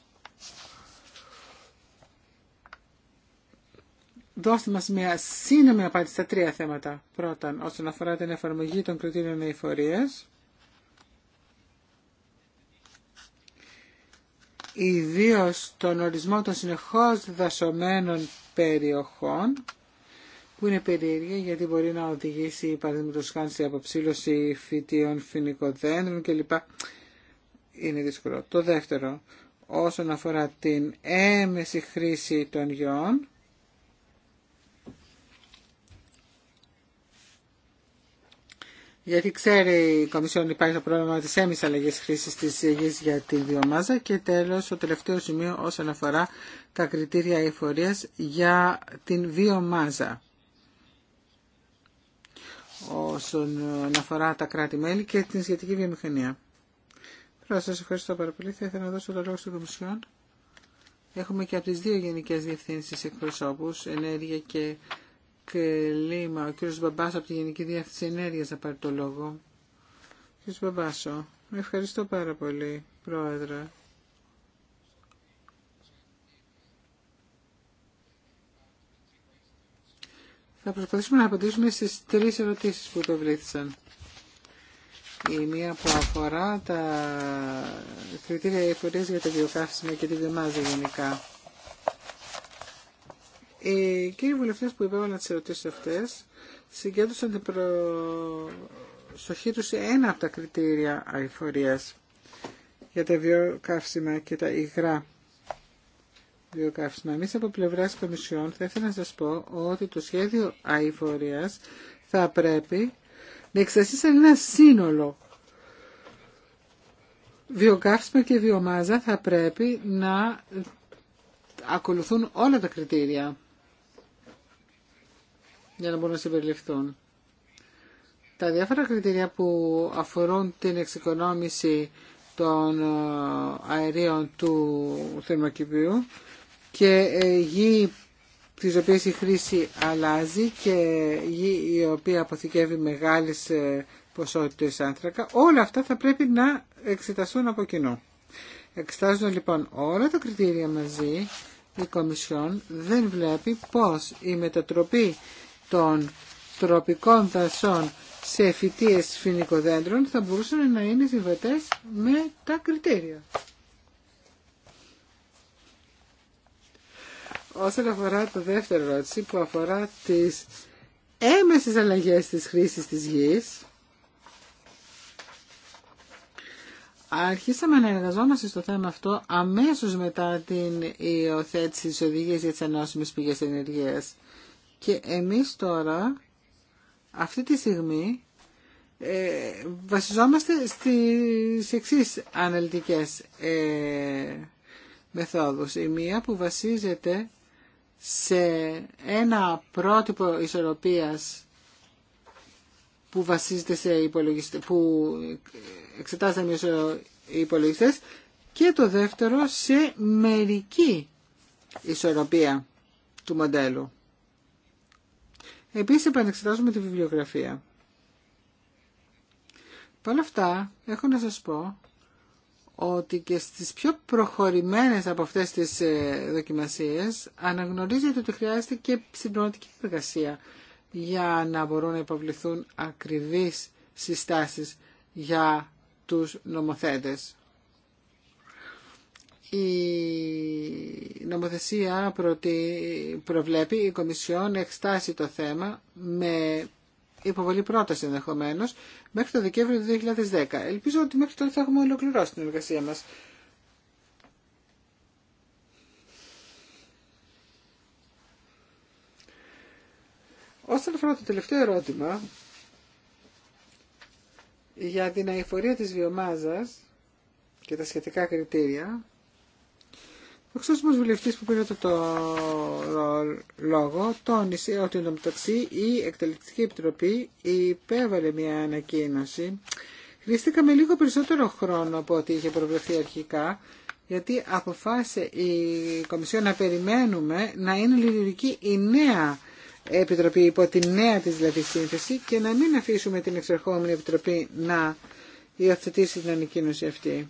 Speaker 3: Δώστε μας μια σύνομη απάντηση στα τρία θέματα. Πρώτον, όσον αφορά την εφαρμογή των κριτήριων αειφορίας. ιδίω τον ορισμό των συνεχώς δασωμένων περιοχών που είναι περίεργη γιατί μπορεί να οδηγήσει παραδείγματο χάνει σε αποψήλωση φυτίων φοινικοδέντρων κλπ. Είναι δύσκολο. Το δεύτερο, όσον αφορά την έμεση χρήση των γιών, γιατί ξέρει η Κομισιόν υπάρχει το πρόβλημα της έμεις αλλαγής χρήσης της γης για τη βιομάζα και τέλος το τελευταίο σημείο όσον αφορά τα κριτήρια εφορίας για την βιομάζα όσον αφορά τα κράτη-μέλη και την σχετική βιομηχανία. Πρώτα σας ευχαριστώ πάρα πολύ. Θα ήθελα να δώσω το λόγο στην Κομισιόν. Έχουμε και από τις δύο γενικές διευθύνσεις εκπροσώπους, ενέργεια και κλίμα. Ο κύριος Μπαμπάσο από τη Γενική Διεύθυνση Ενέργειας θα πάρει το λόγο. Κύριος Μπαμπάσο, ευχαριστώ πάρα πολύ, Πρόεδρε. Θα προσπαθήσουμε να απαντήσουμε στις τρεις ερωτήσεις που το βλήθησαν. Η μία που αφορά τα κριτήρια εφορίας για τα βιοκαύσιμα και τη βιομάζα γενικά. Οι κύριοι βουλευτές που να τις ερωτήσεις αυτές συγκέντρωσαν την προσοχή τους σε ένα από τα κριτήρια αηφορίας για τα βιοκαύσιμα και τα υγρά βιοκαύσιμα. Εμείς από πλευράς Κομισιόν θα ήθελα να σας πω ότι το σχέδιο αηφορίας θα πρέπει να εξασθεί σε ένα σύνολο βιοκαύσιμα και βιομάζα θα πρέπει να ακολουθούν όλα τα κριτήρια για να μπορούν να συμπεριληφθούν. Τα διάφορα κριτήρια που αφορούν την εξοικονόμηση των ε, αερίων του θερμοκηπίου και ε, γη τις οποίες η χρήση αλλάζει και γη η οποία αποθηκεύει μεγάλες ε, ποσότητες άνθρακα, όλα αυτά θα πρέπει να εξεταστούν από κοινό. Εξετάζουν λοιπόν όλα τα κριτήρια μαζί, η Κομισιόν δεν βλέπει πώς η μετατροπή των τροπικών δασών σε φυτίες φοινικοδέντρων θα μπορούσαν να είναι συμβατές με τα κριτήρια. Όσον αφορά το δεύτερο ερώτηση που αφορά τις έμεσες αλλαγές της χρήσης της γης, Αρχίσαμε να εργαζόμαστε στο θέμα αυτό αμέσως μετά την υιοθέτηση της οδηγίας για τις ανώσιμες πηγές ενεργείας. Και εμείς τώρα, αυτή τη στιγμή, ε, βασιζόμαστε στις εξής αναλυτικές ε, μεθόδους. Η μία που βασίζεται σε ένα πρότυπο ισορροπίας που βασίζεται σε που εξετάζεται με υπολογιστές και το δεύτερο σε μερική ισορροπία του μοντέλου. Επίσης επανεξετάζουμε τη βιβλιογραφία. Παρ' όλα αυτά, έχω να σας πω ότι και στις πιο προχωρημένες από αυτές τις ε, δοκιμασίες αναγνωρίζεται ότι χρειάζεται και συμπληρωματική εργασία για να μπορούν να υποβληθούν ακριβείς συστάσεις για τους νομοθέτες η νομοθεσία προτι... προβλέπει η Κομισιόν εξτάσει το θέμα με υποβολή πρόταση ενδεχομένω μέχρι το Δεκέμβριο του 2010. Ελπίζω ότι μέχρι τότε θα έχουμε ολοκληρώσει την εργασία μας. Όσον αφορά το τελευταίο ερώτημα για την αηφορία της βιομάζας και τα σχετικά κριτήρια, ο εξώσιμος βουλευτή που πήρε το, λόγο τόνισε ότι μεταξύ η Εκτελεστική Επιτροπή υπέβαλε μια ανακοίνωση. Χρειαστήκαμε λίγο περισσότερο χρόνο από ό,τι είχε προβλεφθεί αρχικά, γιατί αποφάσισε η Κομισιόν να περιμένουμε να είναι λειτουργική η νέα Επιτροπή υπό τη νέα της δηλαδή σύνθεση και να μην αφήσουμε την εξερχόμενη Επιτροπή να υιοθετήσει την ανακοίνωση αυτή.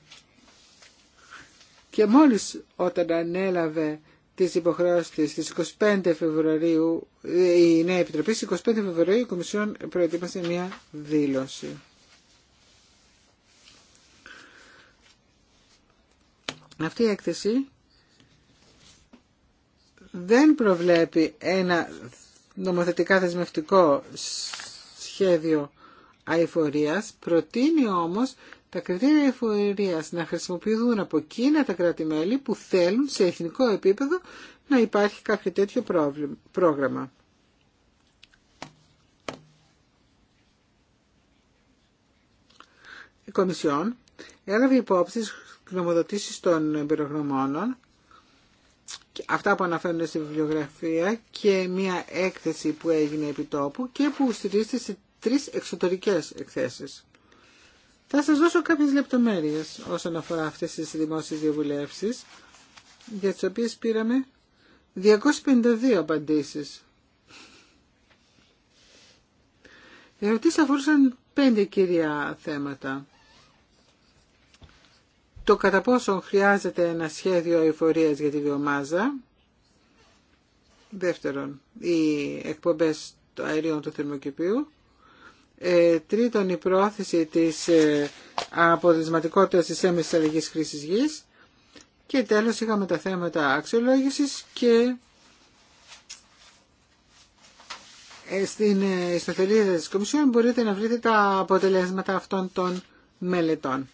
Speaker 3: Και μόλις όταν ανέλαβε τις υποχρεώσεις της στις 25 Φεβρουαρίου, η νέα επιτροπή στις 25 Φεβρουαρίου η Κομισιόν προετοίμασε μια δήλωση. Αυτή η έκθεση δεν προβλέπει ένα νομοθετικά θεσμευτικό σχέδιο αηφορίας, προτείνει όμως τα κριτήρια εφορία να χρησιμοποιηθούν από εκείνα τα κράτη-μέλη που θέλουν σε εθνικό επίπεδο να υπάρχει κάποιο τέτοιο πρόγραμμα. Η Κομισιόν έλαβε υπόψη γνωμοδοτήσεις των εμπειρογνωμόνων αυτά που αναφέρουν στη βιβλιογραφία και μια έκθεση που έγινε επί τόπου και που στηρίζεται σε τρεις εξωτερικές εκθέσεις. Θα σας δώσω κάποιες λεπτομέρειες όσον αφορά αυτές τις δημόσιες διαβουλεύσεις, για τις οποίες πήραμε 252 απαντήσεις. Οι ερωτήσεις αφορούσαν πέντε κυρία θέματα. Το κατά πόσο χρειάζεται ένα σχέδιο εφορίας για τη βιομάζα. Δεύτερον, οι εκπομπές αερίων του θερμοκηπίου. Ε, τρίτον, η πρόθεση της ε, αποδεσματικότητας της έμεσης αλλαγής χρήσης γης. Και τέλος είχαμε τα θέματα αξιολόγησης και ε, στην ιστοθελίδα ε, της Κομισιόν μπορείτε να βρείτε τα αποτελέσματα αυτών των μελετών.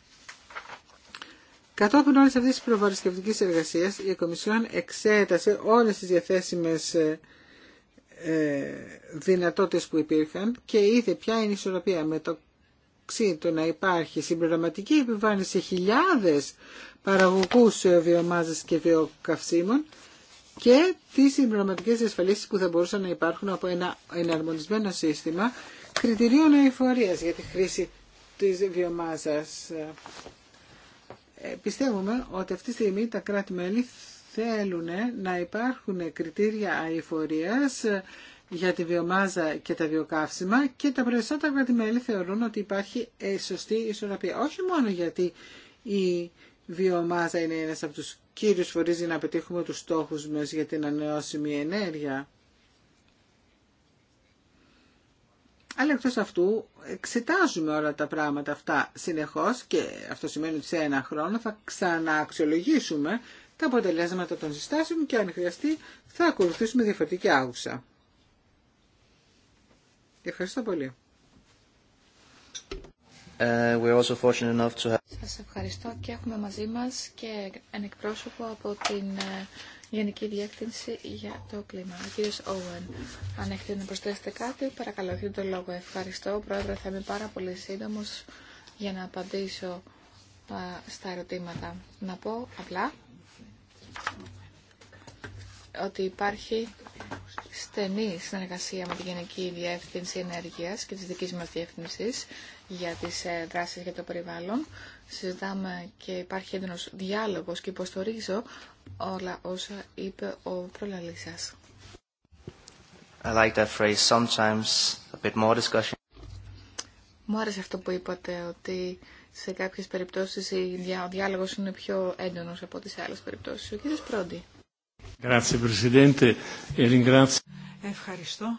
Speaker 3: Κατόπιν όλες αυτές τις προβαρισκευτικές εργασίες, η Κομισιόν εξέτασε όλες τις διαθέσιμες ε, δυνατότητες που υπήρχαν και είδε ποια είναι η ισορροπία με το ξύντο να υπάρχει συμπληρωματική επιβάλληση σε χιλιάδες παραγωγούς βιομάζας και βιοκαυσίμων και τις συμπληρωματικές ασφαλίσεις που θα μπορούσαν να υπάρχουν από ένα εναρμονισμένο σύστημα κριτηρίων αηφορίας για τη χρήση της βιομάζας. Ε, πιστεύουμε ότι αυτή τη στιγμή τα κράτη-μέλη θέλουν να υπάρχουν κριτήρια αηφορίας ε, για τη βιομάζα και τα βιοκαύσιμα και τα περισσότερα κρατημέλη θεωρούν ότι υπάρχει ε, σωστή ισορροπία. Όχι μόνο γιατί η βιομάζα είναι ένας από τους κύριους φορείς για να πετύχουμε τους στόχους μας για την ανανεώσιμη ενέργεια. Αλλά εκτός αυτού εξετάζουμε όλα τα πράγματα αυτά συνεχώς και αυτό σημαίνει ότι σε ένα χρόνο θα ξανααξιολογήσουμε τα αποτελέσματα των συστάσεων και αν χρειαστεί θα ακολουθήσουμε διαφορετική άγουσα. Ευχαριστώ πολύ.
Speaker 5: Σα ε,
Speaker 1: Σας ευχαριστώ και έχουμε μαζί μας και ένα εκπρόσωπο από την ε, Γενική Διεύθυνση για το Κλίμα. Ο κύριος Owen, αν έχετε να προσθέσετε κάτι, παρακαλώ, έχετε το λόγο. Ευχαριστώ, Πρόεδρε, θα είμαι πάρα πολύ σύντομος για να απαντήσω στα ερωτήματα. Να πω απλά ότι υπάρχει στενή συνεργασία με τη Γενική Διεύθυνση Ενέργειας και τη δική μας διεύθυνση για τις ε, δράσεις για το περιβάλλον. Συζητάμε και υπάρχει έντονο διάλογος και υποστορίζω όλα όσα είπε ο προλαλή σα. Μου άρεσε αυτό που είπατε ότι σε κάποιες περιπτώσεις ο διάλογος είναι πιο έντονος από τις άλλες περιπτώσεις. Ο κύριος Πρόντι.
Speaker 2: E
Speaker 1: Ευχαριστώ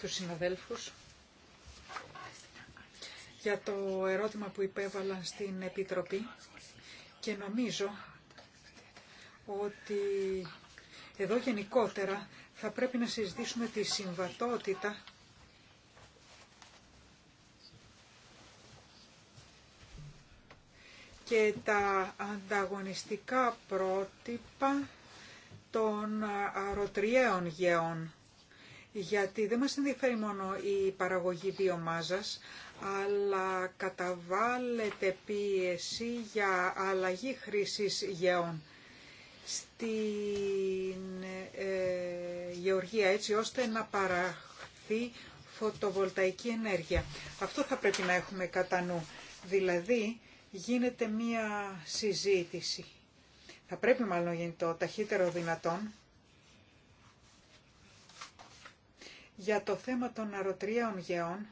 Speaker 1: τους συναδέλφους
Speaker 4: για το ερώτημα που υπέβαλαν στην Επιτροπή και νομίζω ότι εδώ γενικότερα θα πρέπει να συζητήσουμε τη συμβατότητα και τα ανταγωνιστικά πρότυπα των αρωτριέων γεών. Γιατί δεν μας ενδιαφέρει μόνο η παραγωγή βιομάζας, αλλά καταβάλλεται πίεση για αλλαγή χρήσης γεών στην ε, γεωργία έτσι ώστε να παραχθεί φωτοβολταϊκή ενέργεια. Αυτό θα πρέπει να έχουμε κατά νου. Δηλαδή γίνεται μία συζήτηση. Θα πρέπει μάλλον να γίνει το ταχύτερο δυνατόν για το θέμα των αρωτρίων γεών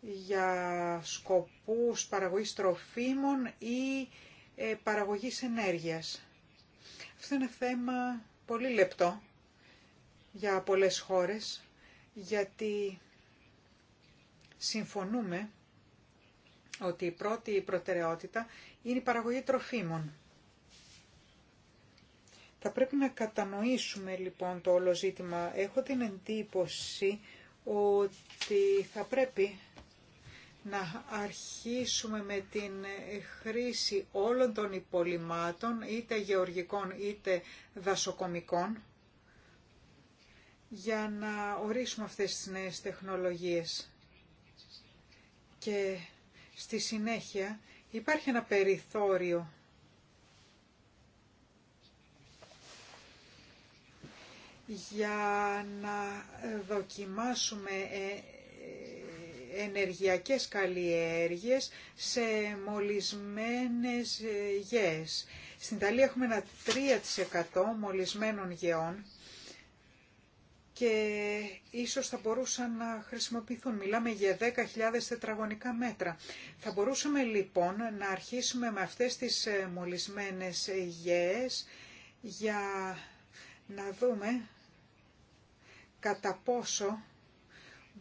Speaker 4: για σκοπούς παραγωγής τροφίμων ή ε, παραγωγής ενέργειας. Αυτό είναι θέμα πολύ λεπτό για πολλές χώρες, γιατί συμφωνούμε ότι η πρώτη προτεραιότητα είναι η παραγωγή τροφίμων. Θα πρέπει να κατανοήσουμε λοιπόν το όλο ζήτημα. Έχω την εντύπωση ότι θα πρέπει να αρχίσουμε με την χρήση όλων των υπολοιμάτων, είτε γεωργικών είτε δασοκομικών, για να ορίσουμε αυτές τις νέες τεχνολογίες. Και Στη συνέχεια υπάρχει ένα περιθώριο για να δοκιμάσουμε ε, ε, ενεργειακές καλλιέργειες σε μολυσμένες ε, γέες. Στην Ιταλία έχουμε ένα 3% μολυσμένων γεών και ίσως θα μπορούσαν να χρησιμοποιηθούν. Μιλάμε για 10.000 τετραγωνικά μέτρα. Θα μπορούσαμε λοιπόν να αρχίσουμε με αυτές τις ε, μολυσμένες γέες για να δούμε κατά πόσο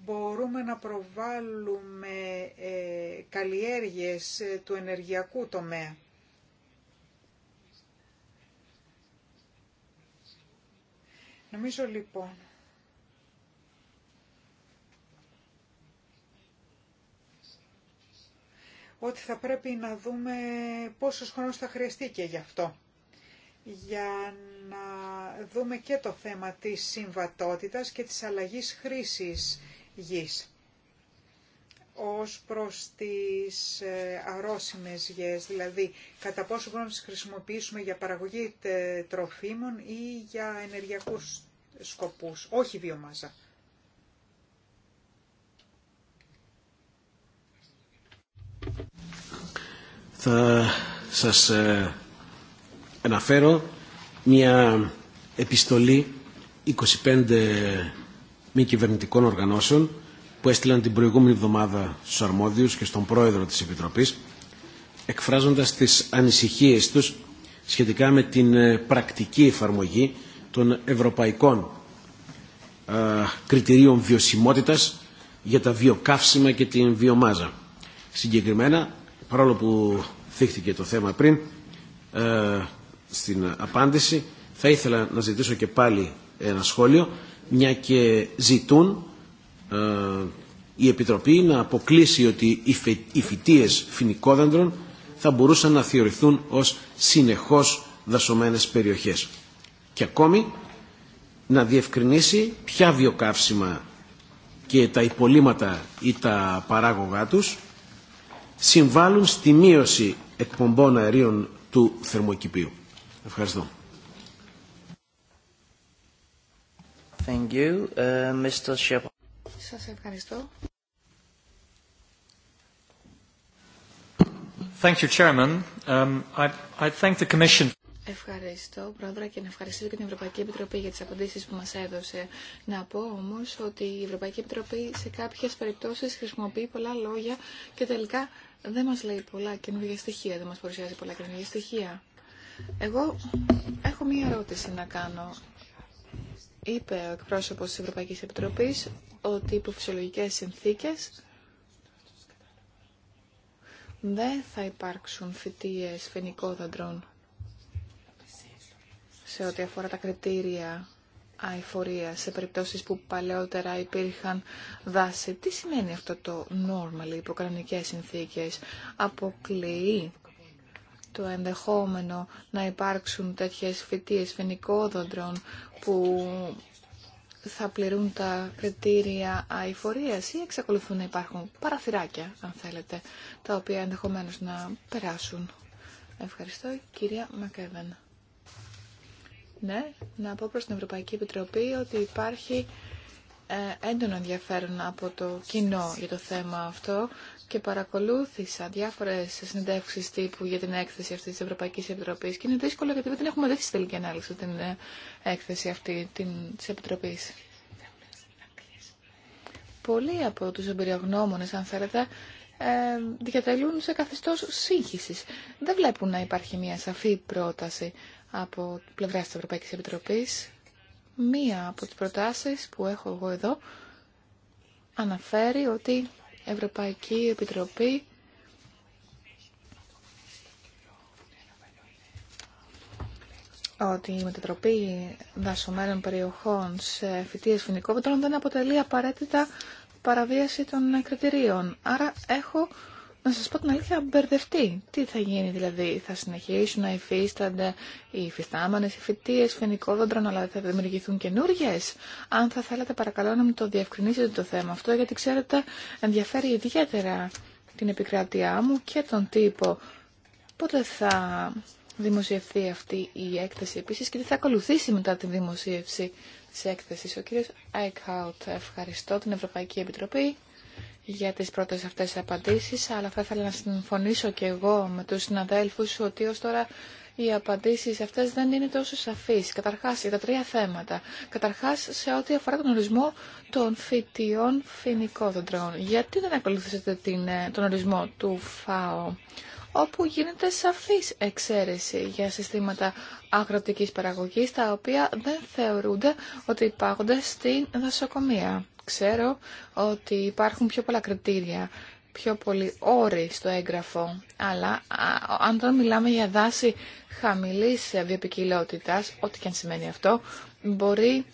Speaker 4: μπορούμε να προβάλλουμε ε, καλλιέργειες ε, του ενεργειακού τομέα. Νομίζω λοιπόν ότι θα πρέπει να δούμε πόσος χρόνος θα χρειαστεί και γι' αυτό. Για να δούμε και το θέμα της συμβατότητας και της αλλαγής χρήσης γης ως προς τις ε, αρρώσιμες γης, δηλαδή κατά πόσο μπορούμε να τις χρησιμοποιήσουμε για παραγωγή τροφίμων ή για ενεργειακούς σκοπούς, όχι βιομάζα.
Speaker 5: θα σας ε, αναφέρω μια επιστολή 25 μη κυβερνητικών οργανώσεων που έστειλαν την προηγούμενη εβδομάδα στους αρμόδιους και στον πρόεδρο της Επιτροπής εκφράζοντας τις ανησυχίες τους σχετικά με την ε, πρακτική εφαρμογή των ευρωπαϊκών ε, κριτηρίων βιωσιμότητας για τα βιοκαύσιμα και την βιομάζα. Συγκεκριμένα παρόλο που θύχτηκε το θέμα πριν ε, στην απάντηση, θα ήθελα να ζητήσω και πάλι ένα σχόλιο, μια και ζητούν ε, η Επιτροπή να αποκλείσει ότι οι, φε, οι φυτίες φοινικόδεντρων θα μπορούσαν να θεωρηθούν ως συνεχώς δασωμένες περιοχές. Και ακόμη να διευκρινίσει ποια βιοκαύσιμα και τα υπολείμματα ή τα παράγωγά τους συμβάλλουν στη μείωση εκπομπών αερίων του θερμοκηπίου. Ευχαριστώ. Thank you. Uh, Mr.
Speaker 1: Σας ευχαριστώ.
Speaker 5: Thank
Speaker 2: you, Chairman. Um, I, I thank the Commission.
Speaker 1: Ευχαριστώ, Πρόεδρε, και να ευχαριστήσω και την Ευρωπαϊκή Επιτροπή για τις απαντήσεις που μας έδωσε. Να πω όμως ότι η Ευρωπαϊκή Επιτροπή σε κάποιες περιπτώσεις χρησιμοποιεί πολλά λόγια και τελικά δεν μας λέει πολλά καινούργια στοιχεία, δεν μας παρουσιάζει πολλά καινούργια στοιχεία. Εγώ έχω μία ερώτηση να κάνω. Είπε ο εκπρόσωπος της Ευρωπαϊκής Επιτροπής ότι υπό φυσιολογικές συνθήκες δεν θα υπάρξουν φυτίες φαινικόδαντρων σε ό,τι αφορά τα κριτήρια αηφορία σε περιπτώσεις που παλαιότερα υπήρχαν δάση. Τι σημαίνει αυτό το normal, υποκρανικές συνθήκες. Αποκλείει το ενδεχόμενο να υπάρξουν τέτοιες φυτίες φαινικόδοντρων που θα πληρούν τα κριτήρια αηφορίας ή εξακολουθούν να υπάρχουν παραθυράκια, αν θέλετε, τα οποία ενδεχομένως να περάσουν. Ευχαριστώ, κυρία Μακεβένα. Ναι, να πω προς την Ευρωπαϊκή Επιτροπή ότι υπάρχει ε, έντονο ενδιαφέρον από το κοινό για το θέμα αυτό και παρακολούθησα διάφορες συνεντεύξεις τύπου για την έκθεση αυτής της Ευρωπαϊκής Επιτροπής και είναι δύσκολο γιατί δεν την έχουμε δείξει στη τελική ανάλυση την ε, έκθεση αυτή την, της Επιτροπής. Πολλοί από τους εμπειριογνώμονες, αν θέλετε, ε, διατελούν σε καθεστώς σύγχυσης. Δεν βλέπουν να υπάρχει μια σαφή πρόταση από πλευρά της Ευρωπαϊκής Επιτροπής. Μία από τις προτάσεις που έχω εγώ εδώ αναφέρει ότι η Ευρωπαϊκή Επιτροπή ότι η μετατροπή δασωμένων περιοχών σε φυτίες φινικόπιτρων δεν αποτελεί απαραίτητα παραβίαση των κριτηρίων. Άρα έχω να σας πω την αλήθεια, μπερδευτεί. Τι θα γίνει δηλαδή, θα συνεχίσουν να υφίστανται οι υφιστάμενες οι φοιτίες, φαινικόδοντρων, αλλά θα δημιουργηθούν καινούριε. Αν θα θέλατε παρακαλώ να μου το διευκρινίσετε το θέμα αυτό, γιατί ξέρετε ενδιαφέρει ιδιαίτερα την επικράτειά μου και τον τύπο. Πότε θα δημοσιευθεί αυτή η έκθεση επίσης και τι θα ακολουθήσει μετά τη δημοσίευση της έκθεσης. Ο κύριος Eichhout, ευχαριστώ την Ευρωπαϊκή Επιτροπή για τις πρώτες αυτές απαντήσεις, αλλά θα ήθελα να συμφωνήσω και εγώ με τους συναδέλφους ότι ως τώρα οι απαντήσεις αυτές δεν είναι τόσο σαφείς. Καταρχάς, για τα τρία θέματα. Καταρχάς, σε ό,τι αφορά τον ορισμό των φυτιών φοινικόδοντρων. Γιατί δεν ακολουθήσατε την, ε, τον ορισμό του ΦΑΟ, όπου γίνεται σαφής εξαίρεση για συστήματα αγροτικής παραγωγής, τα οποία δεν θεωρούνται ότι υπάγονται στην δασοκομεία. Ξέρω ότι υπάρχουν πιο πολλά κριτήρια, πιο πολλοί όροι στο έγγραφο, αλλά αν τώρα μιλάμε για δάση χαμηλής βιοπικιλότητας, ό,τι και αν σημαίνει αυτό, μπορεί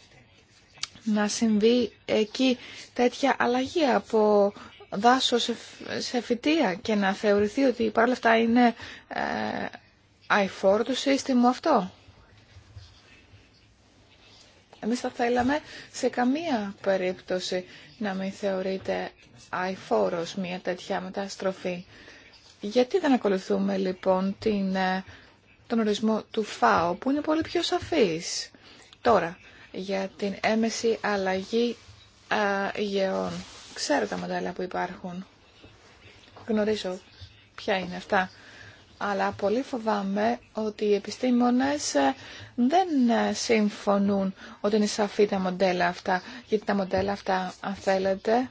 Speaker 1: να συμβεί εκεί τέτοια αλλαγή από δάσο σε φυτία και να θεωρηθεί ότι παρόλα αυτά είναι ε, αηφόρο το σύστημα αυτό. Εμείς θα θέλαμε σε καμία περίπτωση να μην θεωρείται αηφόρος μια τέτοια μεταστροφή. Γιατί δεν ακολουθούμε λοιπόν την, ε, τον ορισμό του ΦΑΟ που είναι πολύ πιο σαφής. Τώρα, για την έμεση αλλαγή ε, γεών. Ξέρω τα μοντέλα που υπάρχουν. Γνωρίζω ποια είναι αυτά αλλά πολύ φοβάμαι ότι οι επιστήμονες ε, δεν ε, συμφωνούν ότι είναι σαφή τα μοντέλα αυτά, γιατί τα μοντέλα αυτά, αν θέλετε,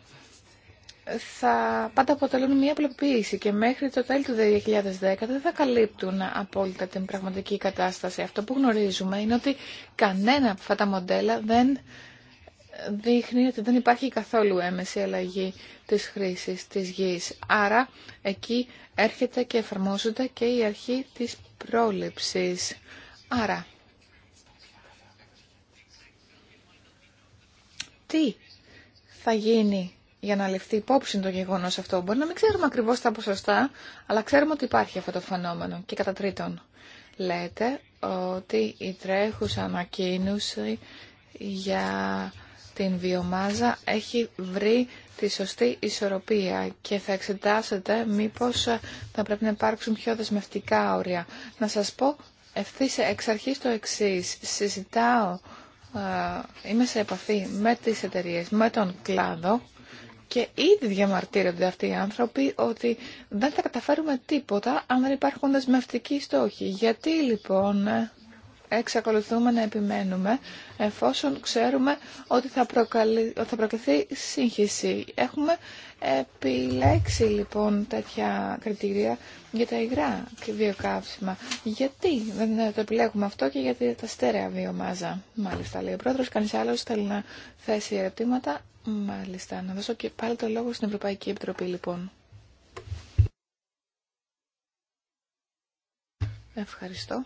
Speaker 1: θα πάντα αποτελούν μια απλοποίηση και μέχρι το τέλος του 2010 δεν θα καλύπτουν απόλυτα την πραγματική κατάσταση. Αυτό που γνωρίζουμε είναι ότι κανένα από αυτά τα μοντέλα δεν δείχνει ότι δεν υπάρχει καθόλου έμεση αλλαγή της χρήσης της γης. Άρα εκεί έρχεται και εφαρμόζονται και η αρχή της πρόληψης. Άρα, τι θα γίνει για να ληφθεί υπόψη το γεγονός αυτό. Μπορεί να μην ξέρουμε ακριβώς τα ποσοστά, αλλά ξέρουμε ότι υπάρχει αυτό το φαινόμενο. Και κατά τρίτον, λέτε ότι η τρέχουσα ανακοίνωση για την βιομάζα έχει βρει τη σωστή ισορροπία και θα εξετάσετε μήπως ε, θα πρέπει να υπάρξουν πιο δεσμευτικά όρια. Να σας πω ευθύς ε, εξ αρχής το εξής. Συζητάω, ε, είμαι σε επαφή με τις εταιρείε, με τον κλάδο και ήδη διαμαρτύρονται αυτοί οι άνθρωποι ότι δεν θα καταφέρουμε τίποτα αν δεν υπάρχουν δεσμευτικοί στόχοι. Γιατί λοιπόν εξακολουθούμε να επιμένουμε εφόσον ξέρουμε ότι θα, προκαλεί, θα σύγχυση. Έχουμε επιλέξει λοιπόν τέτοια κριτήρια για τα υγρά και βιοκαύσιμα. Γιατί δεν το επιλέγουμε αυτό και γιατί τα στέρεα βιομάζα. Μάλιστα λέει ο πρόεδρος, κανείς άλλος θέλει να θέσει ερωτήματα. Μάλιστα, να δώσω και πάλι το λόγο στην Ευρωπαϊκή Επιτροπή λοιπόν. Ευχαριστώ.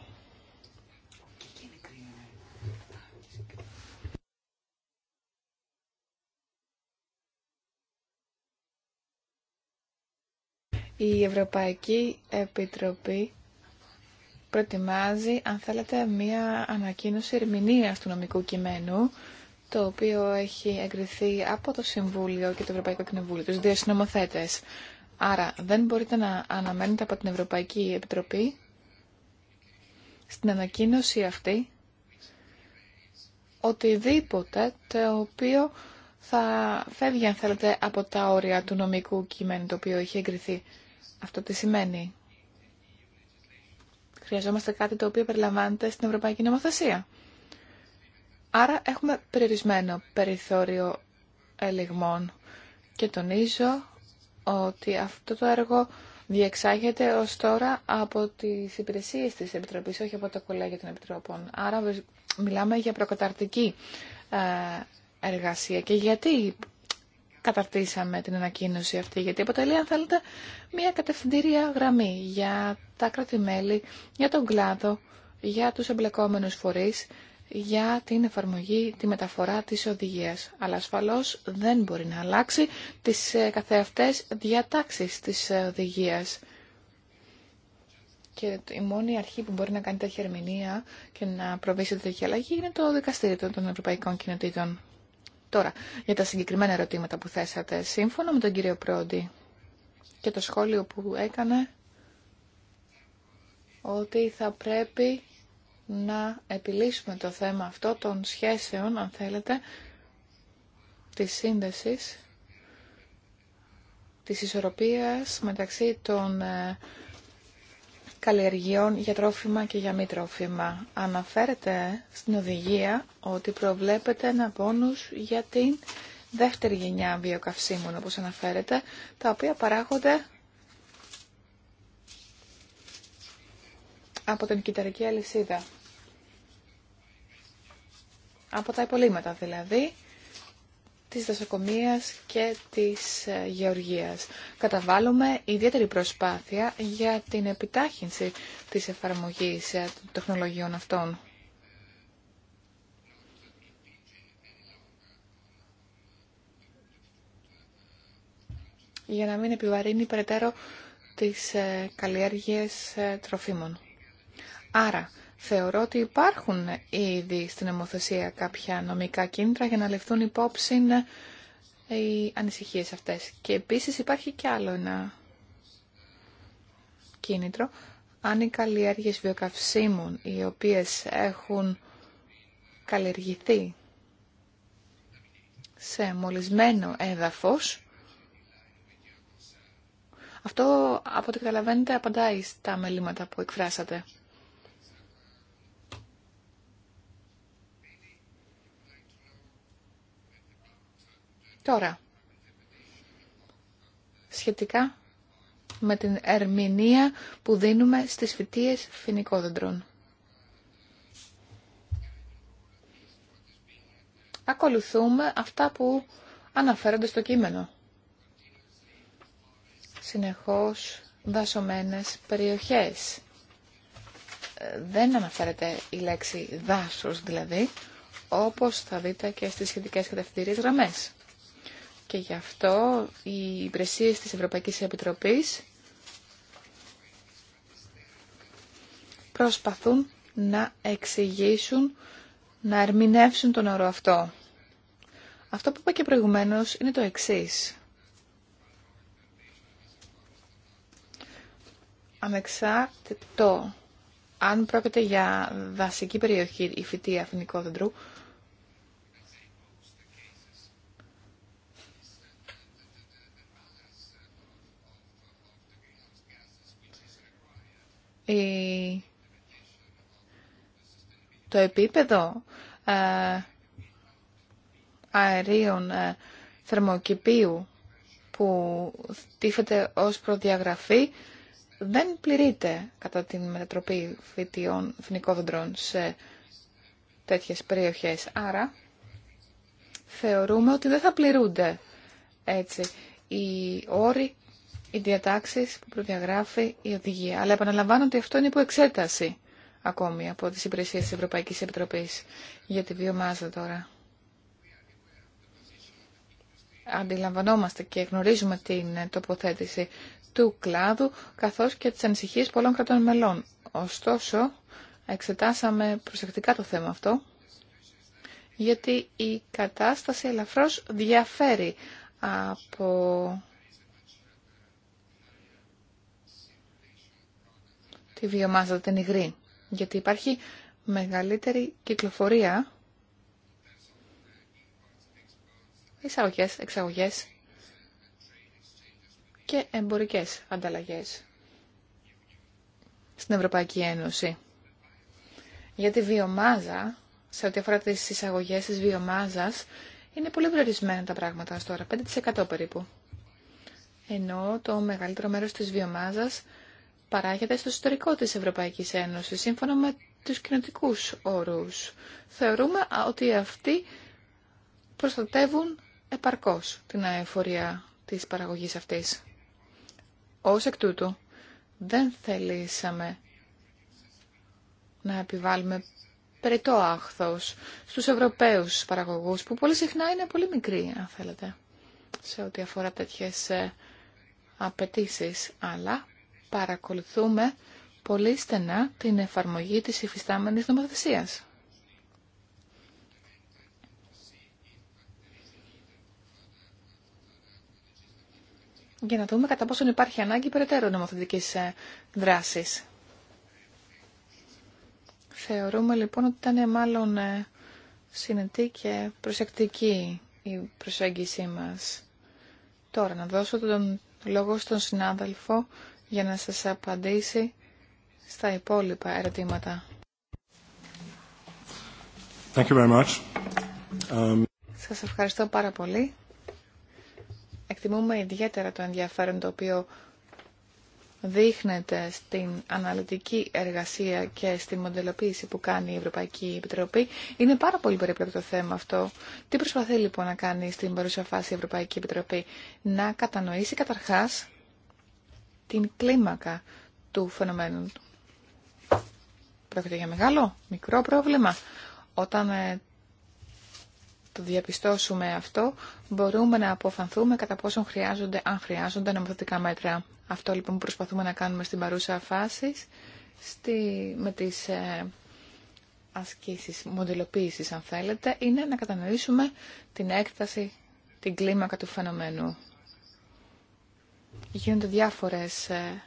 Speaker 1: Η Ευρωπαϊκή Επιτροπή προετοιμάζει, αν θέλετε, μία ανακοίνωση ερμηνείας του νομικού κειμένου, το οποίο έχει εγκριθεί από το Συμβούλιο και το Ευρωπαϊκό Κοινοβούλιο, τους δύο συνομοθέτες. Άρα δεν μπορείτε να αναμένετε από την Ευρωπαϊκή Επιτροπή στην ανακοίνωση αυτή οτιδήποτε το οποίο θα φεύγει αν θέλετε από τα όρια του νομικού κειμένου το οποίο έχει εγκριθεί αυτό τι σημαίνει. Χρειαζόμαστε κάτι το οποίο περιλαμβάνεται στην Ευρωπαϊκή Νομοθεσία. Άρα έχουμε περιορισμένο περιθώριο ελιγμών και τονίζω ότι αυτό το έργο διεξάγεται ως τώρα από τις υπηρεσίες της Επιτροπής, όχι από τα κολέγια των Επιτροπών. Άρα μιλάμε για προκαταρτική ε, εργασία. Και γιατί καταρτήσαμε την ανακοίνωση αυτή, γιατί αποτελεί, αν θέλετε, μια κατευθυντήρια γραμμή για τα κρατημέλη, για τον κλάδο, για τους εμπλεκόμενους φορείς, για την εφαρμογή, τη μεταφορά της οδηγίας. Αλλά ασφαλώς δεν μπορεί να αλλάξει τις ε, καθεαυτές διατάξεις της ε, οδηγίας. Και η μόνη αρχή που μπορεί να κάνει τέτοια ερμηνεία και να προβεί σε τέτοια αλλαγή είναι το δικαστήριο των Ευρωπαϊκών Κοινοτήτων. Τώρα, για τα συγκεκριμένα ερωτήματα που θέσατε, σύμφωνα με τον κύριο Πρόντι και το σχόλιο που έκανε, ότι θα πρέπει να επιλύσουμε το θέμα αυτό των σχέσεων, αν θέλετε, της σύνδεσης, της ισορροπίας μεταξύ των ε, καλλιεργειών για τρόφιμα και για μη τρόφιμα. Αναφέρεται στην οδηγία ότι προβλέπεται ένα πόνους για την δεύτερη γενιά βιοκαυσίμων, όπως αναφέρεται, τα οποία παράγονται από την κυταρική αλυσίδα. Από τα υπολείμματα δηλαδή, της δασοκομείας και της ε, γεωργίας. Καταβάλουμε ιδιαίτερη προσπάθεια για την επιτάχυνση της εφαρμογής ε, των τεχνολογιών αυτών. για να μην επιβαρύνει περαιτέρω τις ε, καλλιέργειες τροφίμων. Άρα, Θεωρώ ότι υπάρχουν ήδη στην νομοθεσία κάποια νομικά κίνητρα για να ληφθούν υπόψη ε, οι ανησυχίες αυτές. Και επίσης υπάρχει και άλλο ένα κίνητρο. Αν οι καλλιέργειες βιοκαυσίμων, οι οποίες έχουν καλλιεργηθεί σε μολυσμένο έδαφος, αυτό, από ό,τι καταλαβαίνετε, απαντάει στα μελήματα που εκφράσατε. Τώρα, σχετικά με την ερμηνεία που δίνουμε στις φυτίες φοινικόδεντρων. Ακολουθούμε αυτά που αναφέρονται στο κείμενο. Συνεχώς δασωμένες περιοχές. Ε, δεν αναφέρεται η λέξη δάσος δηλαδή, όπως θα δείτε και στις σχετικές κατευθυντήριες γραμμές. Και γι' αυτό οι υπηρεσίε της Ευρωπαϊκής Επιτροπής προσπαθούν να εξηγήσουν, να ερμηνεύσουν τον όρο αυτό. Αυτό που είπα και προηγουμένως είναι το εξής. Ανεξάρτητο αν πρόκειται για δασική περιοχή η φυτή αφηνικό το επίπεδο ε, αερίων ε, θερμοκηπίου που τύφεται ως προδιαγραφή δεν πληρείται κατά την μετατροπή φυτιών φυνικόδοντρων σε τέτοιες περιοχές. Άρα θεωρούμε ότι δεν θα πληρούνται έτσι οι όροι οι διατάξεις που προδιαγράφει η οδηγία. Αλλά επαναλαμβάνω ότι αυτό είναι υπό εξέταση ακόμη από τι υπηρεσίε τη Ευρωπαϊκής Επιτροπής για τη βιομάζα τώρα. Αντιλαμβανόμαστε και γνωρίζουμε την τοποθέτηση του κλάδου καθώς και τις ανησυχίες πολλών κρατών μελών. Ωστόσο, εξετάσαμε προσεκτικά το θέμα αυτό γιατί η κατάσταση ελαφρώς διαφέρει από τη βιομάζα, δηλαδή την υγρή. Γιατί υπάρχει μεγαλύτερη κυκλοφορία εισαγωγέ, εξαγωγές και εμπορικές ανταλλαγές στην Ευρωπαϊκή Ένωση. γιατί η βιομάζα, σε ό,τι αφορά τις εισαγωγές της βιομάζας, είναι πολύ περιορισμένα τα πράγματα τώρα, 5% περίπου. Ενώ το μεγαλύτερο μέρος της βιομάζας παράγεται στο ιστορικό της Ευρωπαϊκής Ένωσης, σύμφωνα με τους κοινωτικούς όρους. Θεωρούμε ότι αυτοί προστατεύουν επαρκώς την αεφορία της παραγωγής αυτής. Ως εκ τούτου, δεν θελήσαμε να επιβάλλουμε περιττό άχθος στους Ευρωπαίους παραγωγούς, που πολύ συχνά είναι πολύ μικροί, αν θέλετε, σε ό,τι αφορά τέτοιες ε, απαιτήσει, αλλά παρακολουθούμε πολύ στενά την εφαρμογή της υφιστάμενης νομοθεσίας. για να δούμε κατά πόσον υπάρχει ανάγκη περαιτέρω νομοθετικής ε, δράσης. Θεωρούμε λοιπόν ότι ήταν ε, μάλλον ε, συνετή και προσεκτική η προσέγγιση μας. Τώρα να δώσω τον λόγο στον συνάδελφο για να σας απαντήσει στα υπόλοιπα ερωτήματα.
Speaker 2: Thank you very much. Um,
Speaker 1: σας ευχαριστώ πάρα πολύ. Εκτιμούμε ιδιαίτερα το ενδιαφέρον το οποίο δείχνεται στην αναλυτική εργασία και στη μοντελοποίηση που κάνει η Ευρωπαϊκή Επιτροπή. Είναι πάρα πολύ περίπλοκο το θέμα αυτό. Τι προσπαθεί λοιπόν να κάνει στην παρουσιαφάση η Ευρωπαϊκή Επιτροπή. Να κατανοήσει καταρχάς την κλίμακα του φαινομένου Πρόκειται για μεγάλο, μικρό πρόβλημα. Όταν ε, το διαπιστώσουμε αυτό, μπορούμε να αποφανθούμε κατά πόσον χρειάζονται, αν χρειάζονται νομοθετικά μέτρα. Αυτό λοιπόν που προσπαθούμε να κάνουμε στην παρούσα φάση, με τις ε, ασκήσεις μοντελοποίησης αν θέλετε, είναι να κατανοήσουμε την έκταση, την κλίμακα του φαινομένου γίνονται διάφορες ε,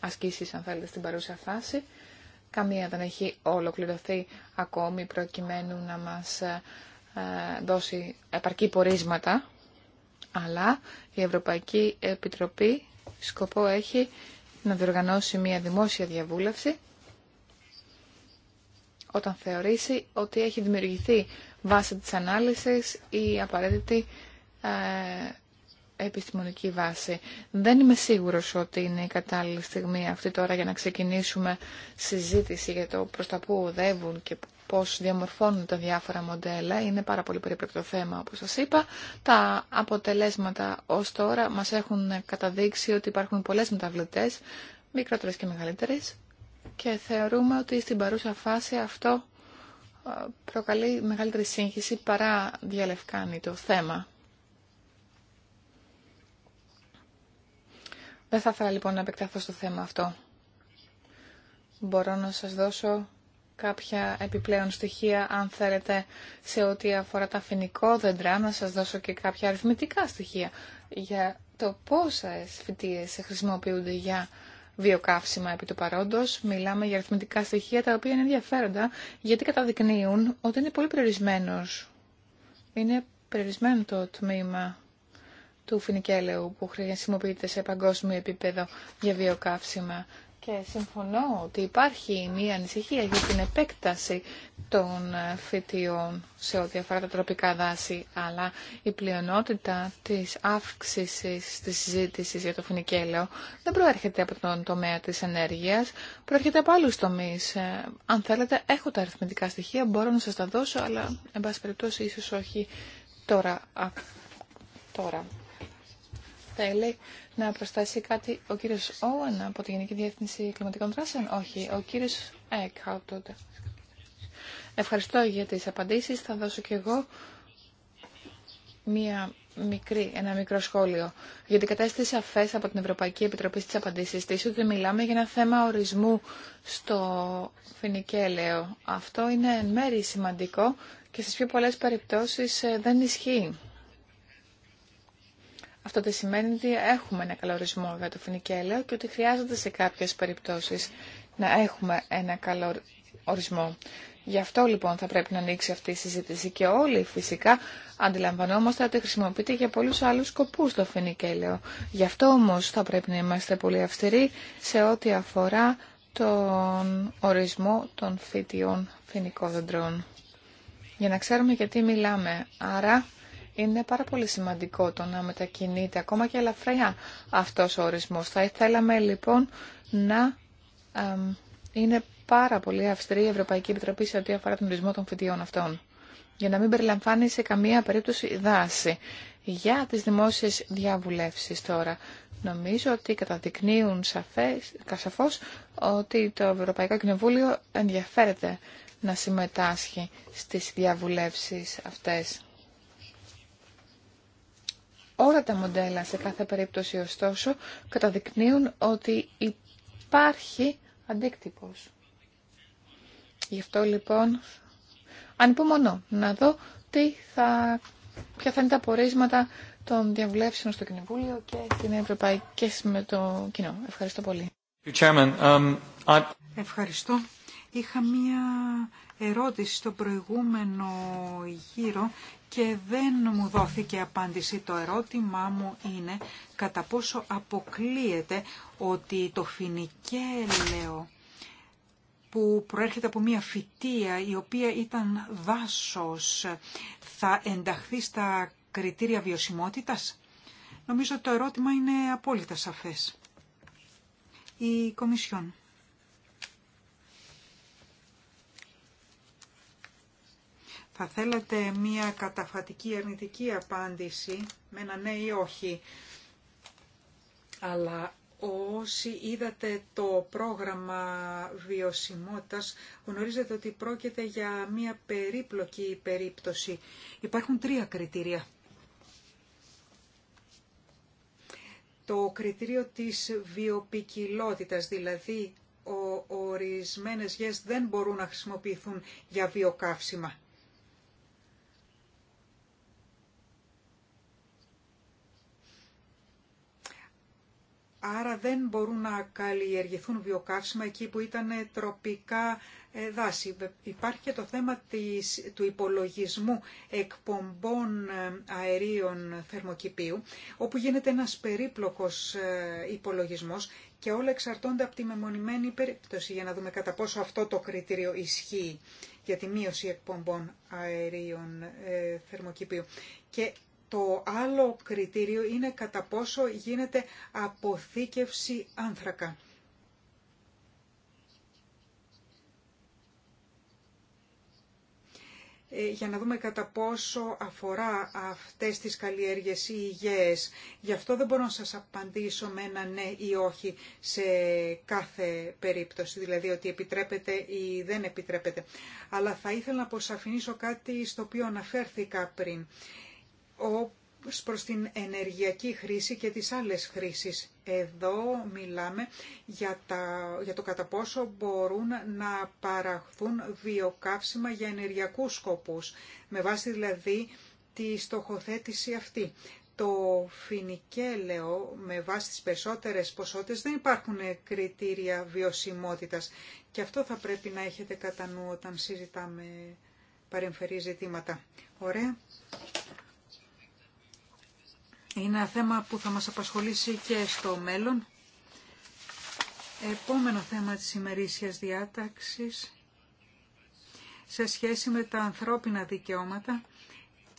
Speaker 1: ασκήσεις, αν θέλετε, στην παρούσα φάση. Καμία δεν έχει ολοκληρωθεί ακόμη προκειμένου να μας ε, ε, δώσει επαρκή πορίσματα, αλλά η Ευρωπαϊκή Επιτροπή σκοπό έχει να διοργανώσει μια δημόσια διαβούλευση όταν θεωρήσει ότι έχει δημιουργηθεί βάσει της ανάλυσης η απαραίτητη επιστημονική βάση. Δεν είμαι σίγουρος ότι είναι η κατάλληλη στιγμή αυτή τώρα για να ξεκινήσουμε συζήτηση για το προς τα που οδεύουν και πώς διαμορφώνουν τα διάφορα μοντέλα. Είναι πάρα πολύ περίπλοκο το θέμα, όπως σας είπα. Τα αποτελέσματα ως τώρα μας έχουν καταδείξει ότι υπάρχουν πολλές μεταβλητές, μικρότερες και μεγαλύτερες, και θεωρούμε ότι στην παρούσα φάση αυτό ε, προκαλεί μεγαλύτερη σύγχυση παρά διαλευκάνει το θέμα. Δεν θα ήθελα λοιπόν να επεκταθώ στο θέμα αυτό. Μπορώ να σας δώσω κάποια επιπλέον στοιχεία, αν θέλετε, σε ό,τι αφορά τα δέντρα, να σας δώσω και κάποια αριθμητικά στοιχεία για το πόσες φυτίες χρησιμοποιούνται για βιοκαύσιμα επί του παρόντος. Μιλάμε για αριθμητικά στοιχεία τα οποία είναι ενδιαφέροντα, γιατί καταδεικνύουν ότι είναι πολύ περιορισμένος. Είναι περιορισμένο το τμήμα του φινικέλεου που χρησιμοποιείται σε παγκόσμιο επίπεδο για βιοκαύσιμα. Και συμφωνώ ότι υπάρχει μία ανησυχία για την επέκταση των φυτιών σε ό,τι αφορά τα τροπικά δάση, αλλά η πλειονότητα της αύξησης της συζήτηση για το φινικέλαιο δεν προέρχεται από τον τομέα της ενέργειας, προέρχεται από άλλους τομείς. Ε, αν θέλετε, έχω τα αριθμητικά στοιχεία, μπορώ να σας τα δώσω, αλλά, εν πάση περιπτώσει, ίσως όχι τώρα. τώρα. Θέλει να προσθέσει κάτι ο κύριος Όαν από τη Γενική Διεύθυνση Κλιματικών Δράσεων. Όχι, ο κύριος Έκχαου τότε. Ευχαριστώ για τι απαντήσεις. Θα δώσω και εγώ μία μικρή, ένα μικρό σχόλιο. Γιατί κατάσταση σαφέ από την Ευρωπαϊκή Επιτροπή στι απαντήσει τη ότι μιλάμε για ένα θέμα ορισμού στο φινικέλαιο. Αυτό είναι εν μέρη σημαντικό και στι πιο πολλέ περιπτώσει ε, δεν ισχύει. Αυτό δεν σημαίνει ότι έχουμε ένα καλό ορισμό για το φινικέλαιο και ότι χρειάζεται σε κάποιες περιπτώσεις να έχουμε ένα καλό ορισμό. Γι' αυτό λοιπόν θα πρέπει να ανοίξει αυτή η συζήτηση και όλοι φυσικά αντιλαμβανόμαστε ότι χρησιμοποιείται για πολλούς άλλους σκοπούς το φινικέλαιο. Γι' αυτό όμως θα πρέπει να είμαστε πολύ αυστηροί σε ό,τι αφορά τον ορισμό των φυτιών φοινικών Για να ξέρουμε γιατί μιλάμε. Άρα είναι πάρα πολύ σημαντικό το να μετακινείται ακόμα και ελαφριά αυτός ο ορισμός. Θα ήθελαμε λοιπόν να είναι πάρα πολύ αυστηρή η Ευρωπαϊκή Επιτροπή σε ό,τι αφορά τον ορισμό των φοιτιών αυτών για να μην περιλαμβάνει σε καμία περίπτωση δάση. Για τις δημόσιες διαβουλεύσεις τώρα, νομίζω ότι καταδεικνύουν σαφές, σαφώς ότι το Ευρωπαϊκό Κοινοβούλιο ενδιαφέρεται να συμμετάσχει στις διαβουλεύσεις αυτές. Όλα τα μοντέλα σε κάθε περίπτωση ωστόσο καταδεικνύουν ότι υπάρχει αντίκτυπος. Γι' αυτό λοιπόν ανυπομονώ να δω τι θα, ποια θα είναι τα πορίσματα των διαβουλεύσεων στο Κοινοβούλιο και την Ευρωπαϊκή με το κοινό. Ευχαριστώ πολύ.
Speaker 2: Um,
Speaker 1: Ευχαριστώ. Είχα μία
Speaker 4: ερώτηση στο προηγούμενο γύρο και δεν μου δόθηκε απάντηση. Το ερώτημά μου είναι κατά πόσο αποκλείεται ότι το φινικέλαιο που προέρχεται από μια φυτεία η οποία ήταν δάσος θα ενταχθεί στα κριτήρια βιωσιμότητας. Νομίζω το ερώτημα είναι απόλυτα σαφές. Η Κομισιόν. Θα θέλατε μία καταφατική αρνητική απάντηση με ένα ναι ή όχι. Αλλά όσοι είδατε το πρόγραμμα βιωσιμότητας γνωρίζετε ότι πρόκειται για μία περίπλοκη περίπτωση. Υπάρχουν τρία κριτήρια. Το κριτήριο της βιοπικιλότητας, δηλαδή ο, ορισμένες δεν μπορούν να χρησιμοποιηθούν για βιοκαύσιμα. Άρα δεν μπορούν να καλλιεργηθούν βιοκαύσιμα εκεί που ήταν τροπικά ε, δάση. Υπάρχει και το θέμα της, του υπολογισμού εκπομπών ε, αερίων θερμοκηπίου, όπου γίνεται ένας περίπλοκος ε, υπολογισμός και όλα εξαρτώνται από τη μεμονημένη περίπτωση για να δούμε κατά πόσο αυτό το κριτήριο ισχύει για τη μείωση εκπομπών αερίων θερμοκηπίου. Και το άλλο κριτήριο είναι κατά πόσο γίνεται αποθήκευση άνθρακα. Ε, για να δούμε κατά πόσο αφορά αυτές τις καλλιέργειες ή υγιές. Γι' αυτό δεν μπορώ να σας απαντήσω με ένα ναι ή όχι σε κάθε περίπτωση, δηλαδή ότι επιτρέπεται ή δεν επιτρέπεται. Αλλά θα ήθελα να προσαφηνήσω κάτι στο οποίο αναφέρθηκα πριν ως προς την ενεργειακή χρήση και τις άλλες χρήσεις. Εδώ μιλάμε για, το κατά πόσο μπορούν να παραχθούν βιοκαύσιμα για ενεργειακούς σκοπούς, με βάση δηλαδή τη στοχοθέτηση αυτή. Το φινικέλαιο με βάση τις περισσότερες ποσότητες δεν υπάρχουν κριτήρια βιωσιμότητας και αυτό θα πρέπει να έχετε κατά νου όταν συζητάμε παρεμφερή ζητήματα. Ωραία. Είναι ένα θέμα που θα μας απασχολήσει και στο μέλλον. Επόμενο θέμα της ημερήσιας διάταξης σε σχέση με τα ανθρώπινα δικαιώματα,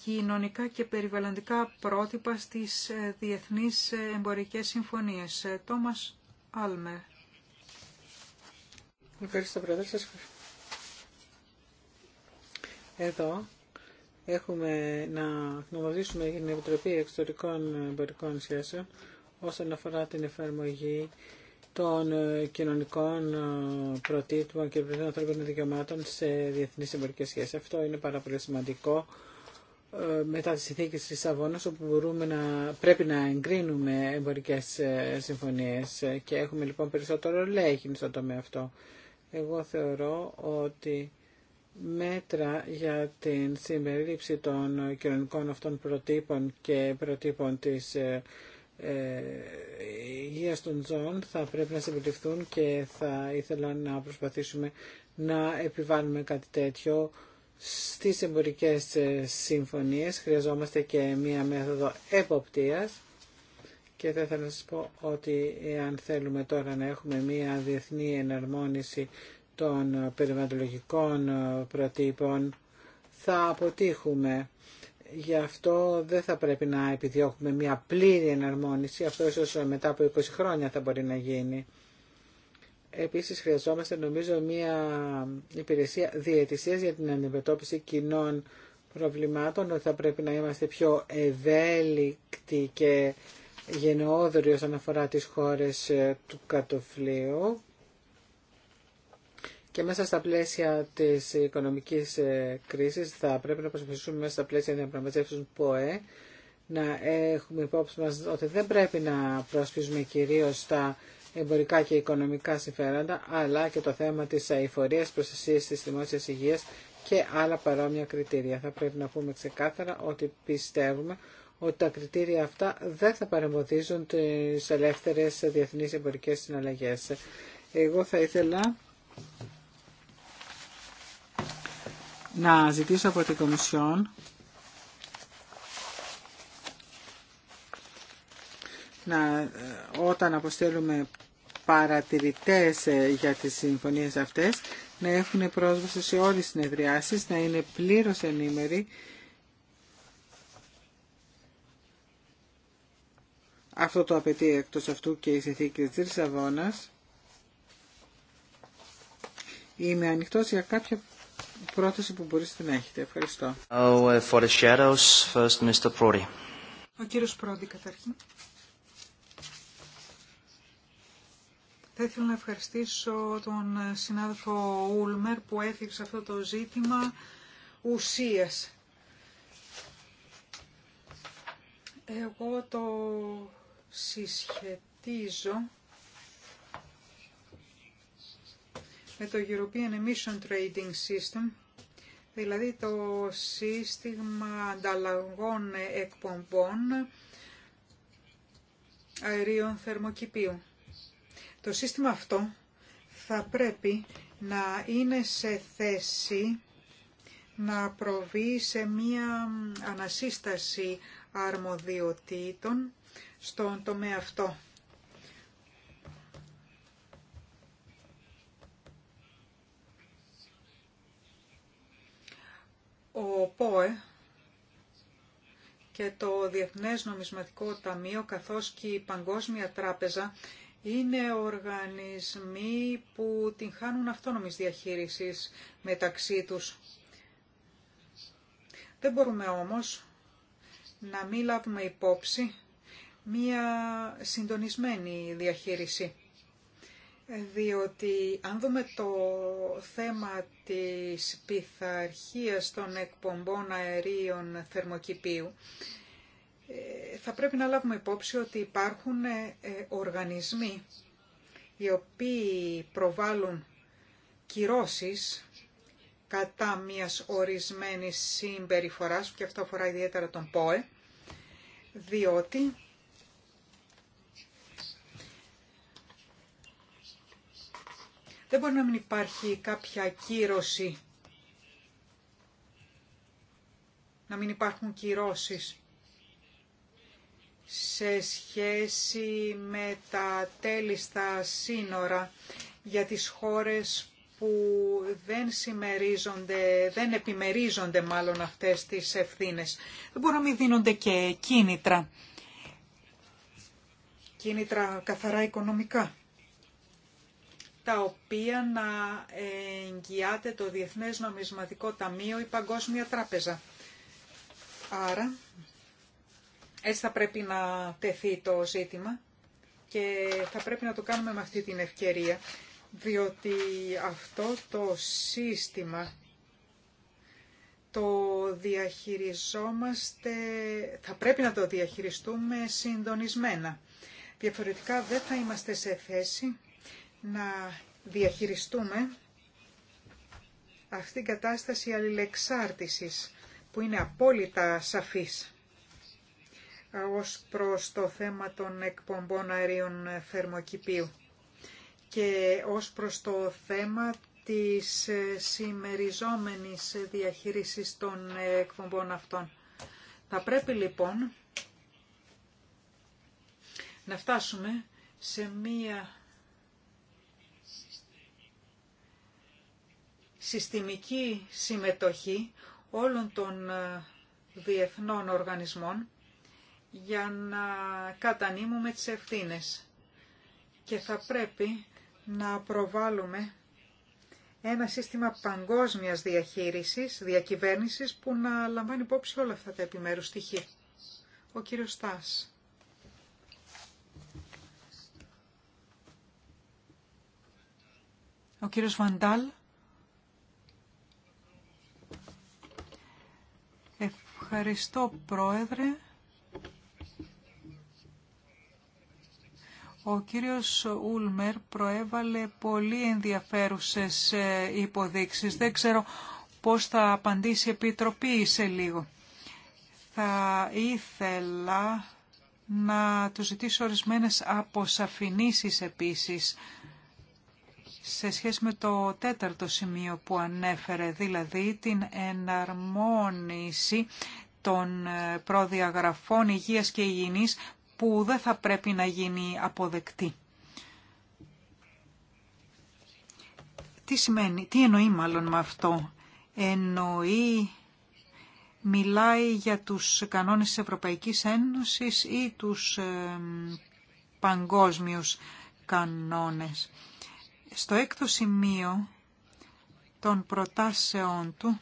Speaker 4: κοινωνικά και περιβαλλοντικά πρότυπα στις ε, διεθνείς ε, εμπορικές συμφωνίες. Ε, Τόμας Άλμερ. Ευχαριστώ, Πρόεδρε.
Speaker 3: Εδώ έχουμε να γνωρίσουμε για την Επιτροπή Εξωτερικών Εμπορικών Σχέσεων όσον αφορά την εφαρμογή των ε, κοινωνικών ε, προτύπων και των ανθρώπινων δικαιωμάτων σε διεθνείς εμπορικές σχέσεις. Αυτό είναι πάρα πολύ σημαντικό ε, μετά τις συνθήκες της Λισαβόνας όπου μπορούμε να, πρέπει να εγκρίνουμε εμπορικές συμφωνίες και έχουμε λοιπόν περισσότερο λέγει στο τομέα αυτό. Εγώ θεωρώ ότι μέτρα για την συμπερίληψη των κοινωνικών αυτών προτύπων και προτύπων της ε, ε των ζώων θα πρέπει να συμπεριληφθούν και θα ήθελα να προσπαθήσουμε να επιβάλλουμε κάτι τέτοιο στις εμπορικές ε, συμφωνίες. Χρειαζόμαστε και μία μέθοδο εποπτείας και θα ήθελα να σας πω ότι αν θέλουμε τώρα να έχουμε μία διεθνή εναρμόνιση των περιβαλλοντολογικών ε, προτύπων θα αποτύχουμε. Γι' αυτό δεν θα πρέπει να επιδιώκουμε μια πλήρη εναρμόνιση. Αυτό ίσως μετά από 20 χρόνια θα μπορεί να γίνει. Επίσης χρειαζόμαστε νομίζω μια υπηρεσία διαιτησίας για την αντιμετώπιση κοινών προβλημάτων ότι θα πρέπει να είμαστε πιο ευέλικτοι και γενναιόδοροι όσον αφορά τις χώρες ε, του κατοφλίου και μέσα στα πλαίσια της οικονομικής ε, κρίσης θα πρέπει να προσπαθήσουμε μέσα στα πλαίσια διαπραγματεύσεων ΠΟΕ να έχουμε υπόψη μας ότι δεν πρέπει να προσπίζουμε κυρίως τα εμπορικά και οικονομικά συμφέροντα, αλλά και το θέμα της αηφορίας, προστασίας της δημόσιας υγείας και άλλα παρόμοια κριτήρια. Θα πρέπει να πούμε ξεκάθαρα ότι πιστεύουμε ότι τα κριτήρια αυτά δεν θα παρεμποδίζουν τις ελεύθερες διεθνείς εμπορικές συναλλαγές. Εγώ θα ήθελα να ζητήσω από την Κομισιόν να, όταν αποστέλουμε παρατηρητές ε, για τις συμφωνίες αυτές να έχουν πρόσβαση σε όλες τις συνεδριάσεις, να είναι πλήρως ενήμεροι. Αυτό το απαιτεί εκτός αυτού και η συνθήκη της Λισαβόνας. Είμαι ανοιχτός για κάποια πρόταση που μπορείτε να έχετε. Ευχαριστώ.
Speaker 4: Oh, uh, for the shadows, first Mr. Prodi. Ο κύριος Πρόντι καταρχήν. Θα ήθελα να ευχαριστήσω τον συνάδελφο Ούλμερ που έθιξε αυτό το ζήτημα ουσίας. Εγώ το συσχετίζω με το European Emission Trading System, δηλαδή το σύστημα ανταλλαγών εκπομπών αερίων θερμοκηπίου. Το σύστημα αυτό θα πρέπει να είναι σε θέση να προβεί σε μία ανασύσταση αρμοδιοτήτων στον τομέα αυτό Ο ΠΟΕ και το Διεθνές Νομισματικό Ταμείο καθώς και η Παγκόσμια Τράπεζα είναι οργανισμοί που την χάνουν αυτόνομης διαχείρισης μεταξύ τους. Δεν μπορούμε όμως να μην λάβουμε υπόψη μία συντονισμένη διαχείριση διότι αν δούμε το θέμα της πειθαρχία των εκπομπών αερίων θερμοκηπίου, ε, θα πρέπει να λάβουμε υπόψη ότι υπάρχουν ε, ε, οργανισμοί οι οποίοι προβάλλουν κυρώσεις κατά μιας ορισμένης συμπεριφοράς, και αυτό αφορά ιδιαίτερα τον ΠΟΕ, διότι Δεν μπορεί να μην υπάρχει κάποια κύρωση, να μην υπάρχουν κυρώσεις σε σχέση με τα τέλιστα στα σύνορα για τις χώρες που δεν δεν επιμερίζονται μάλλον αυτές τις ευθύνες. Δεν μπορούν να μην δίνονται και κίνητρα. Κίνητρα καθαρά οικονομικά τα οποία να εγγυάται το Διεθνές Νομισματικό Ταμείο ή Παγκόσμια Τράπεζα. Άρα, έτσι θα πρέπει να τεθεί το ζήτημα και θα πρέπει να το κάνουμε με αυτή την ευκαιρία, διότι αυτό το σύστημα το διαχειριζόμαστε, θα πρέπει να το διαχειριστούμε συντονισμένα. Διαφορετικά δεν θα είμαστε σε θέση να διαχειριστούμε αυτήν την κατάσταση αλληλεξάρτησης που είναι απόλυτα σαφής ε, ως προς το θέμα των εκπομπών αερίων θερμοκηπίου και ως προς το θέμα της ε, συμμεριζόμενης διαχείρισης των ε, εκπομπών αυτών. Θα πρέπει λοιπόν να φτάσουμε σε μία συστημική συμμετοχή όλων των ε, διεθνών οργανισμών για να κατανείμουμε τις ευθύνες. Και θα πρέπει να προβάλλουμε ένα σύστημα παγκόσμιας διαχείρισης, διακυβέρνησης που να λαμβάνει υπόψη όλα αυτά τα επιμέρους στοιχεία. Ο κύριος Στάς. Ο κύριος Βαντάλ. Ευχαριστώ, Πρόεδρε. Ο κύριος Ούλμερ προέβαλε πολύ ενδιαφέρουσες ε, υποδείξεις. Δεν ξέρω πώς θα απαντήσει η Επιτροπή σε λίγο. Θα ήθελα να του ζητήσω ορισμένες αποσαφηνήσεις επίσης σε σχέση με το τέταρτο σημείο που ανέφερε, δηλαδή την εναρμόνιση των ε, προδιαγραφών υγείας και υγιεινής που δεν θα πρέπει να γίνει αποδεκτή. Τι σημαίνει, τι εννοεί μάλλον με αυτό. Εννοεί, μιλάει για τους κανόνες της Ευρωπαϊκής Ένωσης ή τους ε, παγκόσμιους κανόνες στο έκτο σημείο των προτάσεών του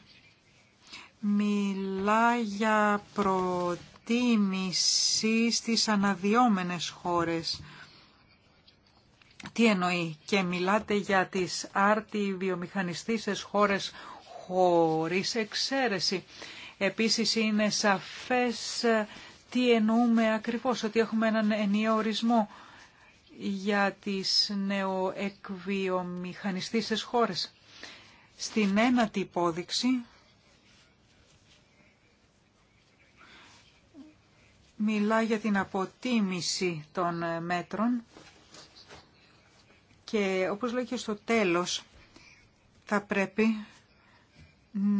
Speaker 4: μιλά για προτίμηση στις αναδιόμενες χώρες. Τι εννοεί και μιλάτε για τις άρτη βιομηχανιστήσεις χώρες χωρίς εξαίρεση. Επίσης είναι σαφές τι εννοούμε ακριβώς, ότι έχουμε έναν ενιαίο ορισμό για τις νεοεκβιομηχανιστήσεις χώρες. Στην ένατη υπόδειξη μιλά για την αποτίμηση των μέτρων και όπως λέει και στο τέλος θα πρέπει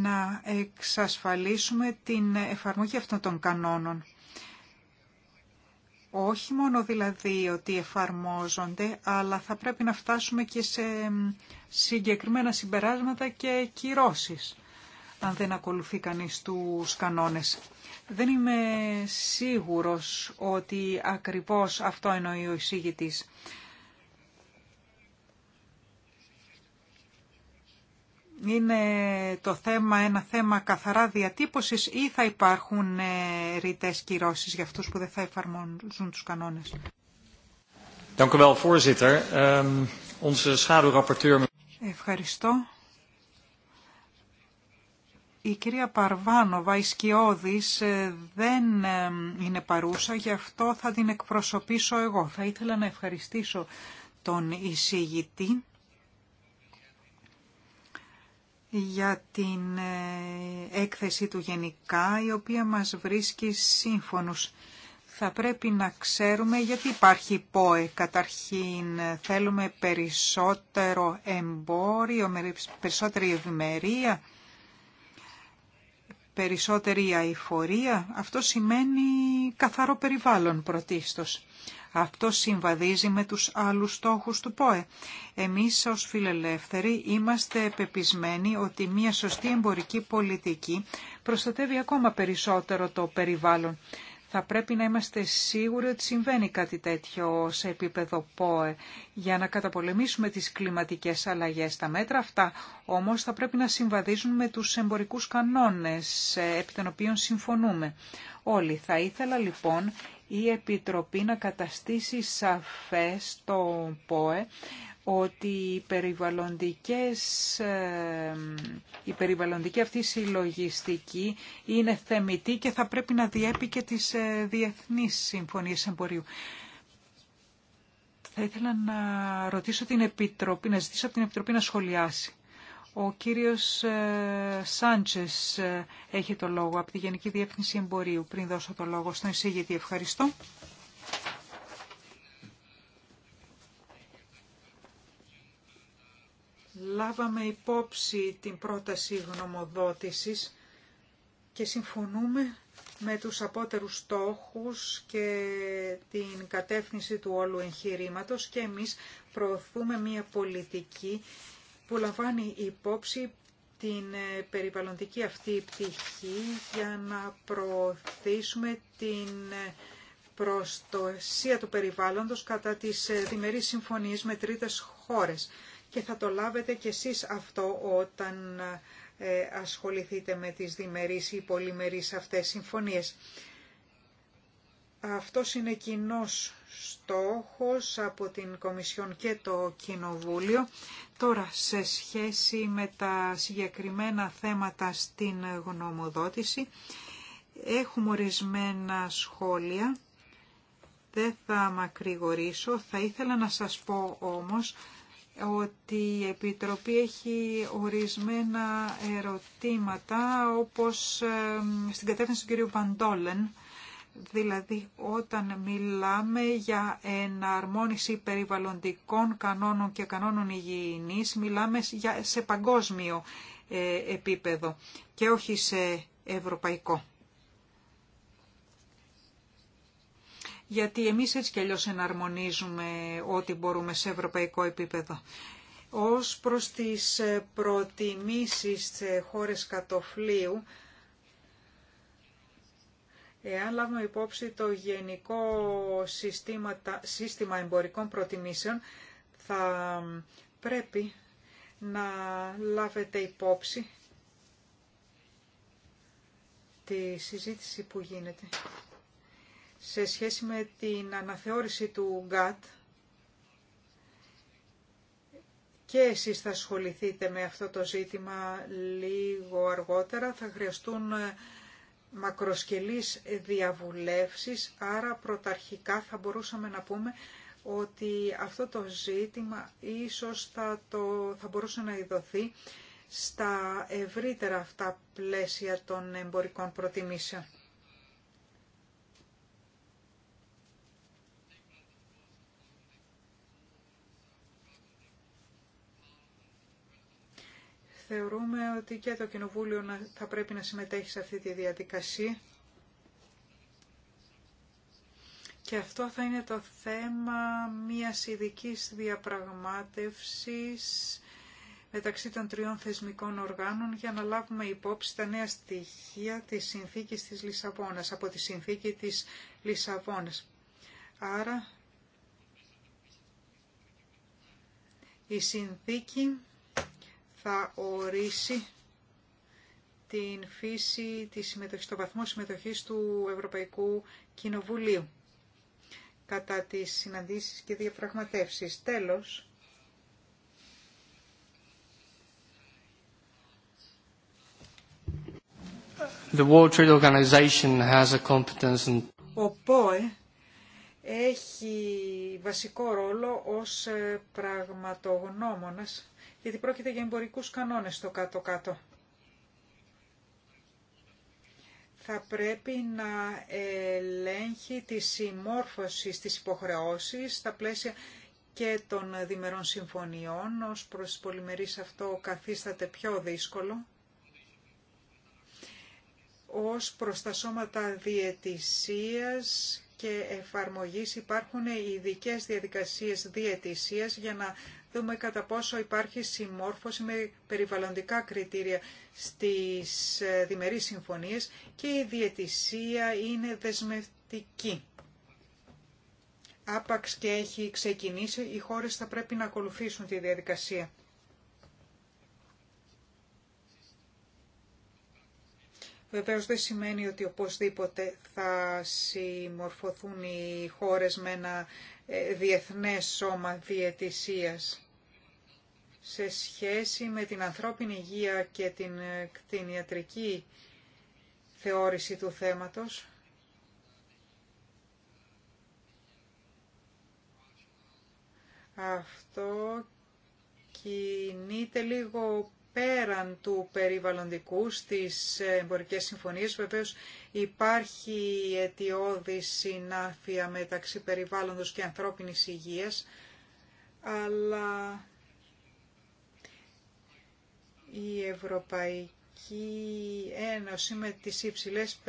Speaker 4: να εξασφαλίσουμε την εφαρμογή αυτών των κανόνων όχι μόνο δηλαδή ότι εφαρμόζονται, αλλά θα πρέπει να φτάσουμε και σε συγκεκριμένα συμπεράσματα και κυρώσεις, αν δεν ακολουθεί κανείς τους κανόνες. Δεν είμαι σίγουρος ότι ακριβώς αυτό εννοεί ο εισήγητης. Είναι το θέμα ένα θέμα καθαρά διατύπωσης ή θα υπάρχουν ε, ρητές κυρώσεις για αυτούς που δεν θα εφαρμόζουν τους κανόνες.
Speaker 2: Ehm,
Speaker 4: Ευχαριστώ. Η κυρία Παρβάνοβα, η Σκιώδης, ε, δεν είναι παρούσα, γι' αυτό θα την εκπροσωπήσω εγώ. Θα ήθελα να ευχαριστήσω τον εισηγητή για την ε, έκθεση του γενικά, η οποία μας βρίσκει σύμφωνους. Θα πρέπει να ξέρουμε γιατί υπάρχει ΠΟΕ. Καταρχήν θέλουμε περισσότερο εμπόριο, περισσότερη ευημερία, περισσότερη αηφορία. Αυτό σημαίνει καθαρό περιβάλλον πρωτίστως. Αυτό συμβαδίζει με τους άλλους στόχους του ΠΟΕ. Εμείς ως φιλελεύθεροι είμαστε πεπισμένοι ότι μια σωστή εμπορική πολιτική προστατεύει ακόμα περισσότερο το περιβάλλον. Θα πρέπει να είμαστε σίγουροι ότι συμβαίνει κάτι τέτοιο σε επίπεδο ΠΟΕ για να καταπολεμήσουμε τις κλιματικές αλλαγές. Τα μέτρα αυτά όμως θα πρέπει να συμβαδίζουν με τους εμπορικούς κανόνες επί των οποίων συμφωνούμε όλοι. Θα ήθελα λοιπόν η Επιτροπή να καταστήσει σαφές το ΠΟΕ ότι οι περιβαλλοντικές, ε, η περιβαλλοντική αυτή συλλογιστική είναι θεμητή και θα πρέπει να διέπει και τις ε, διεθνείς συμφωνίες εμπορίου. Θα ήθελα να ρωτήσω την Επιτροπή, να ζητήσω από την Επιτροπή να σχολιάσει. Ο κύριος ε, Σάντσες ε, έχει το λόγο από τη Γενική Διεύθυνση Εμπορίου. Πριν δώσω το λόγο στον εισηγητή, ευχαριστώ. Λάβαμε υπόψη την πρόταση γνωμοδότησης και συμφωνούμε με τους απότερους στόχους και την κατεύθυνση του όλου εγχειρήματος και εμείς προωθούμε μια πολιτική που λαμβάνει υπόψη την ε, περιβαλλοντική αυτή πτυχή για να προωθήσουμε την ε, προστασία του περιβάλλοντος κατά τις ε, διμερείς συμφωνίες με τρίτες χώρες. Και θα το λάβετε κι εσείς αυτό όταν ασχοληθείτε με τις διμερείς ή πολυμερείς αυτές συμφωνίες. Αυτός είναι κοινός στόχος από την Κομισιόν και το Κοινοβούλιο. Τώρα, σε σχέση με τα συγκεκριμένα θέματα στην γνωμοδότηση, έχουμε ορισμένα σχόλια. Δεν θα μακρηγορήσω. Θα ήθελα να σας πω όμως ότι η Επιτροπή έχει ορισμένα ερωτήματα, όπως ε, στην κατεύθυνση του κ. Παντόλεν, Δηλαδή, όταν μιλάμε για εναρμόνιση περιβαλλοντικών κανόνων και κανόνων υγιεινής, μιλάμε σε παγκόσμιο ε, επίπεδο και όχι σε ευρωπαϊκό. Γιατί εμείς έτσι κι αλλιώς εναρμονίζουμε ό,τι μπορούμε σε ευρωπαϊκό επίπεδο. Ως προς τις ε, προτιμήσεις σε χώρες κατοφλίου, Εάν λάβουμε υπόψη το γενικό σύστημα εμπορικών προτιμήσεων, θα πρέπει να λάβετε υπόψη τη συζήτηση που γίνεται σε σχέση με την αναθεώρηση του ΓΚΑΤ και εσείς θα ασχοληθείτε με αυτό το ζήτημα λίγο αργότερα. Θα χρειαστούν ε, μακροσκελής διαβουλεύσεις, άρα πρωταρχικά θα μπορούσαμε να πούμε ότι αυτό το ζήτημα ίσως θα, το, θα μπορούσε να ειδωθεί στα ευρύτερα αυτά πλαίσια των εμπορικών προτιμήσεων. θεωρούμε ότι και το Κοινοβούλιο θα πρέπει να συμμετέχει σε αυτή τη διαδικασία. Και αυτό θα είναι το θέμα μιας ειδική διαπραγμάτευσης μεταξύ των τριών θεσμικών οργάνων για να λάβουμε υπόψη τα νέα στοιχεία της συνθήκης της Λισαβόνας, από τη συνθήκη της Λισαβόνας. Άρα η συνθήκη θα ορίσει την φύση της συμμετοχής, το βαθμό συμμετοχής του Ευρωπαϊκού Κοινοβουλίου κατά τις συναντήσεις και διαπραγματεύσεις. Τέλος,
Speaker 2: The World Organization has a competence
Speaker 4: Ο ΠΟΕ έχει βασικό ρόλο ως πραγματογνώμονας γιατί πρόκειται για εμπορικούς κανόνες στο κάτω-κάτω. Θα πρέπει να ελέγχει τη συμμόρφωση στις υποχρεώσεις στα πλαίσια και των διμερών συμφωνιών, ως προς τις πολυμερείς αυτό καθίσταται πιο δύσκολο. Ως προς τα σώματα διαιτησίας και εφαρμογής υπάρχουν ειδικέ διαδικασίες διαιτησίας για να δούμε κατά πόσο υπάρχει συμμόρφωση με περιβαλλοντικά κριτήρια στις ε, διμερείς συμφωνίες και η διαιτησία είναι δεσμευτική. Άπαξ και έχει ξεκινήσει, οι χώρες θα πρέπει να ακολουθήσουν τη διαδικασία. Βεβαίω δεν σημαίνει ότι οπωσδήποτε θα συμμορφωθούν οι χώρες με ένα ε, διεθνές σώμα διαιτησίας σε σχέση με την ανθρώπινη υγεία και ε, την ιατρική θεώρηση του θέματος. Αυτό κινείται λίγο πέραν του περιβαλλοντικού στις εμπορικές συμφωνίες. Βεβαίως υπάρχει αιτιώδη συνάφεια μεταξύ περιβάλλοντος και ανθρώπινης υγείας, αλλά η Ευρωπαϊκή Ένωση με τις υψηλές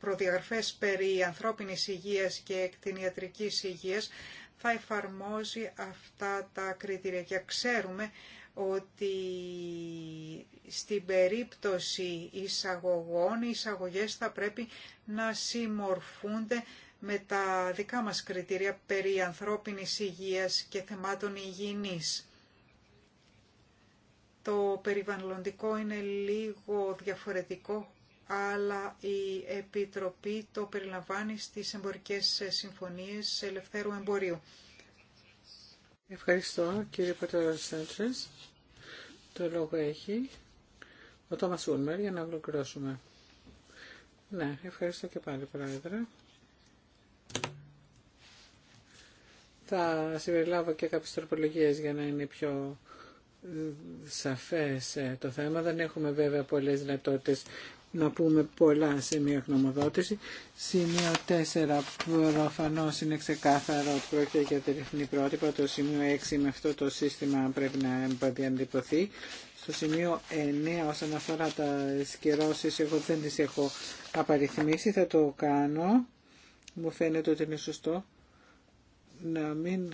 Speaker 4: προδιαγραφές περί ανθρώπινης υγείας και εκτινιατρικής υγείας θα εφαρμόζει αυτά τα κριτήρια. Και ξέρουμε ότι στην περίπτωση εισαγωγών, οι εισαγωγές θα πρέπει να συμμορφούνται με τα δικά μας κριτήρια περί ανθρώπινης υγείας και θεμάτων υγιεινής. Το περιβαλλοντικό είναι λίγο διαφορετικό, αλλά η Επιτροπή το περιλαμβάνει στις εμπορικές συμφωνίες ελευθέρου εμπορίου.
Speaker 3: Ευχαριστώ κύριε Πατέρα Σέντρες. Το λόγο έχει ο Τόμας Ούλμερ για να ολοκληρώσουμε. Ναι, ευχαριστώ και πάλι Πρόεδρε. Θα συμπεριλάβω και κάποιες τροπολογίες για να είναι πιο σαφές ε, το θέμα. Δεν έχουμε βέβαια πολλές λεπτότητες να πούμε πολλά σε μια γνωμοδότηση. Σημείο 4 προφανώ είναι ξεκάθαρο ότι πρόκειται για διεθνή πρότυπα. Το σημείο 6 με αυτό το σύστημα πρέπει να διατυπωθεί. Στο σημείο 9 όσον αφορά τα σκερώσεις εγώ δεν τις έχω απαριθμίσει. Θα το κάνω. Μου φαίνεται ότι είναι σωστό να μην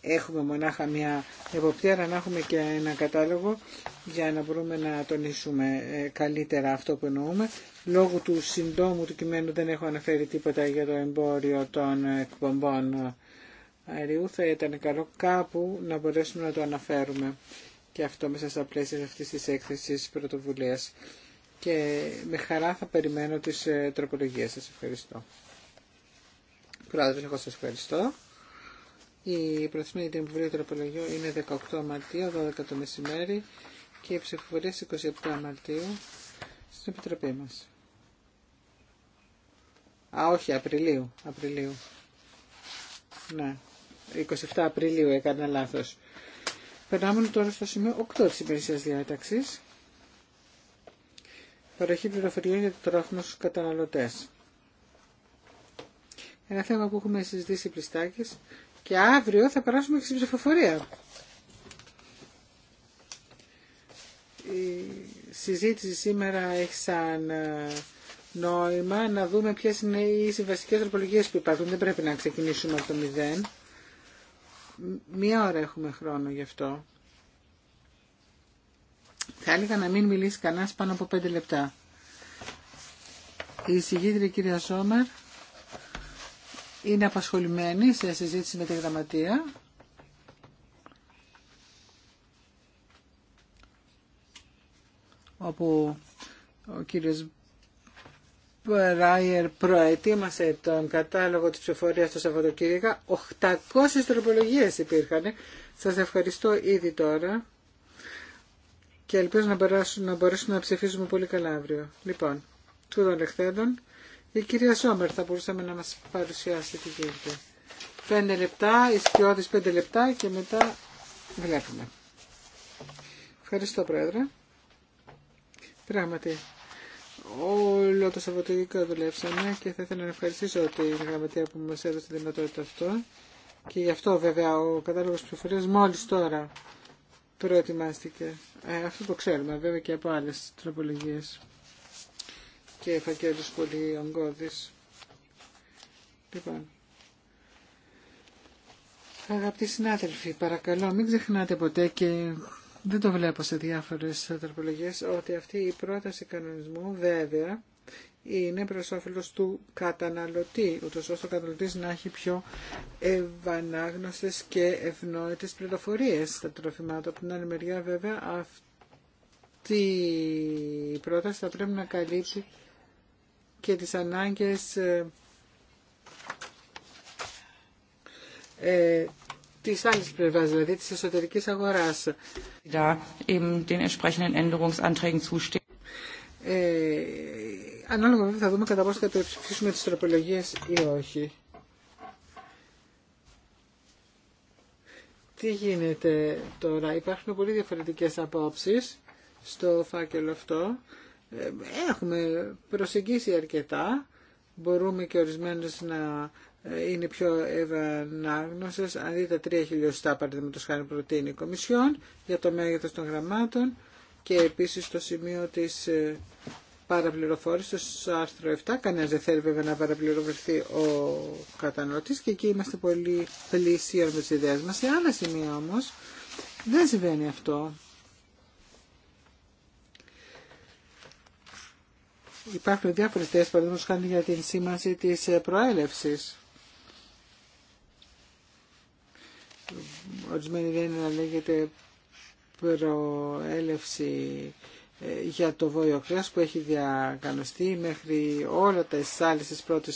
Speaker 3: έχουμε μονάχα μια εποπτεία, αλλά να έχουμε και ένα κατάλογο για να μπορούμε να τονίσουμε ε, καλύτερα αυτό που εννοούμε. Λόγω του συντόμου του κειμένου δεν έχω αναφέρει τίποτα για το εμπόριο των εκπομπών αερίου. Θα ήταν καλό κάπου να μπορέσουμε να το αναφέρουμε και αυτό μέσα στα πλαίσια αυτή της έκθεση πρωτοβουλία. Και με χαρά θα περιμένω τις ε, τροπολογίες σας. Ευχαριστώ. Πρόεδρος, εγώ σας ευχαριστώ. Η προθυμία για την υποβολή των απολογιών είναι 18 Μαρτίου, 12 το μεσημέρι και η ψηφοφορία στις 27 Μαρτίου στην Επιτροπή μας. Α, όχι, Απριλίου. Απριλίου. Ναι. 27 Απριλίου έκανα λάθος. Περνάμε τώρα στο σημείο 8 της υπηρεσίας διάταξης. Παροχή πληροφοριών για το τρόφιμο στους καταναλωτές. Ένα θέμα που έχουμε συζητήσει πριστάκες και αύριο θα περάσουμε και στην ψηφοφορία. Η συζήτηση σήμερα έχει σαν ε, νόημα να δούμε ποιε είναι οι συμβασικέ τροπολογίε που υπάρχουν. Δεν πρέπει να ξεκινήσουμε από το μηδέν. Μία ώρα έχουμε χρόνο γι' αυτό. Θα έλεγα να μην μιλήσει κανένα πάνω από πέντε λεπτά. Η συγγήτρια κυρία Σόμερ είναι απασχολημένη σε συζήτηση με τη γραμματεία. όπου ο κύριος Ράιερ προετοίμασε τον κατάλογο της ψηφορίας το Σαββατοκύριακα. 800 τροπολογίες υπήρχαν. Σας ευχαριστώ ήδη τώρα και ελπίζω να, μπορέσουμε να ψηφίσουμε πολύ καλά αύριο. Λοιπόν, του των. Η κυρία Σόμερ θα μπορούσαμε να μας παρουσιάσει τι γίνεται. Πέντε λεπτά, οι πέντε λεπτά και μετά βλέπουμε. Ευχαριστώ πρόεδρε. Πράγματι, όλο το Σαββατογικό δουλέψαμε και θα ήθελα να ευχαριστήσω την γραμματεία που μας έδωσε τη δυνατότητα αυτό. Και γι' αυτό βέβαια ο κατάλογος ψηφοφορίας μόλις τώρα προετοιμάστηκε. Ε, αυτό το ξέρουμε βέβαια και από άλλες τροπολογίες και φακέλους πολύ ογκώδης. Λοιπόν, αγαπητοί συνάδελφοι, παρακαλώ μην ξεχνάτε ποτέ και δεν το βλέπω σε διάφορες τροπολογίες ότι αυτή η πρόταση κανονισμού βέβαια είναι προς όφελος του καταναλωτή, ούτως ώστε ο καταναλωτής να έχει πιο ευανάγνωστε και ευνόητε πληροφορίε στα τρόφιμα Από την άλλη μεριά, βέβαια, αυτή η πρόταση θα πρέπει να καλύψει και τις ανάγκες ε, ε, της άλλης πλευράς, δηλαδή της εσωτερικής αγοράς. Ε, ανάλογα βέβαια θα δούμε κατά πόσο θα υπερψηφίσουμε τις τροπολογίες ή όχι. Τι γίνεται τώρα, υπάρχουν πολύ διαφορετικές απόψεις στο φάκελο αυτό έχουμε προσεγγίσει αρκετά. Μπορούμε και ορισμένες να ε, είναι πιο ευανάγνωσες. Αν δείτε τα τρία χιλιοστά παραδείγματος χάρη προτείνει η Κομισιόν για το μέγεθος των γραμμάτων και επίσης το σημείο της ε, παραπληροφόρησης στο άρθρο 7. Κανένας δεν θέλει βέβαια να παραπληροφορηθεί ο κατανοτής και εκεί είμαστε πολύ πλησίοι με τις ιδέες μας. Σε άλλα σημεία όμως δεν συμβαίνει αυτό. Υπάρχουν διάφορες θέσει παραδείγματο χάρη για την σήμανση τη προέλευση. Ορισμένοι λένε να λέγεται προέλευση ε, για το βόλιο κρέα που έχει διακανοστεί μέχρι όλα τα άλλες τη πρώτη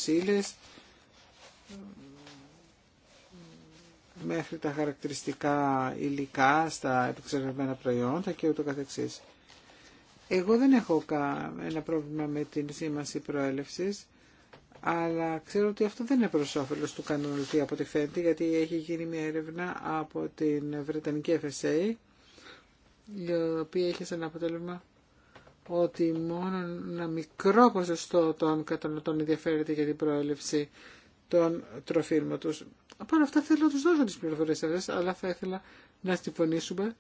Speaker 3: μέχρι τα χαρακτηριστικά υλικά στα επεξεργασμένα προϊόντα και ούτω καθεξής. Εγώ δεν έχω ένα πρόβλημα με την σήμανση προέλευσης, αλλά ξέρω ότι αυτό δεν είναι προς όφελος του κανονιστή από τη ΦΕΝΤΗ γιατί έχει γίνει μια έρευνα από την Βρετανική FSA, η οποία έχει σαν αποτέλεσμα ότι μόνο ένα μικρό ποσοστό των κατανοτών ενδιαφέρεται για την προέλευση των τροφίμων τους. όλα αυτά θέλω να τους δώσω τις πληροφορίες αλλά θα ήθελα να συμφωνήσουμε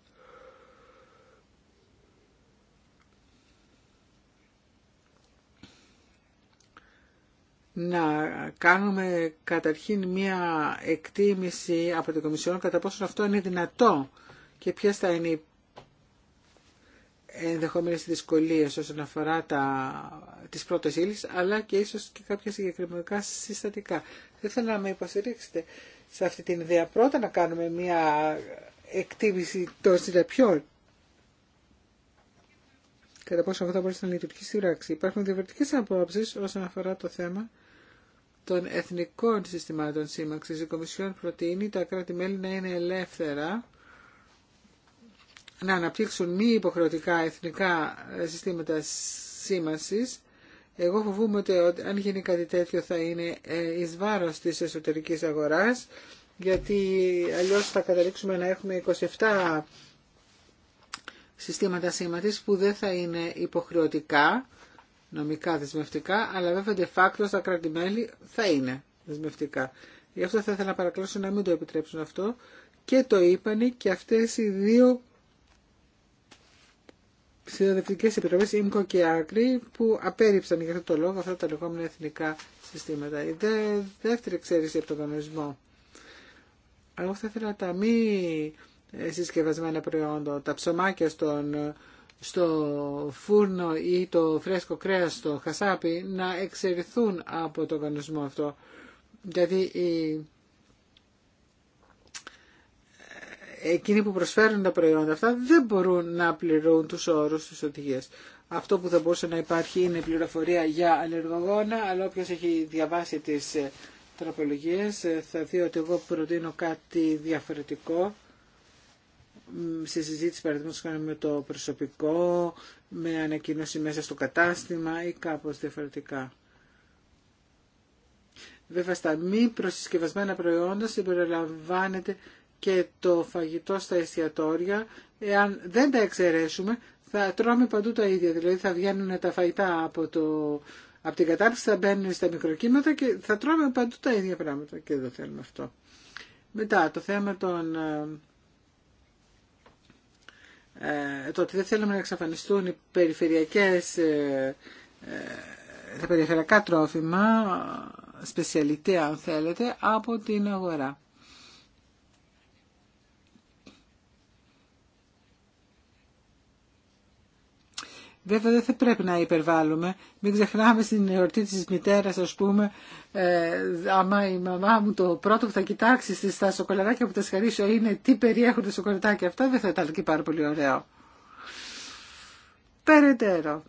Speaker 3: να κάνουμε καταρχήν μία εκτίμηση από την Κομισιόν κατά πόσο αυτό είναι δυνατό και ποιες θα είναι οι ενδεχόμενες δυσκολίες όσον αφορά τα, τις πρώτες ύλες, αλλά και ίσως και κάποια συγκεκριμένα συστατικά. Δεν ήθελα να με υποστηρίξετε σε αυτή την ιδέα. Πρώτα να κάνουμε μία εκτίμηση των συνεπιών. Κατά πόσο αυτό μπορεί να λειτουργήσει στην πράξη. Υπάρχουν διαφορετικέ απόψεις όσον αφορά το θέμα των εθνικών συστημάτων σύμμαξης. Η Κομισιόν προτείνει τα κράτη-μέλη να είναι ελεύθερα να αναπτύξουν μη υποχρεωτικά εθνικά ε, συστήματα σήμανσης. Εγώ φοβούμαι ότι αν γίνει κάτι τέτοιο θα είναι ε, εις βάρος της εσωτερικής αγοράς, γιατί αλλιώς θα καταλήξουμε να έχουμε 27 συστήματα σήμανσης που δεν θα είναι υποχρεωτικά νομικά δεσμευτικά, αλλά βέβαια de facto στα κράτη-μέλη θα είναι δεσμευτικά. Γι' αυτό θα ήθελα να παρακλώσω να μην το επιτρέψουν αυτό και το είπανε και αυτές οι δύο συνοδευτικέ επιτροπέ, ΙΜΚΟ και Άκρη, που απέριψαν για αυτό το λόγο αυτά τα λεγόμενα εθνικά συστήματα. Η δε, δεύτερη εξαίρεση από τον κανονισμό. Εγώ θα ήθελα τα μη ε, συσκευασμένα προϊόντα, τα ψωμάκια στον στο φούρνο ή το φρέσκο κρέας στο χασάπι να εξαιρεθούν από το κανονισμό αυτό. Δηλαδή, οι... εκείνοι που προσφέρουν τα προϊόντα αυτά δεν μπορούν να πληρούν τους όρους της οδηγίας. Αυτό που θα μπορούσε να υπάρχει είναι πληροφορία για αλλεργογόνα, αλλά όποιος έχει διαβάσει τις ε, τροπολογίες ε, θα δει ότι εγώ προτείνω κάτι διαφορετικό Στη συζήτηση παραδείγματος κάνουμε με το προσωπικό, με ανακοίνωση μέσα στο κατάστημα ή κάπως διαφορετικά. Βέβαια στα μη προσυσκευασμένα προϊόντα συμπεριλαμβάνεται και το φαγητό στα εστιατόρια. Εάν δεν τα εξαιρέσουμε θα τρώμε παντού τα ίδια, δηλαδή θα βγαίνουν τα φαγητά από, το... από την κατάρτιση, θα μπαίνουν στα μικροκύματα και θα τρώμε παντού τα ίδια πράγματα και δεν θέλουμε αυτό. Μετά το θέμα των ε, ε, το ότι δεν θέλουμε να εξαφανιστούν οι περιφερειακές, ε, ε, τα περιφερειακά τρόφιμα, σπεσιαλιτέ αν θέλετε, από την αγορά. Βέβαια δεν θα πρέπει να υπερβάλλουμε. Μην ξεχνάμε στην εορτή της μητέρας, ας πούμε, ε, άμα η μαμά μου το πρώτο που θα κοιτάξει στα σοκολαράκια που τα σχαρίσω είναι τι περιέχουν τα σοκολατάκια αυτά, δεν θα ήταν και πάρα πολύ ωραίο. Περαιτέρω.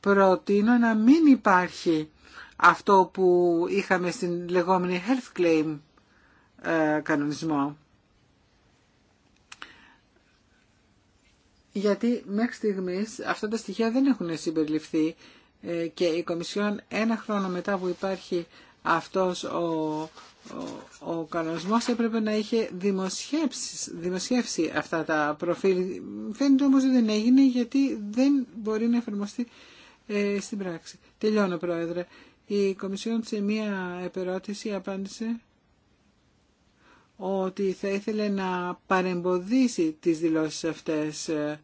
Speaker 3: Προτείνω να μην υπάρχει αυτό που είχαμε στην λεγόμενη health claim ε, κανονισμό. γιατί μέχρι στιγμής αυτά τα στοιχεία δεν έχουν συμπεριληφθεί ε, και η Κομισιόν ένα χρόνο μετά που υπάρχει αυτός ο, ο, ο κανονισμός έπρεπε να είχε δημοσιεύσει, δημοσιεύσει αυτά τα προφίλ. Φαίνεται όμως ότι δεν έγινε γιατί δεν μπορεί να εφαρμοστεί ε, στην πράξη. Τελειώνω Πρόεδρε. Η Κομισιόν σε μία επερώτηση απάντησε ότι θα ήθελε να παρεμποδίσει τις δηλώσεις αυτές ε,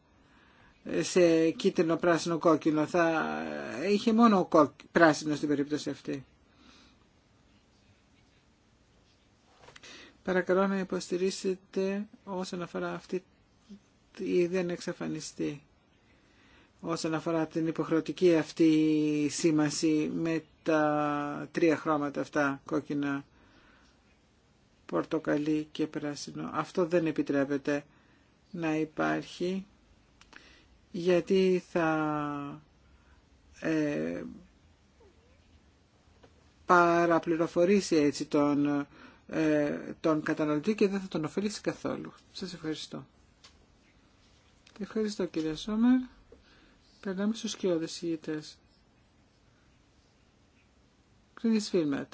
Speaker 3: σε κίτρινο, πράσινο, κόκκινο. Θα είχε μόνο πράσινο στην περίπτωση αυτή. Παρακαλώ να υποστηρίσετε όσον αφορά αυτή η δεν εξαφανιστεί. Όσον αφορά την υποχρεωτική αυτή σήμαση με τα τρία χρώματα αυτά κόκκινα πορτοκαλί και πράσινο. Αυτό δεν επιτρέπεται να υπάρχει γιατί θα ε, παραπληροφορήσει έτσι τον, ε, τον καταναλωτή και δεν θα τον ωφελήσει καθόλου. Σας ευχαριστώ. Ευχαριστώ κύριε Σόμερ. Περνάμε στους κοιόδες ηγητές. Κρίνης Φίλμετ.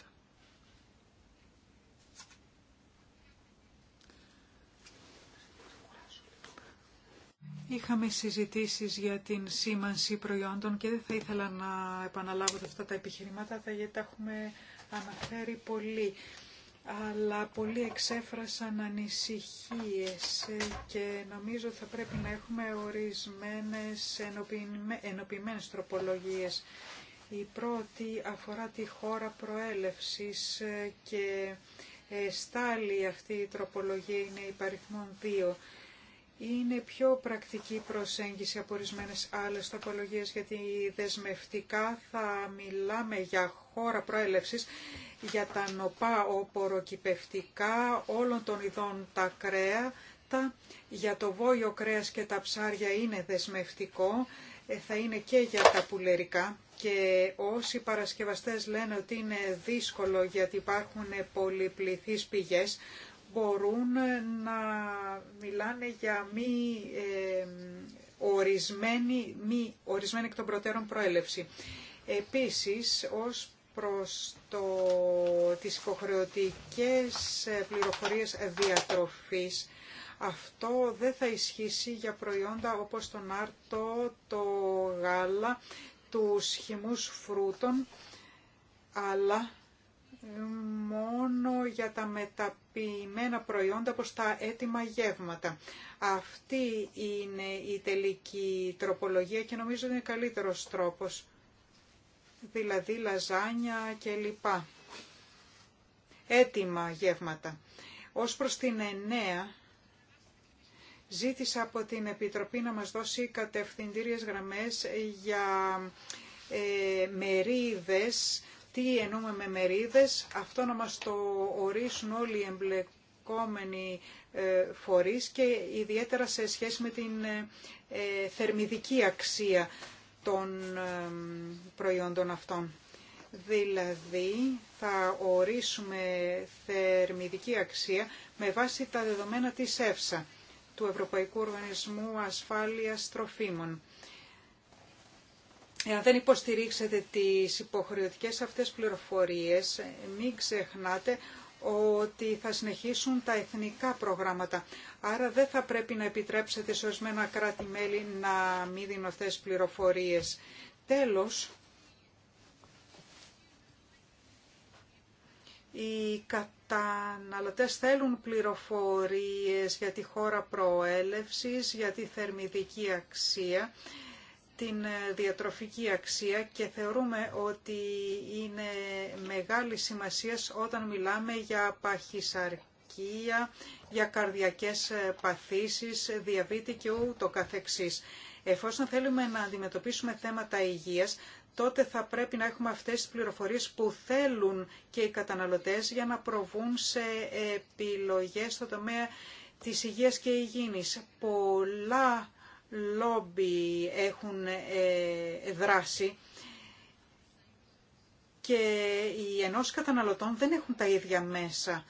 Speaker 4: Είχαμε συζητήσεις για την σήμανση προϊόντων και δεν θα ήθελα να επαναλάβω αυτά τα επιχειρήματα, γιατί τα έχουμε αναφέρει πολύ. Αλλά πολλοί εξέφρασαν ανησυχίες και νομίζω θα πρέπει να έχουμε ορισμένες ενοποιημένες τροπολογίες. Η πρώτη αφορά τη χώρα προέλευσης και στάλει αυτή η τροπολογία είναι υπαριθμόν 2 είναι πιο πρακτική προσέγγιση από ορισμένε άλλες τοπολογίε, γιατί δεσμευτικά θα μιλάμε για χώρα προέλευση, για τα νοπά οποροκυπευτικά, όλων των ειδών τα κρέατα, για το βόλιο κρέας και τα ψάρια είναι δεσμευτικό, ε, θα είναι και για τα πουλερικά και όσοι παρασκευαστές λένε ότι είναι δύσκολο γιατί υπάρχουν ε, πολυπληθείς πηγές, μπορούν να μιλάνε για μη ορισμένη, μη ορισμένη εκ των προτέρων προέλευση. Επίσης, ως προς το, τις υποχρεωτικές πληροφορίες διατροφής, αυτό δεν θα ισχύσει για προϊόντα όπως τον άρτο, το γάλα, τους χυμούς φρούτων, αλλά μόνο για τα μεταποιημένα προϊόντα όπως τα έτοιμα γεύματα. Αυτή είναι η τελική τροπολογία και νομίζω ότι είναι καλύτερος τρόπος, δηλαδή λαζάνια κλπ. Έτοιμα γεύματα. Ως προς την εννέα, ζήτησα από την Επιτροπή να μας δώσει κατευθυντήριες γραμμές για ε, μερίδες τι εννοούμε με μερίδες, αυτό να μας το ορίσουν όλοι οι εμπλεκόμενοι ε, φορείς και ιδιαίτερα σε σχέση με την ε, ε, θερμιδική αξία των προϊόντων αυτών. Δηλαδή θα ορίσουμε θερμιδική αξία με βάση τα δεδομένα της ΕΦΣΑ, του Ευρωπαϊκού Οργανισμού Ασφάλειας Τροφίμων. Εάν δεν υποστηρίξετε τις υποχρεωτικές αυτές πληροφορίες, μην ξεχνάτε ότι θα συνεχίσουν τα εθνικά προγράμματα. Άρα δεν θα πρέπει να επιτρέψετε σε ορισμένα κράτη-μέλη να μην δίνουν αυτές πληροφορίες. Τέλος, οι καταναλωτές θέλουν πληροφορίες για τη χώρα προέλευσης, για τη θερμιδική αξία την ε, διατροφική αξία και θεωρούμε ότι είναι μεγάλη σημασία όταν μιλάμε για παχυσαρκία, για καρδιακές ε, παθήσεις, ε, διαβήτη και ούτω καθεξής. Εφόσον θέλουμε να αντιμετωπίσουμε θέματα υγείας, τότε θα πρέπει να έχουμε αυτές τις πληροφορίες που θέλουν και οι καταναλωτές για να προβούν σε επιλογές στο τομέα της υγείας και υγιεινής. Πολλά λόμπι έχουν ε, δράσει και οι ενός καταναλωτών δεν έχουν τα ίδια μέσα.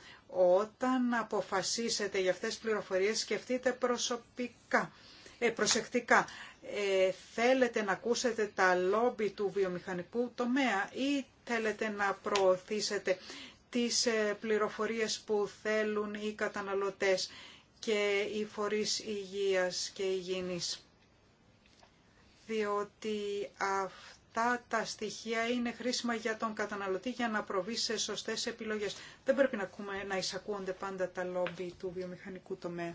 Speaker 4: Όταν αποφασίσετε για αυτές τις πληροφορίες σκεφτείτε προσωπικά, ε, προσεκτικά. Ε, θέλετε να ακούσετε τα λόμπι του βιομηχανικού τομέα ή θέλετε να προωθήσετε τις ε, πληροφορίες που θέλουν οι καταναλωτές και οι φορείς υγείας και υγιεινής. Διότι αυτά τα στοιχεία είναι χρήσιμα για τον καταναλωτή για να προβεί σε σωστές επιλογές. Δεν πρέπει να, ακούμε, να εισακούονται πάντα τα λόμπι του βιομηχανικού τομέα.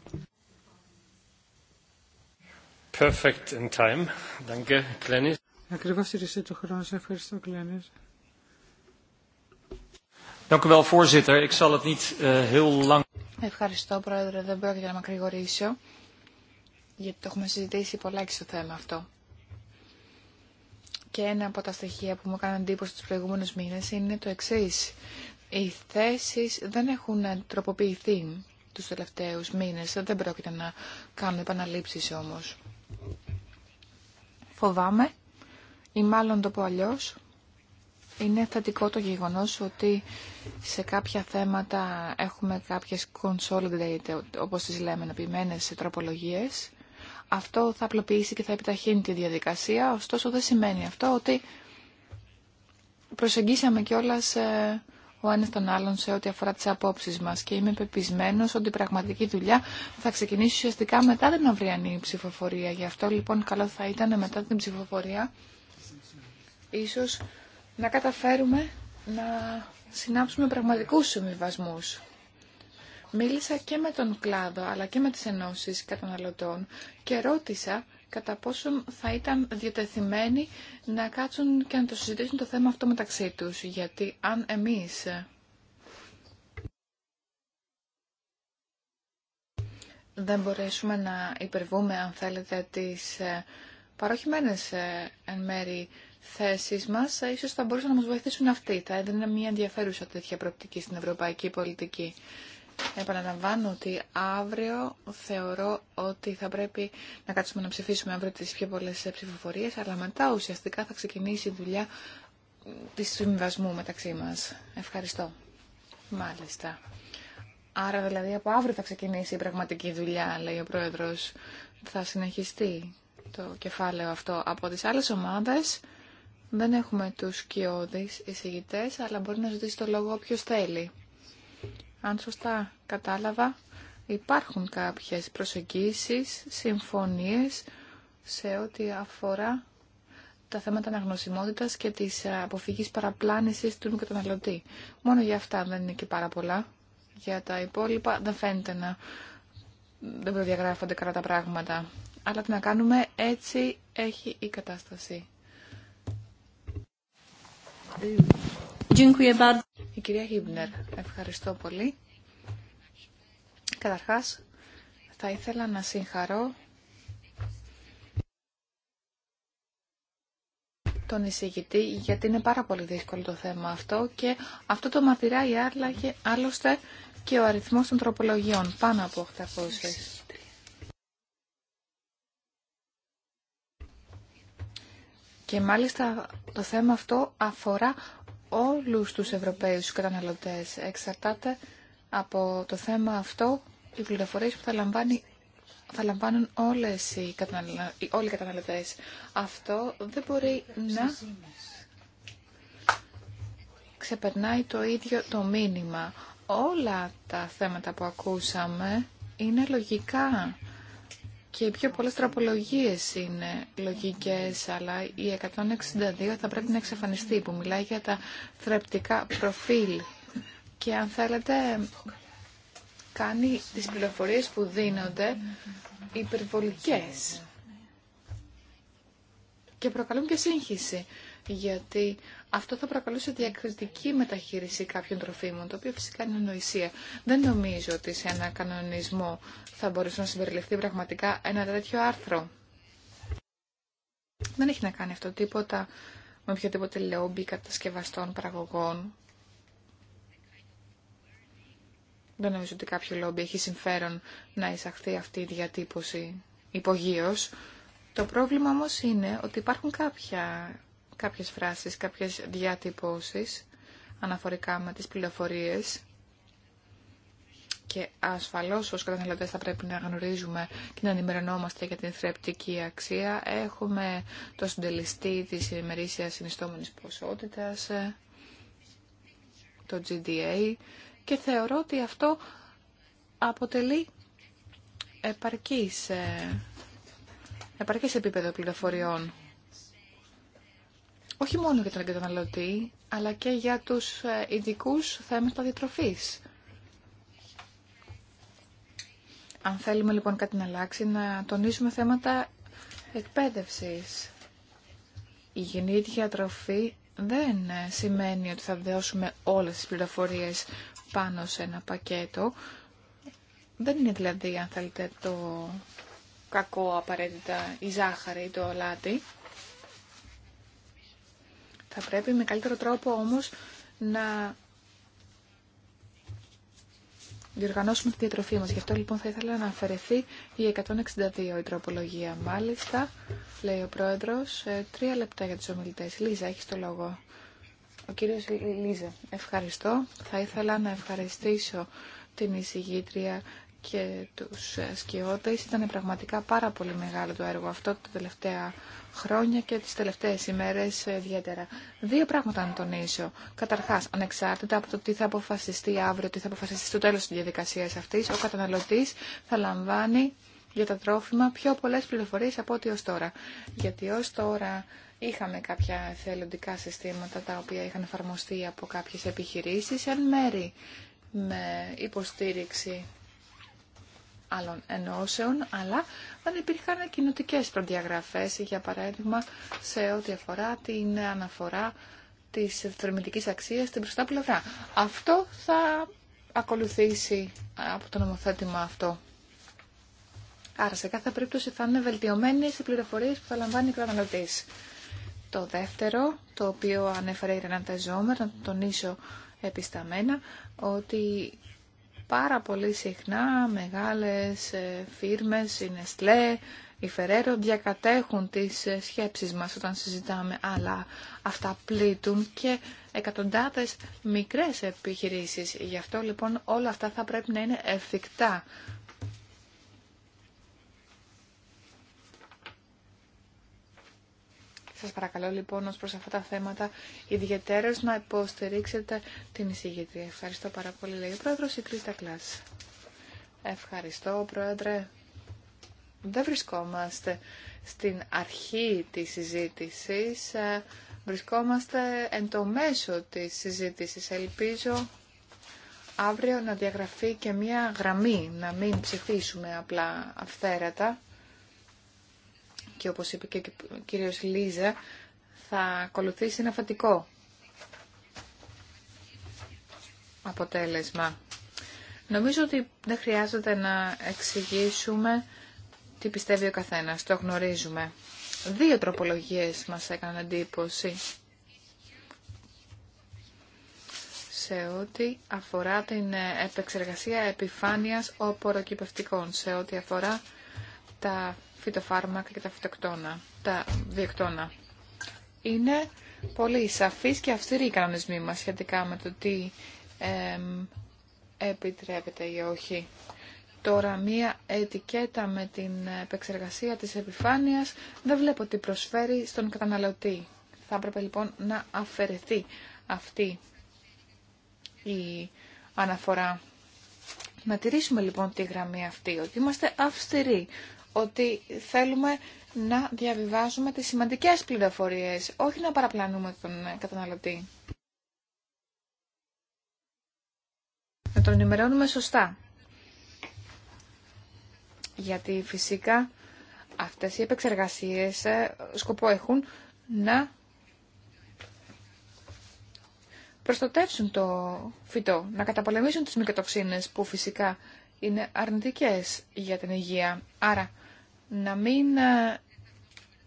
Speaker 2: Perfect in time. Danke, Klenis.
Speaker 1: Ακριβώς ήρθε το χρόνο. Σε ευχαριστώ, Κλένης.
Speaker 2: Dank u wel, voorzitter. Ik zal het niet eh, heel lang...
Speaker 1: Ευχαριστώ, Πρόεδρε. Δεν πρόκειται να μακρηγορήσω, γιατί το έχουμε συζητήσει πολλά και στο θέμα αυτό. Και ένα από τα στοιχεία που μου έκανε εντύπωση τους προηγούμενους μήνες είναι το εξή. Οι θέσεις δεν έχουν τροποποιηθεί τους τελευταίους μήνες. Δεν πρόκειται να κάνουμε επαναλήψεις όμως. Φοβάμαι, ή μάλλον το πω αλλιώς, είναι θετικό το γεγονός ότι σε κάποια θέματα έχουμε κάποιες consolidated, όπως τις λέμε, επιμένες τροπολογίες. Αυτό θα απλοποιήσει και θα επιταχύνει τη διαδικασία, ωστόσο δεν σημαίνει αυτό ότι προσεγγίσαμε κιόλα ε, ο ένα τον άλλον σε ό,τι αφορά τι απόψει μα και είμαι πεπισμένο ότι η πραγματική δουλειά θα ξεκινήσει ουσιαστικά μετά την αυριανή ψηφοφορία. Γι' αυτό λοιπόν καλό θα ήταν μετά την ψηφοφορία ίσως να καταφέρουμε να συνάψουμε πραγματικούς συμβιβασμού. Μίλησα και με τον κλάδο αλλά και με τις ενώσεις καταναλωτών και ρώτησα κατά πόσον θα ήταν διατεθειμένοι να κάτσουν και να το συζητήσουν το θέμα αυτό μεταξύ τους. Γιατί αν εμείς δεν μπορέσουμε να υπερβούμε, αν θέλετε, τις ε, παροχημένες ε, εν μέρη θέσεις μα. Ε, ίσως θα μπορούσαν να μα βοηθήσουν αυτοί. Θα έδινε μια ενδιαφέρουσα τέτοια προοπτική στην ευρωπαϊκή πολιτική. Επαναλαμβάνω ότι αύριο θεωρώ ότι θα πρέπει να κάτσουμε να ψηφίσουμε αύριο τι πιο πολλέ ε, ψηφοφορίε, αλλά μετά ουσιαστικά θα ξεκινήσει η δουλειά της συμβιβασμού μεταξύ μα. Ευχαριστώ. Μάλιστα. Άρα δηλαδή από αύριο θα ξεκινήσει η πραγματική δουλειά, λέει ο Πρόεδρος. Θα συνεχιστεί το κεφάλαιο αυτό από τις άλλες ομάδες. Δεν έχουμε τους σκιώδεις εισηγητές, αλλά μπορεί να ζητήσει το λόγο όποιο θέλει. Αν σωστά κατάλαβα, υπάρχουν κάποιες προσεγγίσεις, συμφωνίες σε ό,τι αφορά τα θέματα αναγνωσιμότητας και της αποφυγής παραπλάνησης του καταναλωτή. Μόνο για αυτά δεν είναι και πάρα πολλά. Για τα υπόλοιπα δεν φαίνεται να δεν προδιαγράφονται καλά τα πράγματα. Αλλά τι να κάνουμε, έτσι έχει η κατάσταση. Η κυρία Χίμπνερ, ευχαριστώ πολύ. Καταρχάς, θα ήθελα να συγχαρώ τον εισηγητή, γιατί είναι πάρα πολύ δύσκολο το θέμα αυτό και αυτό το μαρτυράει άλλωστε και ο αριθμός των τροπολογιών, πάνω από 800. Και μάλιστα το θέμα αυτό αφορά όλους τους Ευρωπαίους καταναλωτές. Εξαρτάται από το θέμα αυτό οι πληροφορίες που θα, λαμβάνει, θα λαμβάνουν όλες οι όλοι οι καταναλωτές. Αυτό δεν μπορεί να ξεπερνάει το ίδιο το μήνυμα. Όλα τα θέματα που ακούσαμε είναι λογικά και οι πιο πολλές τραπολογίες είναι λογικές, αλλά η 162 θα πρέπει να εξαφανιστεί, που μιλάει για τα θρεπτικά προφίλ. Και αν θέλετε, κάνει τις πληροφορίες που δίνονται υπερβολικές. Και προκαλούν και σύγχυση γιατί αυτό θα προκαλούσε διακριτική μεταχείριση κάποιων τροφίμων, το οποίο φυσικά είναι νοησία. Δεν νομίζω ότι σε ένα κανονισμό θα μπορούσε να συμπεριληφθεί πραγματικά ένα τέτοιο άρθρο. Δεν έχει να κάνει αυτό τίποτα με οποιοδήποτε λόμπι κατασκευαστών παραγωγών. Δεν νομίζω ότι κάποιο λόμπι έχει συμφέρον να εισαχθεί αυτή η διατύπωση υπογείως. Το πρόβλημα όμως είναι ότι υπάρχουν κάποια κάποιες φράσεις, κάποιες διατυπώσεις αναφορικά με τις πληροφορίες και ασφαλώς ως καταναλωτές θα πρέπει να γνωρίζουμε και να ενημερωνόμαστε για την θρεπτική αξία. Έχουμε το συντελεστή της ημερήσιας συνιστόμενης ποσότητας, το GDA και θεωρώ ότι αυτό αποτελεί επαρκής, ε, επαρκής επίπεδο πληροφοριών όχι μόνο για τον καταναλωτή, αλλά και για τους ε, ειδικού θέματα διατροφής. Αν θέλουμε λοιπόν κάτι να αλλάξει, να τονίσουμε θέματα εκπαίδευσης. Η γενική διατροφή δεν ε, σημαίνει ότι θα δώσουμε όλες τις πληροφορίες πάνω σε ένα πακέτο. Δεν είναι δηλαδή, αν θέλετε, το κακό απαραίτητα η ζάχαρη ή το αλάτι. Θα πρέπει με καλύτερο τρόπο όμως να διοργανώσουμε τη διατροφή μας. Γι' αυτό λοιπόν θα ήθελα να αφαιρεθεί η 162 η τροπολογία. Μάλιστα, λέει ο πρόεδρος, ε, τρία λεπτά για τους ομιλητές. Λίζα, έχεις το λόγο. Ο κύριος Λίζα, ευχαριστώ. Θα ήθελα να ευχαριστήσω την εισηγήτρια και τους ε, σκιώτες Ήταν πραγματικά πάρα πολύ μεγάλο το έργο αυτό τα τελευταία χρόνια και τις τελευταίες ημέρες ε, ιδιαίτερα. Δύο πράγματα να τονίσω. Καταρχάς, ανεξάρτητα από το τι θα αποφασιστεί αύριο, τι θα αποφασιστεί στο τέλος της διαδικασίας αυτής, ο καταναλωτής θα λαμβάνει για τα τρόφιμα πιο πολλές πληροφορίες από ό,τι ως τώρα. Γιατί ως τώρα είχαμε κάποια θελοντικά συστήματα τα οποία είχαν εφαρμοστεί από κάποιες επιχειρήσεις εν μέρη με υποστήριξη άλλων ενώσεων, αλλά δεν υπήρχαν κοινοτικέ προδιαγραφές, για παράδειγμα σε ό,τι αφορά την αναφορά τη θερμητική αξία στην μπροστά πλευρά. Αυτό θα ακολουθήσει από το νομοθέτημα αυτό. Άρα σε κάθε περίπτωση θα είναι βελτιωμένε οι πληροφορίε που θα λαμβάνει Το δεύτερο, το οποίο ανέφερε η Ρενάντα Ζόμερ, να τονίσω επισταμένα, ότι πάρα πολύ συχνά μεγάλες ε, φίρμες, η Nestlé, οι Φεραίρο διακατέχουν τις ε, σκέψεις μας όταν συζητάμε, αλλά αυτά πλήττουν και εκατοντάδες μικρές επιχειρήσεις. Γι' αυτό λοιπόν όλα αυτά θα πρέπει να είναι εφικτά Σας παρακαλώ λοιπόν ως προς αυτά τα θέματα ιδιαίτερως να υποστηρίξετε την εισηγήτρια. Ευχαριστώ πάρα πολύ, λέει ο Πρόεδρος, η Κρίστα Κλάς. Ευχαριστώ, Πρόεδρε. Δεν βρισκόμαστε στην αρχή της συζήτησης, ε, βρισκόμαστε εν το μέσο της συζήτησης. Ελπίζω αύριο να διαγραφεί και μια γραμμή, να μην ψηφίσουμε απλά αυθαίρετα και όπως είπε και ο κύριος Λίζα θα ακολουθήσει ένα φατικό αποτέλεσμα. Νομίζω ότι δεν χρειάζεται να εξηγήσουμε τι πιστεύει ο καθένας, το γνωρίζουμε. Δύο τροπολογίες μας έκαναν εντύπωση σε ό,τι αφορά την επεξεργασία επιφάνειας οποροκυπευτικών, σε ό,τι αφορά τα φυτοφάρμακα και τα φυτοκτόνα, τα βιοκτόνα. Είναι πολύ σαφείς και αυστηροί οι κανονισμοί μας σχετικά με το τι επιτρέπεται ή όχι. Τώρα μία ετικέτα με την επεξεργασία της επιφάνειας δεν βλέπω τι προσφέρει στον καταναλωτή. Θα έπρεπε λοιπόν να αφαιρεθεί αυτή η αναφορά. Να τηρήσουμε λοιπόν τη γραμμή αυτή, ότι είμαστε αυστηροί ότι θέλουμε να διαβιβάζουμε τις σημαντικές πληροφορίες, όχι να παραπλανούμε τον καταναλωτή. Να τον ενημερώνουμε σωστά. Γιατί φυσικά αυτές οι επεξεργασίες ε, σκοπό έχουν να προστατεύσουν το φυτό, να καταπολεμήσουν τις μικροτοξίνες που φυσικά είναι αρνητικές για την υγεία. Άρα να μην ε,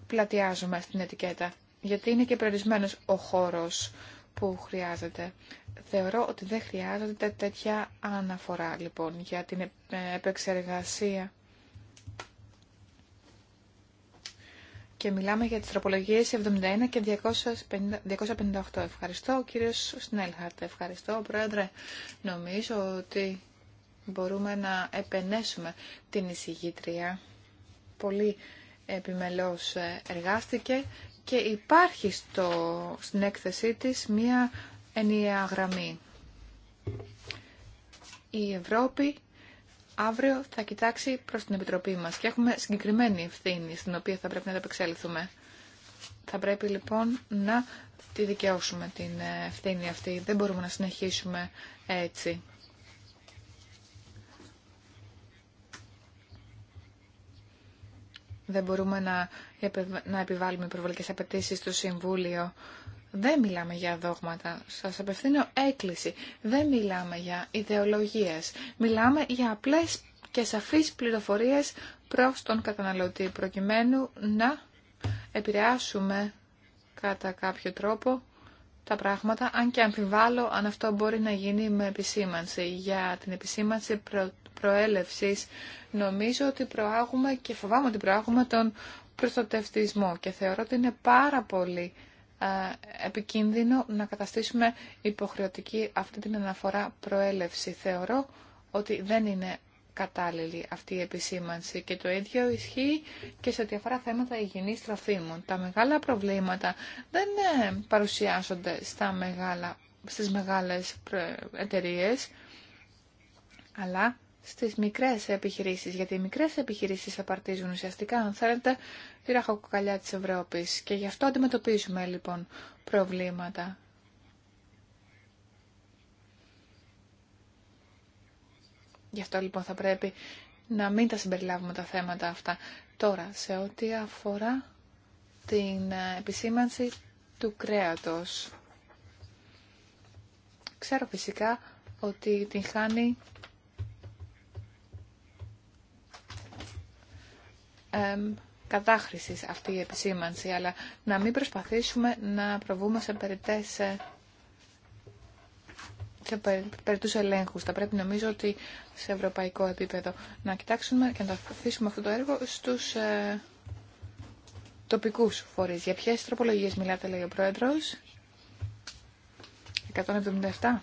Speaker 1: πλατιάζουμε στην ετικέτα, γιατί είναι και περιορισμένο ο χώρος που χρειάζεται. Θεωρώ ότι δεν χρειάζεται τέτοια αναφορά, λοιπόν, για την ε, επεξεργασία. Και μιλάμε για τις τροπολογίες 71 και 258. Ευχαριστώ, κύριος Σνέλχαρτ. Ευχαριστώ, πρόεδρε. Νομίζω ότι μπορούμε να επενέσουμε την εισηγήτρια πολύ επιμελώς ε, εργάστηκε και υπάρχει στο, στην έκθεσή της μία ενιαία γραμμή. Η Ευρώπη αύριο θα κοιτάξει προς την Επιτροπή μας και έχουμε συγκεκριμένη ευθύνη στην οποία θα πρέπει να επεξέλθουμε. Θα πρέπει λοιπόν να τη δικαιώσουμε την ε, ευθύνη αυτή. Δεν μπορούμε να συνεχίσουμε έτσι. Δεν μπορούμε να, να επιβάλλουμε προβολικές απαιτήσεις στο Συμβούλιο. Δεν μιλάμε για δόγματα. Σας απευθύνω έκκληση. Δεν μιλάμε για ιδεολογίες. Μιλάμε για απλές και σαφείς πληροφορίες προς τον καταναλωτή, προκειμένου να επηρεάσουμε κατά κάποιο τρόπο τα πράγματα, αν και αμφιβάλλω αν αυτό μπορεί να γίνει με επισήμανση. Για την επισήμανση νομίζω ότι προάγουμε και φοβάμαι ότι προάγουμε τον προστατευτισμό και θεωρώ ότι είναι πάρα πολύ επικίνδυνο να καταστήσουμε υποχρεωτική αυτή την αναφορά προέλευση. Θεωρώ ότι δεν είναι κατάλληλη αυτή η επισήμανση και το ίδιο ισχύει και σε ό,τι αφορά θέματα υγιεινής τροφίμων. Τα μεγάλα προβλήματα δεν ε, παρουσιάζονται στα μεγάλα, στις μεγάλες εταιρείε, αλλά στις μικρές επιχειρήσεις, γιατί οι μικρές επιχειρήσεις απαρτίζουν ουσιαστικά, αν θέλετε, τη ραχοκοκαλιά της Ευρώπης και γι' αυτό αντιμετωπίζουμε λοιπόν προβλήματα. Γι' αυτό λοιπόν θα πρέπει να μην τα συμπεριλάβουμε τα θέματα αυτά. Τώρα, σε ό,τι αφορά την ε, επισήμανση του κρέατος. Ξέρω φυσικά ότι την χάνει κατάχρησης αυτή η επισήμανση, αλλά να μην προσπαθήσουμε να προβούμε σε περιττές ε, σε περιττούς ελέγχους. Θα πρέπει νομίζω ότι σε ευρωπαϊκό επίπεδο να κοιτάξουμε και να το αφήσουμε αυτό το έργο στους ε, τοπικούς φορείς. Για ποιες τροπολογίες μιλάτε, λέει ο Πρόεδρος. 177.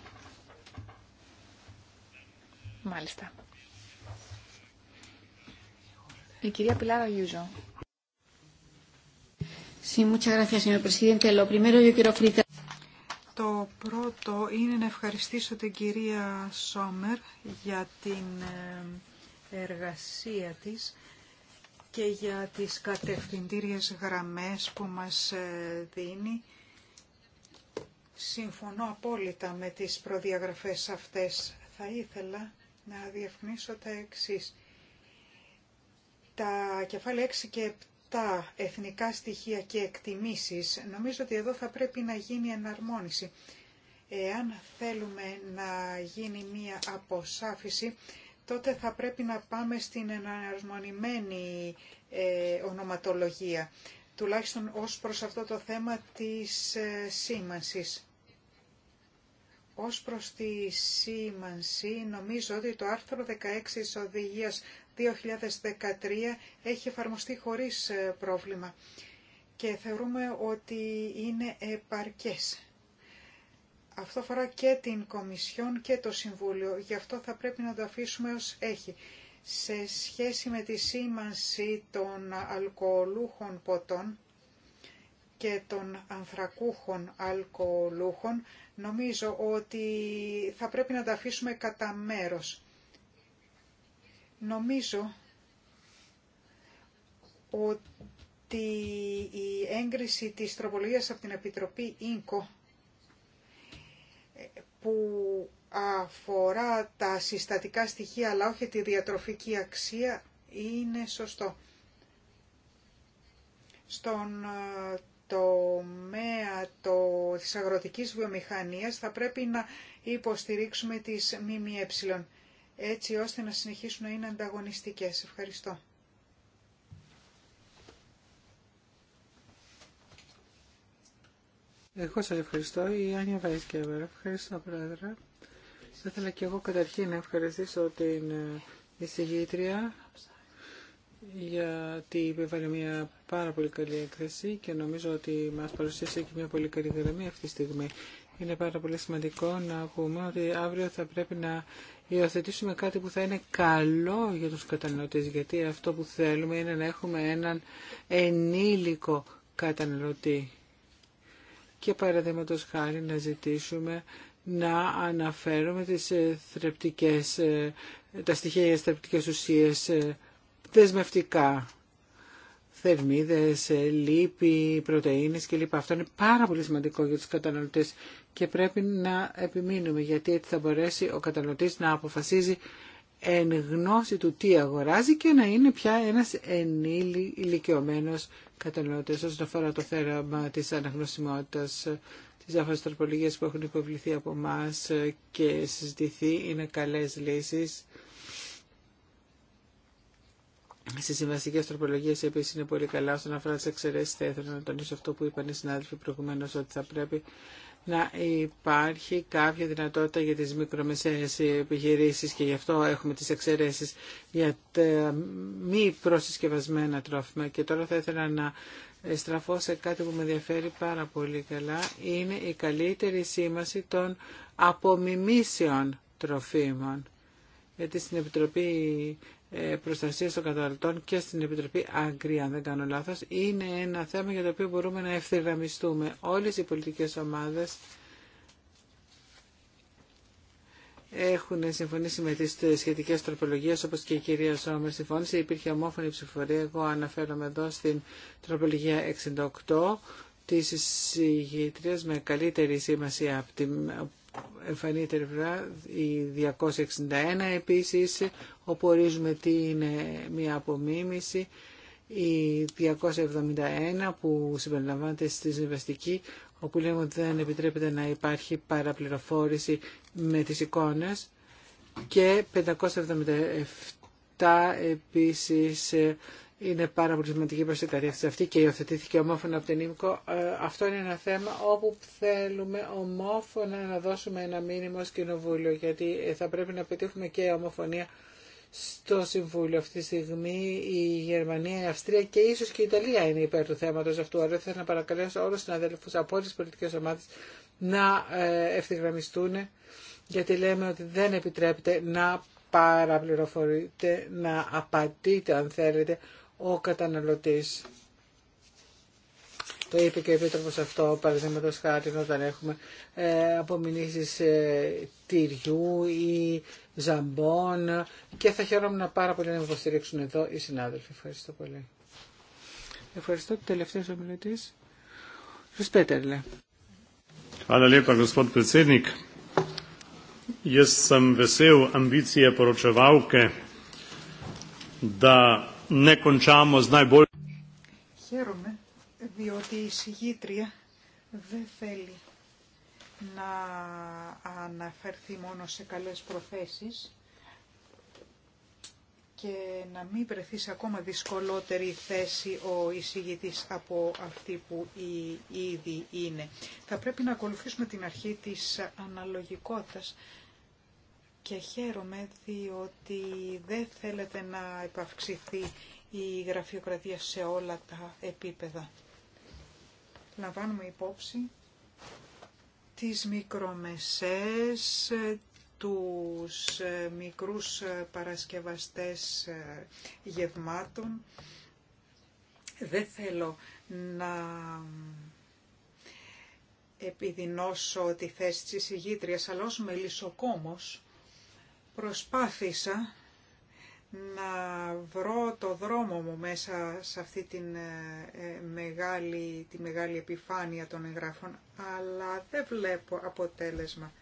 Speaker 1: Μάλιστα. Η κυρία Πιλάρα Γιούζο.
Speaker 4: Το πρώτο είναι να ευχαριστήσω την κυρία Σόμερ για την ε, εργασία της και για τις κατευθυντήριες γραμμές που μας ε, δίνει. Συμφωνώ απόλυτα με τις προδιαγραφές αυτές. Θα ήθελα να διευκνήσω τα εξής. Τα κεφάλαια 6 και 7, εθνικά στοιχεία και εκτιμήσεις, νομίζω ότι εδώ θα πρέπει να γίνει εναρμόνιση. Εάν θέλουμε να γίνει μία αποσάφηση, τότε θα πρέπει να πάμε στην εναρμονημένη ε, ονοματολογία, τουλάχιστον ως προς αυτό το θέμα της ε, σήμανσης. Ως προς τη σήμανση, νομίζω ότι το άρθρο 16 της οδηγίας 2013 έχει εφαρμοστεί χωρίς ε, πρόβλημα και θεωρούμε ότι είναι επαρκές. Αυτό αφορά και την Κομισιόν και το Συμβούλιο, γι' αυτό θα πρέπει να το αφήσουμε ως έχει. Σε σχέση με τη σήμανση των αλκοολούχων ποτών και των ανθρακούχων αλκοολούχων, νομίζω ότι θα πρέπει να τα αφήσουμε κατά μέρος. Νομίζω ότι η έγκριση της τροπολογίας από την Επιτροπή ΙΝΚΟ ε, που αφορά τα συστατικά στοιχεία αλλά όχι τη διατροφική αξία είναι σωστό. Στον ε, τομέα το, της αγροτικής βιομηχανίας θα πρέπει να υποστηρίξουμε τις ΜΜΕ έτσι ώστε να συνεχίσουν να είναι ανταγωνιστικές. Ευχαριστώ.
Speaker 3: Εγώ σας ευχαριστώ. Η Άνια Βαϊσκεύερ. Ευχαριστώ, Πρόεδρε. Θα ήθελα και εγώ καταρχήν να ευχαριστήσω την ε, εισηγήτρια γιατί υπέβαλε μια πάρα πολύ καλή έκθεση και νομίζω ότι μας παρουσίασε και μια πολύ καλή γραμμή αυτή τη στιγμή είναι πάρα πολύ σημαντικό να πούμε ότι αύριο θα πρέπει να υιοθετήσουμε κάτι που θα είναι καλό για τους καταναλωτές, γιατί αυτό που θέλουμε είναι να έχουμε έναν ενήλικο καταναλωτή. Και παραδείγματο χάρη να ζητήσουμε να αναφέρουμε τις ε, θρεπτικές, ε, τα στοιχεία για τις θρεπτικές ουσίες ε, δεσμευτικά θερμίδες, ε, λίπη, πρωτεΐνες κλπ. Αυτό είναι πάρα πολύ σημαντικό για τους καταναλωτέ, και πρέπει να επιμείνουμε γιατί έτσι θα μπορέσει ο καταναλωτή να αποφασίζει εν γνώση του τι αγοράζει και να είναι πια ένας ενηλικιωμένος καταναλωτής όσον αφορά το θέραμα της αναγνωσιμότητας τις διάφορες τροπολογίες που έχουν υποβληθεί από εμά και συζητηθεί είναι καλές λύσεις Στι συμβαστικέ τροπολογίε επίση είναι πολύ καλά. Όσον αφορά τι εξαιρέσει, θα ήθελα να τονίσω αυτό που είπαν οι συνάδελφοι προηγουμένω, ότι θα πρέπει να υπάρχει κάποια δυνατότητα για τις μικρομεσαίες επιχειρήσεις και γι' αυτό έχουμε τις εξαιρέσεις για τα μη προσυσκευασμένα τρόφιμα. Και τώρα θα ήθελα να στραφώ σε κάτι που με ενδιαφέρει πάρα πολύ καλά. Είναι η καλύτερη σήμαση των απομιμήσεων τροφίμων. Γιατί στην Επιτροπή ε, προστασία των καταναλωτών και στην Επιτροπή Άγκρη, αν δεν κάνω λάθος, είναι ένα θέμα για το οποίο μπορούμε να ευθυγραμμιστούμε. Όλες οι πολιτικές ομάδες έχουν συμφωνήσει με τις σχετικές τροπολογίες, όπως και η κυρία Σόμερ συμφώνησε. Υπήρχε ομόφωνη ψηφορία. Εγώ αναφέρομαι εδώ στην τροπολογία 68 της συγγήτριας με καλύτερη σήμαση από την εμφανή η 261 επίσης, όπου ορίζουμε τι είναι μια απομίμηση, η 271 που συμπεριλαμβάνεται στη συμβαστική, όπου λέμε ότι δεν επιτρέπεται να υπάρχει παραπληροφόρηση με τις εικόνες και 577 επίσης είναι πάρα πολύ σημαντική προς την αυτή και υιοθετήθηκε ομόφωνα από την ΕΜΚΟ. Ε, αυτό είναι ένα θέμα όπου θέλουμε ομόφωνα να δώσουμε ένα μήνυμα ως κοινοβούλιο, γιατί ε, θα πρέπει να πετύχουμε και ομοφωνία στο Συμβούλιο αυτή τη στιγμή η Γερμανία, η Αυστρία και ίσως και η Ιταλία είναι υπέρ του θέματος αυτού. Αλλά θέλω να παρακαλέσω όλους τους συναδέλφους από όλες τις πολιτικές ομάδες να ε, ευθυγραμμιστούν γιατί λέμε ότι δεν επιτρέπεται να παραπληροφορείτε, να απατείτε αν θέλετε ο καταναλωτής. Το είπε και ο Επίτροπος αυτό, παραδείγματο χάρη, όταν έχουμε ε, απομηνήσεις ε, τυριού ή ζαμπών και θα χαιρόμουν πάρα πολύ να με υποστηρίξουν εδώ οι συνάδελφοι. Ευχαριστώ πολύ. Ευχαριστώ. Τελευταίος ομιλητής. Ρουσπέτερλε.
Speaker 2: Hvala Καλησπέρα, gospod predsednik. Jaz sem vesel ambicije poročevalke, da ne
Speaker 4: Χαίρομαι, διότι η συγγήτρια δεν θέλει να αναφερθεί μόνο σε καλές προθέσεις και να μην βρεθεί σε ακόμα δυσκολότερη θέση ο εισηγητής από αυτή που ήδη είναι. Θα πρέπει να ακολουθήσουμε την αρχή της αναλογικότητας και χαίρομαι διότι δεν θέλετε να επαυξηθεί η γραφειοκρατία σε όλα τα επίπεδα. Λαμβάνουμε υπόψη τις μικρομεσές, τους ε, μικρούς ε, παρασκευαστές ε, γευμάτων. Δεν θέλω να επιδεινώσω τη θέση της εισηγήτριας, αλλά ως μελισσοκόμος Προσπάθησα να βρω το δρόμο μου μέσα σε αυτή την, ε, ε, μεγάλη, τη μεγάλη επιφάνεια των εγγράφων, αλλά δεν βλέπω αποτέλεσμα.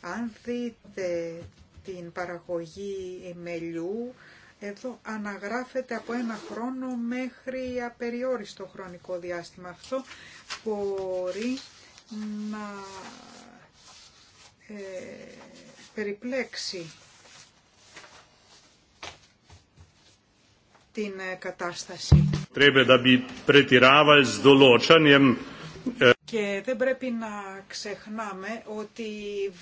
Speaker 4: Αν δείτε την παραγωγή μελιού, εδώ αναγράφεται από ένα χρόνο μέχρι απεριόριστο χρονικό διάστημα. Αυτό μπορεί να ε, περιπλέξει την ε, κατάσταση. Eh, και δεν πρέπει να ξεχνάμε ότι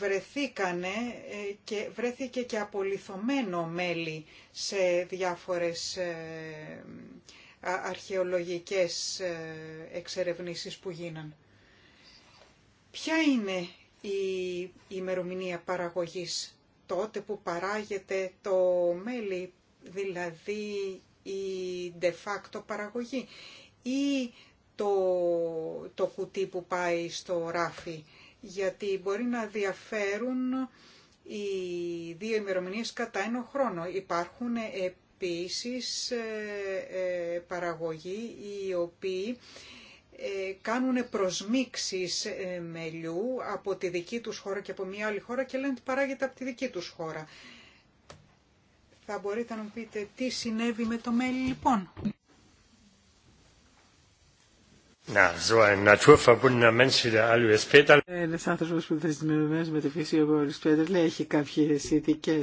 Speaker 4: βρεθήκανε ε, και βρέθηκε και απολυθωμένο μέλη σε διάφορες ε, αρχαιολογικές εξερευνήσεις που γίναν. Ποια είναι η ημερομηνία παραγωγής τότε που παράγεται το μέλι, δηλαδή η de facto παραγωγή ή το, το κουτί που πάει στο ράφι, γιατί μπορεί να διαφέρουν οι δύο ημερομηνίε κατά ένα χρόνο. Υπάρχουν επίσης ε, ε, παραγωγοί οι οποίοι ε, κάνουν προσμίξεις μελιού από τη δική τους χώρα και από μια άλλη χώρα και λένε ότι παράγεται από τη δική τους χώρα. Θα μπορείτε να μου πείτε τι συνέβη με το μέλι λοιπόν.
Speaker 2: Να, so ein naturverbundener Mensch wie der Alois Peter.
Speaker 3: Ε, Ένα άνθρωπο που δεσμευμένο με τη φύση, ο Alois Peter, έχει κάποιε ειδικέ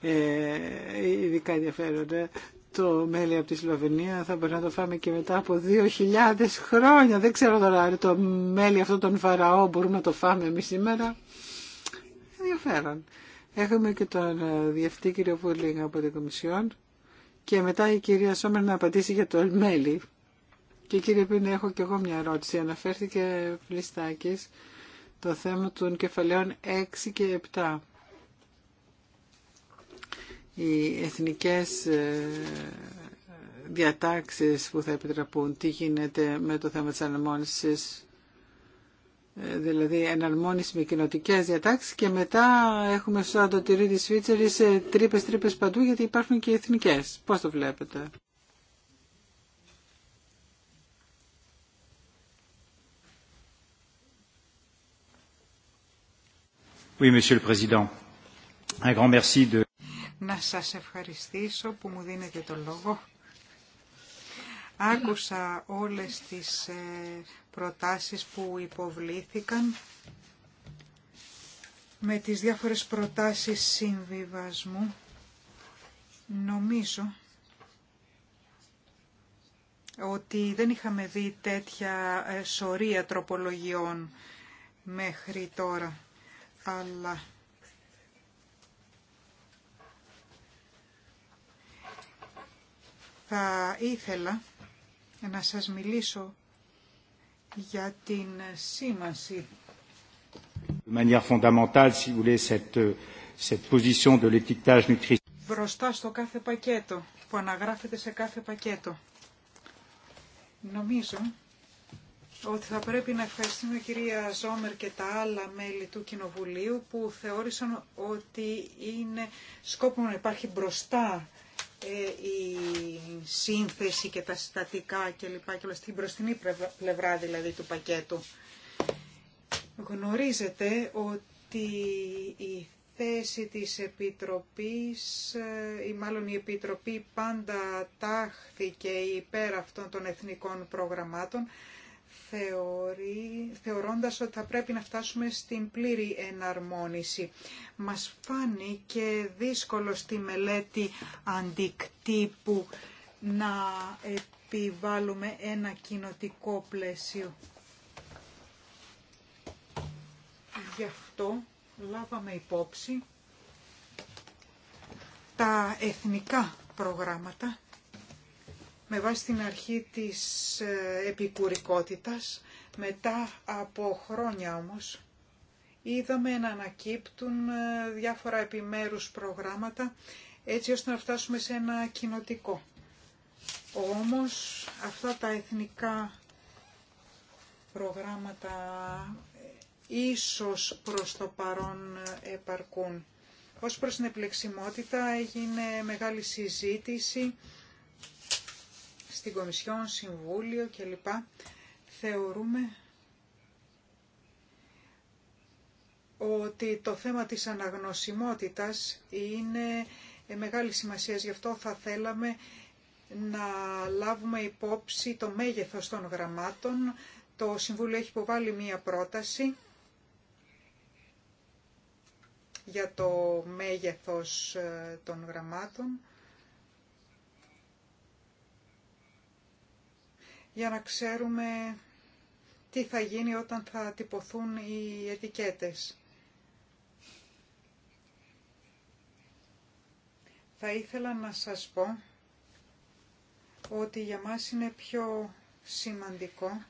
Speaker 3: ε, ε, ειδικά ενδιαφέροντα. Το μέλι από τη Σλοβενία θα μπορεί να το φάμε και μετά από 2.000 χρόνια. Δεν ξέρω τώρα αν το μέλι αυτό τον Φαραώ μπορούμε να το φάμε εμεί σήμερα. Ενδιαφέρον. Έχουμε και τον ε, διευθυντή κύριο Βούλινγκ από την Κομισιόν και μετά η κυρία Σόμερ να απαντήσει για το μέλι. Και κύριε Πίνε, έχω και εγώ μια ερώτηση. Αναφέρθηκε Φλιστάκης το θέμα των κεφαλαίων 6 και 7. Οι εθνικές ε, διατάξεις που θα επιτραπούν, τι γίνεται με το θέμα της αναμόνησης ε, δηλαδή εναρμόνιση με κοινοτικέ διατάξει και μετά έχουμε στο τυρί τη Σβίτσερη τρύπε τρύπε παντού γιατί υπάρχουν και εθνικέ. Πώ το βλέπετε.
Speaker 2: Oui, Monsieur le
Speaker 4: Να σας ευχαριστήσω που μου δίνετε το λόγο. Άκουσα όλες τις ε, προτάσεις που υποβλήθηκαν με τις διάφορες προτάσεις συμβιβασμού. Νομίζω ότι δεν είχαμε δει τέτοια ε, σωρία τροπολογιών μέχρι τώρα, αλλά... Θα ήθελα για ε, να σας μιλήσω για την σήμανση. Μπροστά στο κάθε πακέτο, που αναγράφεται σε κάθε πακέτο. Νομίζω ότι θα πρέπει να ευχαριστούμε κυρία Ζόμερ και τα άλλα μέλη του Κοινοβουλίου που θεώρησαν ότι είναι σκόπιμο να υπάρχει μπροστά ε, η σύνθεση και τα συστατικά και λοιπά και όλα στην προστινή πλευρά δηλαδή του πακέτου. Γνωρίζετε ότι η θέση της Επιτροπής ε, ή μάλλον η Επιτροπή πάντα τάχθηκε υπέρ αυτών των εθνικών προγραμμάτων θεωρεί, θεωρώντας ότι θα πρέπει να φτάσουμε στην πλήρη εναρμόνιση. Μας φάνηκε δύσκολο στη μελέτη αντικτύπου να επιβάλλουμε ένα κοινοτικό πλαίσιο. Γι' αυτό λάβαμε υπόψη τα εθνικά προγράμματα με βάση την αρχή της ε, επικουρικότητας. Μετά από χρόνια όμως είδαμε να ανακύπτουν ε, διάφορα επιμέρους προγράμματα έτσι ώστε να φτάσουμε σε ένα κοινοτικό. Όμως αυτά τα εθνικά προγράμματα ε, ίσως προς το παρόν επαρκούν. Ως προς την επιλεξιμότητα έγινε μεγάλη συζήτηση στην Κομισιόν, Συμβούλιο κλπ. Θεωρούμε ότι το θέμα της αναγνωσιμότητας είναι μεγάλη σημασία. Γι' αυτό θα θέλαμε να λάβουμε υπόψη το μέγεθος των γραμμάτων. Το Συμβούλιο έχει υποβάλει μία πρόταση για το μέγεθος ε, των γραμμάτων. για να ξέρουμε τι θα γίνει όταν θα τυπωθούν οι ετικέτες. Θα ήθελα να σας πω ότι για μας είναι πιο σημαντικό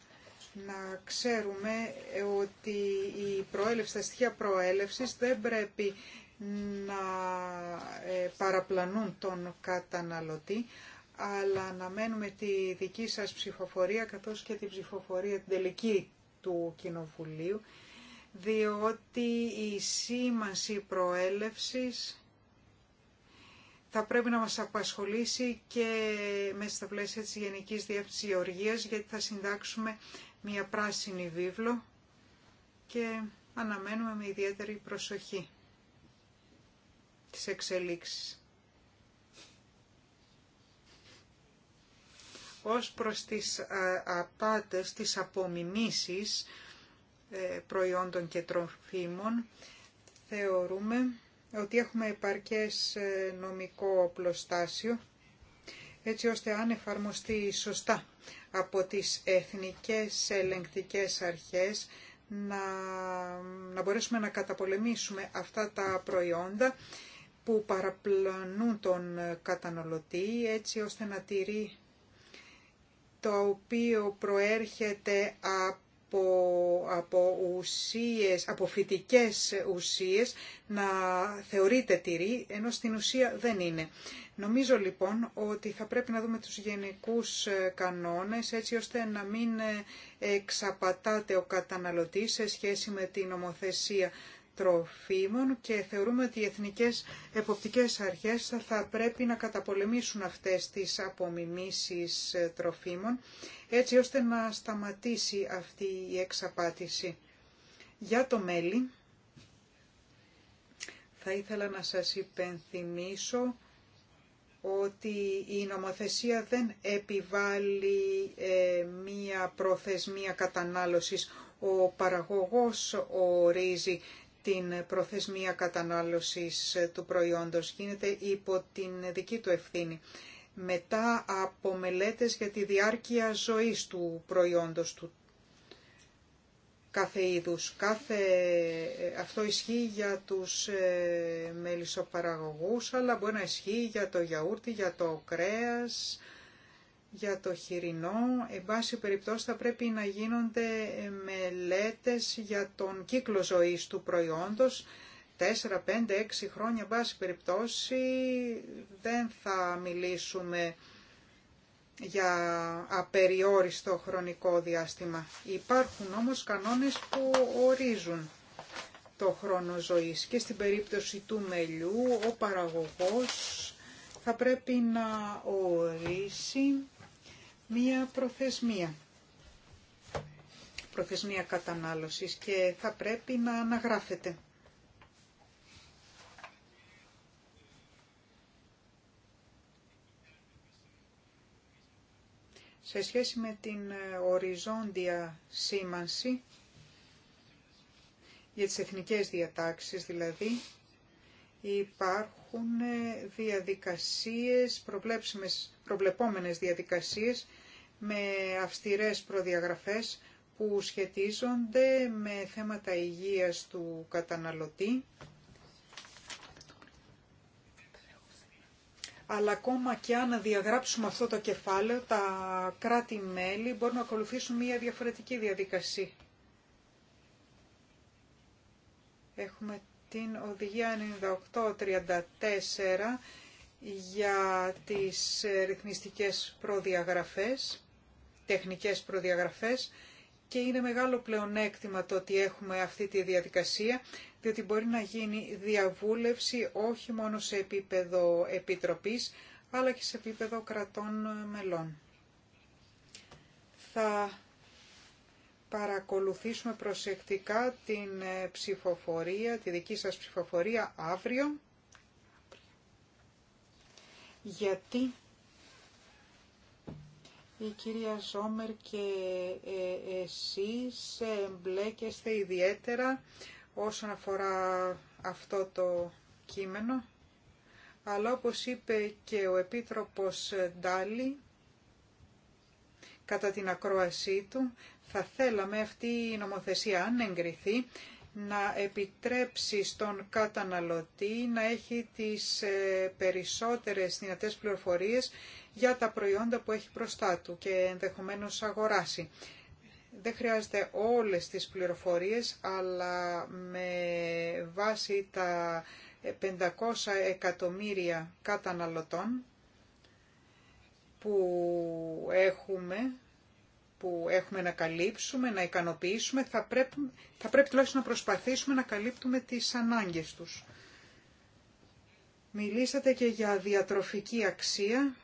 Speaker 4: να ξέρουμε ότι η προέλευση, τα στοιχεία προέλευσης δεν πρέπει να ε, παραπλανούν τον καταναλωτή, αλλά αναμένουμε τη δική σας ψηφοφορία καθώς και τη ψηφοφορία την τελική του Κοινοβουλίου, διότι η σήμανση προέλευσης θα πρέπει να μας απασχολήσει και μέσα στα πλαίσια της Γενικής Διεύθυνσης Γεωργίας, γιατί θα συντάξουμε μια πράσινη βίβλο και αναμένουμε με ιδιαίτερη προσοχή τις εξελίξεις. Ως προς τις ε, απάτες, τις απομιμήσεις ε, προϊόντων και τροφίμων, θεωρούμε ότι έχουμε επαρκές ε, νομικό οπλοστάσιο, έτσι ώστε αν εφαρμοστεί σωστά από τις εθνικές ελεγκτικές αρχές, να, να μπορέσουμε να καταπολεμήσουμε αυτά τα προϊόντα που παραπλανούν τον καταναλωτή έτσι ώστε να τηρεί το οποίο προέρχεται από, από, ουσίες, από φυτικές ουσίες να θεωρείται τυρί, ενώ στην ουσία δεν είναι. Νομίζω λοιπόν ότι θα πρέπει να δούμε τους γενικούς ε, κανόνες έτσι ώστε να μην ε, εξαπατάται ο καταναλωτής σε σχέση με την νομοθεσία τροφίμων και θεωρούμε ότι οι εθνικές εποπτικές αρχές θα πρέπει να καταπολεμήσουν αυτές τις απομιμήσεις ε, τροφίμων έτσι ώστε να σταματήσει αυτή η εξαπάτηση. Για το μέλι θα ήθελα να σας υπενθυμίσω ότι η νομοθεσία δεν επιβάλλει ε, μία προθεσμία κατανάλωσης. Ο παραγωγός ορίζει την προθεσμία κατανάλωσης του προϊόντος. Γίνεται υπό την δική του ευθύνη. Μετά από μελέτες για τη διάρκεια ζωής του προϊόντος του κάθε είδους. Κάθε... Ε, αυτό ισχύει για τους ε, μελισσοπαραγωγούς, αλλά μπορεί να ισχύει για το γιαούρτι, για το κρέας, για το χοιρινό. Εν πάση περιπτώσει θα πρέπει να γίνονται μελέτες για τον κύκλο ζωής του προϊόντος. 4, 5, 6 χρόνια, εν πάση περιπτώσει, δεν θα μιλήσουμε για απεριόριστο χρονικό διάστημα. Υπάρχουν όμως κανόνες που ορίζουν το χρόνο ζωής και στην περίπτωση του μελιού ο παραγωγός θα πρέπει να ορίσει μία προθεσμία. Προθεσμία κατανάλωσης και θα πρέπει να αναγράφεται. Σε σχέση με την ε, οριζόντια σήμανση για τις εθνικές διατάξεις δηλαδή, υπάρχουν ε, διαδικασίες, προβλεπόμενες διαδικασίες με αυστηρές προδιαγραφές που σχετίζονται με θέματα υγείας του καταναλωτή, αλλά ακόμα και αν διαγράψουμε αυτό το κεφάλαιο, τα κράτη-μέλη μπορούν να ακολουθήσουν μια διαφορετική διαδικασία. Έχουμε την οδηγία 9834 για τις ρυθμιστικές προδιαγραφές τεχνικές προδιαγραφές και είναι μεγάλο πλεονέκτημα το ότι έχουμε αυτή τη διαδικασία, διότι μπορεί να γίνει διαβούλευση όχι μόνο σε επίπεδο επιτροπής, αλλά και σε επίπεδο κρατών μελών. Θα παρακολουθήσουμε προσεκτικά την ψηφοφορία, τη δική σας ψηφοφορία αύριο, γιατί η κυρία Ζόμερ και ε, εσείς εμπλέκεστε ιδιαίτερα όσον αφορά αυτό το κείμενο. Αλλά όπως είπε και ο Επίτροπος Ντάλι, κατά την ακρόασή του, θα θέλαμε αυτή η νομοθεσία, αν εγκριθεί, να επιτρέψει στον καταναλωτή να έχει τις ε, περισσότερες δυνατές πληροφορίες για τα προϊόντα που έχει μπροστά του και ενδεχομένως αγοράσει. Δεν χρειάζεται όλες τις πληροφορίες, αλλά με βάση τα 500 εκατομμύρια καταναλωτών που έχουμε, που έχουμε να καλύψουμε, να ικανοποιήσουμε, θα πρέπει, θα πρέπει τουλάχιστον να προσπαθήσουμε να καλύπτουμε τις ανάγκες τους. Μιλήσατε και για διατροφική αξία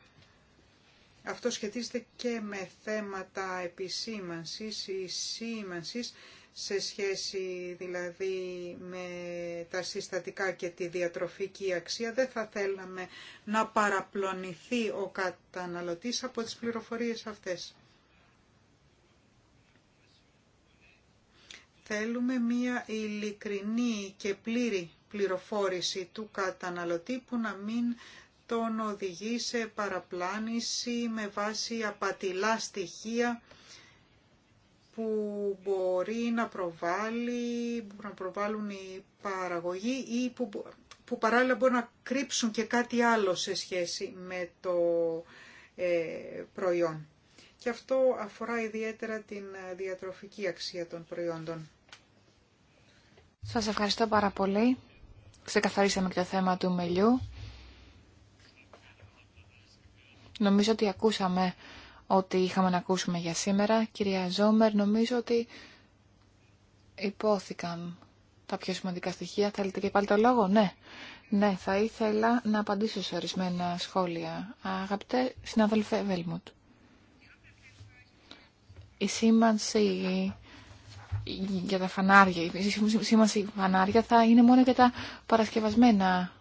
Speaker 4: αυτό σχετίζεται και με θέματα επισήμανσης ή σήμανσης σε σχέση δηλαδή με τα συστατικά και τη διατροφική αξία. Δεν θα θέλαμε να παραπλονηθεί ο καταναλωτής από τις πληροφορίες αυτές. Θέλουμε μία ειλικρινή και πλήρη πληροφόρηση του καταναλωτή που να μην τον οδηγεί σε παραπλάνηση με βάση απατηλά στοιχεία που μπορεί να, προβάλλει, που να προβάλλουν οι παραγωγοί ή που, που παράλληλα μπορεί να κρύψουν και κάτι άλλο σε σχέση με το ε, προϊόν. Και αυτό αφορά ιδιαίτερα την ε, διατροφική αξία των προϊόντων.
Speaker 1: Σας ευχαριστώ πάρα πολύ. Ξεκαθαρίσαμε και το θέμα του μελιού. Νομίζω ότι ακούσαμε ό,τι είχαμε να ακούσουμε για σήμερα. Κυρία Ζόμερ, νομίζω ότι υπόθηκαν τα πιο σημαντικά στοιχεία. Θέλετε και πάλι το λόγο, ναι. Ναι, θα ήθελα να απαντήσω σε ορισμένα σχόλια. Αγαπητέ συναδελφέ Βέλμουτ, η σήμανση για τα φανάρια, η σήμανση φανάρια θα είναι μόνο για τα παρασκευασμένα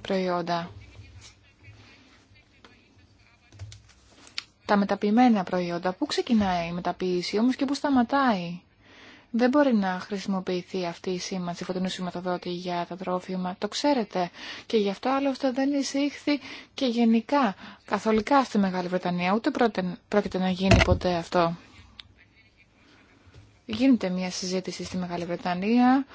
Speaker 1: προϊόντα. τα μεταποιημένα προϊόντα. Πού ξεκινάει η μεταποίηση όμως και πού σταματάει. Δεν μπορεί να χρησιμοποιηθεί αυτή η σήμανση φωτεινού σηματοδότη για τα τρόφιμα. Το ξέρετε. Και γι' αυτό άλλωστε δεν εισήχθη και γενικά καθολικά στη Μεγάλη Βρετανία. Ούτε πρόκειται να γίνει ποτέ αυτό. Γίνεται μια συζήτηση στη Μεγάλη Βρετανία,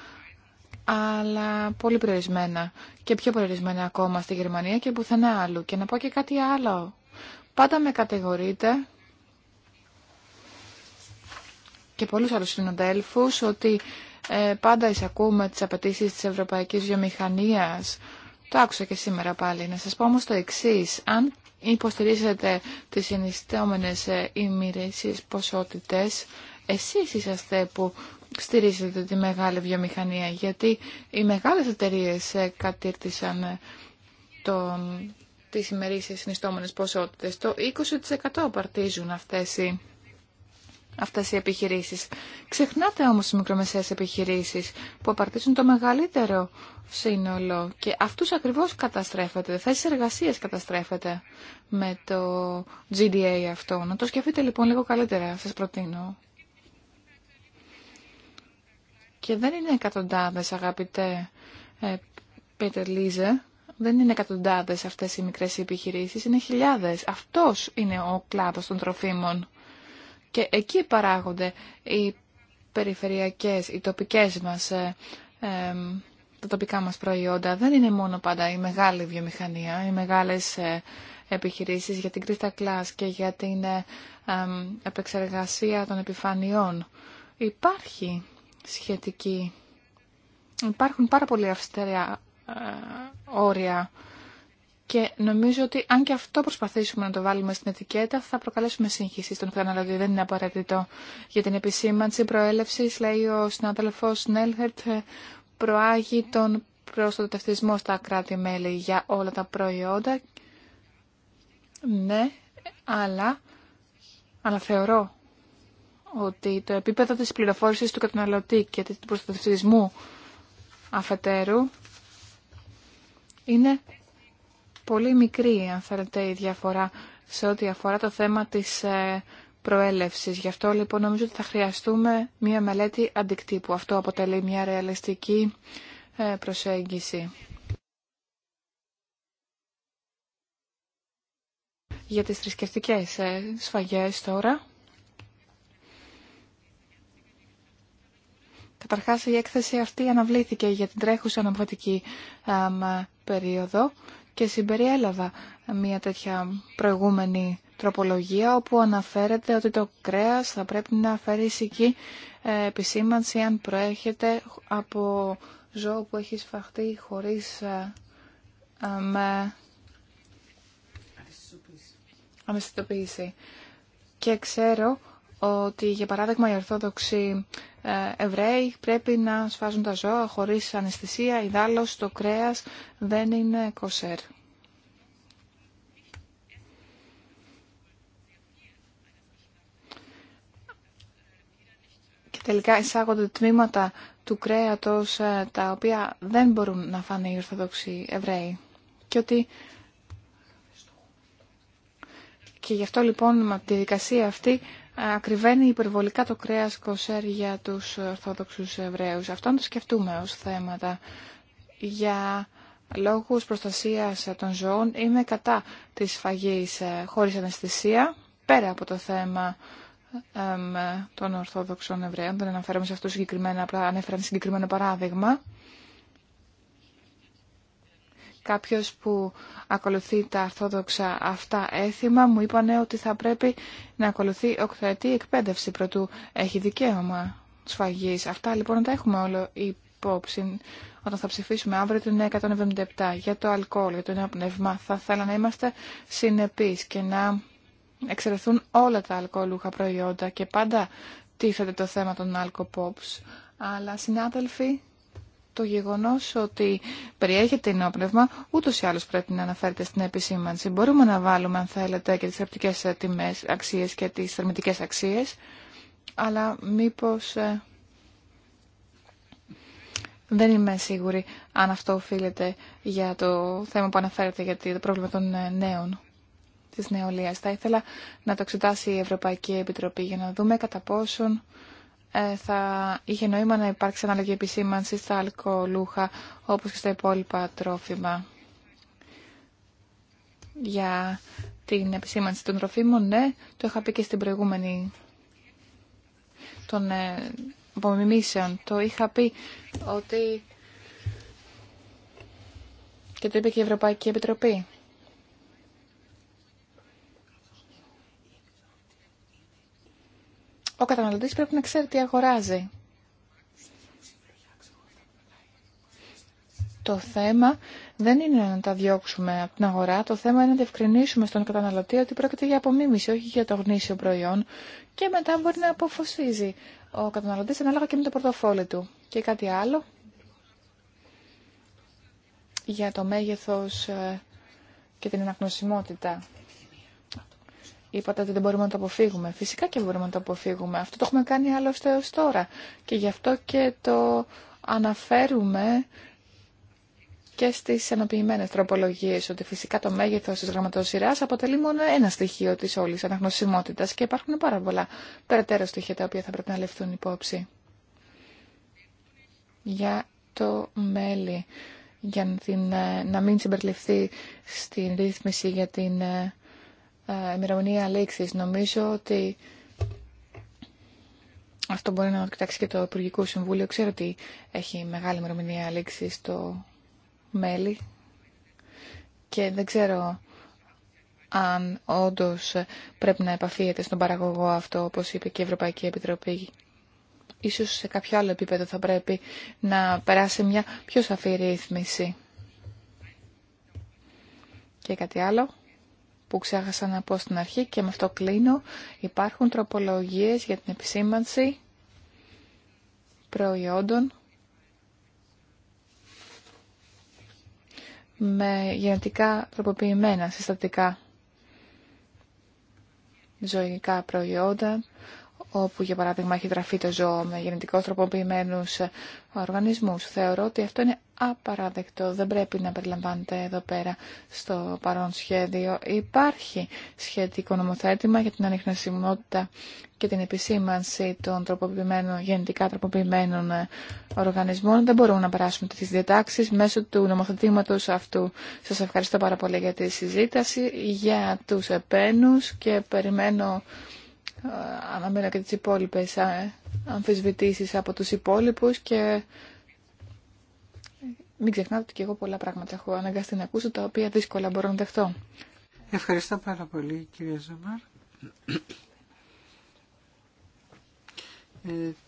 Speaker 1: αλλά πολύ περιορισμένα και πιο περιορισμένα ακόμα στη Γερμανία και πουθενά άλλου. Και να πω και κάτι άλλο Πάντα με κατηγορείτε και πολλούς άλλους συνοδέλφους ότι ε, πάντα εισακούμε τις απαιτήσεις της ευρωπαϊκής βιομηχανίας. Το άκουσα και σήμερα πάλι. Να σας πω όμως το εξής. Αν υποστηρίζετε τις συνιστόμενες ε, ημιρήσεις ποσότητες, εσείς είσαστε που στηρίζετε τη μεγάλη βιομηχανία, γιατί οι μεγάλες εταιρείες ε, κατήρτισαν τον τις ημερήσεις συνιστόμενες ποσότητες. Το 20% απαρτίζουν αυτές οι, αυτές οι επιχειρήσεις. Ξεχνάτε όμως τις μικρομεσαίες επιχειρήσεις που απαρτίζουν το μεγαλύτερο σύνολο και αυτούς ακριβώς καταστρέφεται, θέσεις εργασίες καταστρέφεται με το GDA αυτό. Να το σκεφτείτε λοιπόν λίγο καλύτερα, σας προτείνω. Και δεν είναι εκατοντάδες αγαπητέ Πέτερ Λίζε, δεν είναι εκατοντάδες αυτές οι μικρές επιχειρήσεις, είναι χιλιάδες. Αυτός είναι ο κλάδος των τροφίμων. Και εκεί παράγονται οι περιφερειακές, οι τοπικές μας, ε, τα τοπικά μας προϊόντα. Δεν είναι μόνο πάντα η μεγάλη βιομηχανία, οι μεγάλες ε, επιχειρήσεις για την κρίστα κλάς και για την ε, επεξεργασία των επιφανειών. Υπάρχει σχετική... Υπάρχουν πάρα πολλοί αυστηρά, ε, όρια. Και νομίζω ότι αν και αυτό προσπαθήσουμε να το βάλουμε στην ετικέτα, θα προκαλέσουμε σύγχυση στον καταναλωτή. Δηλαδή δεν είναι απαραίτητο. Για την επισήμανση προέλευση, λέει ο συνάδελφο Νέλχερτ, ε, προάγει τον προστατευτισμό στα κράτη-μέλη για όλα τα προϊόντα. Ναι, αλλά, αλλά θεωρώ ότι το επίπεδο της πληροφόρησης του καταναλωτή και του προστατευτισμού αφετέρου είναι πολύ μικρή, αν θέλετε, η διαφορά σε ό,τι αφορά το θέμα της ε, προέλευσης. Γι' αυτό λοιπόν νομίζω ότι θα χρειαστούμε μια μελέτη αντικτύπου. Αυτό αποτελεί μια ρεαλιστική ε, προσέγγιση. Για τις θρησκευτικέ ε, σφαγές τώρα. Καταρχάς η έκθεση αυτή αναβλήθηκε για την τρέχουσα αναβατική περίοδο και συμπεριέλαβα μια τέτοια προηγούμενη τροπολογία όπου αναφέρεται ότι το κρέας θα πρέπει να φέρει εκεί επισήμανση αν προέρχεται από ζώο που έχει σφαχτεί χωρίς με αμυστητοποίηση. Ε, και ξέρω ότι για παράδειγμα οι Ορθόδοξοι ε, Εβραίοι πρέπει να σφάζουν τα ζώα χωρίς αναισθησία, Ιδάλως το κρέας δεν είναι κοσέρ. Και τελικά εισάγονται τμήματα του κρέατος ε, τα οποία δεν μπορούν να φάνε οι Ορθόδοξοι Εβραίοι. Και ότι και γι' αυτό λοιπόν με τη δικασία αυτή ακριβένει υπερβολικά το κρέας κοσέρ για τους Ορθόδοξους Εβραίους. Αυτό να το σκεφτούμε ως θέματα. Για λόγους προστασίας των ζώων είμαι κατά της φαγής ε, χωρίς αναισθησία, πέρα από το θέμα των Ορθόδοξων Εβραίων. Δεν αναφέρομαι σε αυτό συγκεκριμένα, ανέφεραν συγκεκριμένο παράδειγμα κάποιος που ακολουθεί τα αρθόδοξα αυτά έθιμα μου είπανε ότι θα πρέπει να ακολουθεί οκτωετή εκπαίδευση προτού έχει δικαίωμα σφαγής. Αυτά λοιπόν τα έχουμε όλο υπόψη όταν θα ψηφίσουμε αύριο την 177 για το αλκοόλ, για το πνευμά. Θα θέλα να είμαστε συνεπείς και να εξαιρεθούν όλα τα αλκοολούχα προϊόντα και πάντα τίθεται το θέμα των αλκοπόψ. Αλλά συνάδελφοι, το γεγονός ότι περιέχεται ενόπνευμα, ούτως ή άλλως πρέπει να αναφέρεται στην επισήμανση. Μπορούμε να βάλουμε, αν θέλετε, και τις θερμητικές ε, τιμές, αξίες και τις θερμητικές αξίες, αλλά μήπως ε, δεν είμαι σίγουρη αν αυτό οφείλεται για το θέμα που αναφέρεται για το πρόβλημα των ε, νέων της νεολίας. Θα ήθελα να το εξετάσει η Ευρωπαϊκή Επιτροπή για να δούμε κατά πόσον ε, θα είχε νόημα να υπάρξει ανάλογη επισήμανση στα αλκοολούχα όπως και στα υπόλοιπα τρόφιμα. Για την επισήμανση των τροφίμων, ναι, το είχα πει και στην προηγούμενη των ε, απομιμήσεων. Το είχα πει ότι και το είπε και η Ευρωπαϊκή Επιτροπή. Ο καταναλωτής πρέπει να ξέρει τι αγοράζει. Το θέμα δεν είναι να τα διώξουμε από την αγορά, το θέμα είναι να διευκρινίσουμε στον καταναλωτή ότι πρόκειται για απομίμηση, όχι για το γνήσιο προϊόν και μετά μπορεί να αποφασίζει ο καταναλωτής ανάλογα και με το πορτοφόλι του. Και κάτι άλλο για το μέγεθος ε, και την αναγνωσιμότητα. Είπατε ότι δεν μπορούμε να το αποφύγουμε. Φυσικά και μπορούμε να το αποφύγουμε. Αυτό το έχουμε κάνει άλλωστε έως τώρα. Και γι' αυτό και το αναφέρουμε και στις ενοποιημένε τροπολογίες ότι φυσικά το μέγεθος της γραμματοσυράς αποτελεί μόνο ένα στοιχείο της όλης αναγνωσιμότητας και υπάρχουν πάρα πολλά περαιτέρω στοιχεία τα οποία θα πρέπει να λεφθούν υπόψη. Για το μέλι, για να μην συμπεριληφθεί στην ρύθμιση για την ε, ε, ημερομηνία λήξης. Νομίζω ότι αυτό μπορεί να κοιτάξει και το Υπουργικό Συμβούλιο. Ξέρω ότι έχει μεγάλη ημερομηνία λήξη το μέλη και δεν ξέρω αν όντω πρέπει να επαφίεται στον παραγωγό αυτό, όπως είπε και η Ευρωπαϊκή Επιτροπή. Ίσως σε κάποιο άλλο επίπεδο θα πρέπει να περάσει μια πιο σαφή ρύθμιση. Και κάτι άλλο που ξέχασα να πω στην αρχή και με αυτό κλείνω. Υπάρχουν τροπολογίες για την επισήμανση προϊόντων με γενετικά τροποποιημένα συστατικά ζωικά προϊόντα όπου για παράδειγμα έχει τραφεί το ζώο με γενετικό τροποποιημένους οργανισμούς. Θεωρώ ότι αυτό είναι απαράδεκτο, δεν πρέπει να περιλαμβάνεται εδώ πέρα στο παρόν σχέδιο. Υπάρχει σχετικό νομοθέτημα για την ανιχνωσιμότητα και την επισήμανση των τροποποιημένων, γενετικά τροποποιημένων οργανισμών. Δεν μπορούμε να περάσουμε τις διατάξεις μέσω του νομοθετήματος αυτού. Σας ευχαριστώ πάρα πολύ για τη συζήτηση, για τους επένους και περιμένω ε, αναμένω και τις υπόλοιπες ε, αμφισβητήσεις από τους υπόλοιπους και μην ξεχνάτε ότι και εγώ πολλά πράγματα έχω αναγκαστεί να ακούσω τα οποία δύσκολα μπορώ να δεχτώ.
Speaker 3: Ευχαριστώ πάρα πολύ κυρία Ζωμάρ.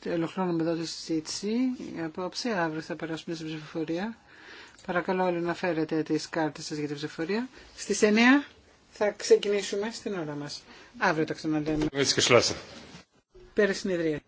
Speaker 3: Ε, με εδώ τη συζήτηση. Απόψε, αύριο θα περάσουμε στην ψηφοφορία. Παρακαλώ όλοι να φέρετε τις κάρτες σας για την ψηφοφορία. Στις 9. Θα ξεκινήσουμε στην ώρα μας. Αύριο το ξαναλέμε. Πέρα συνεδρία.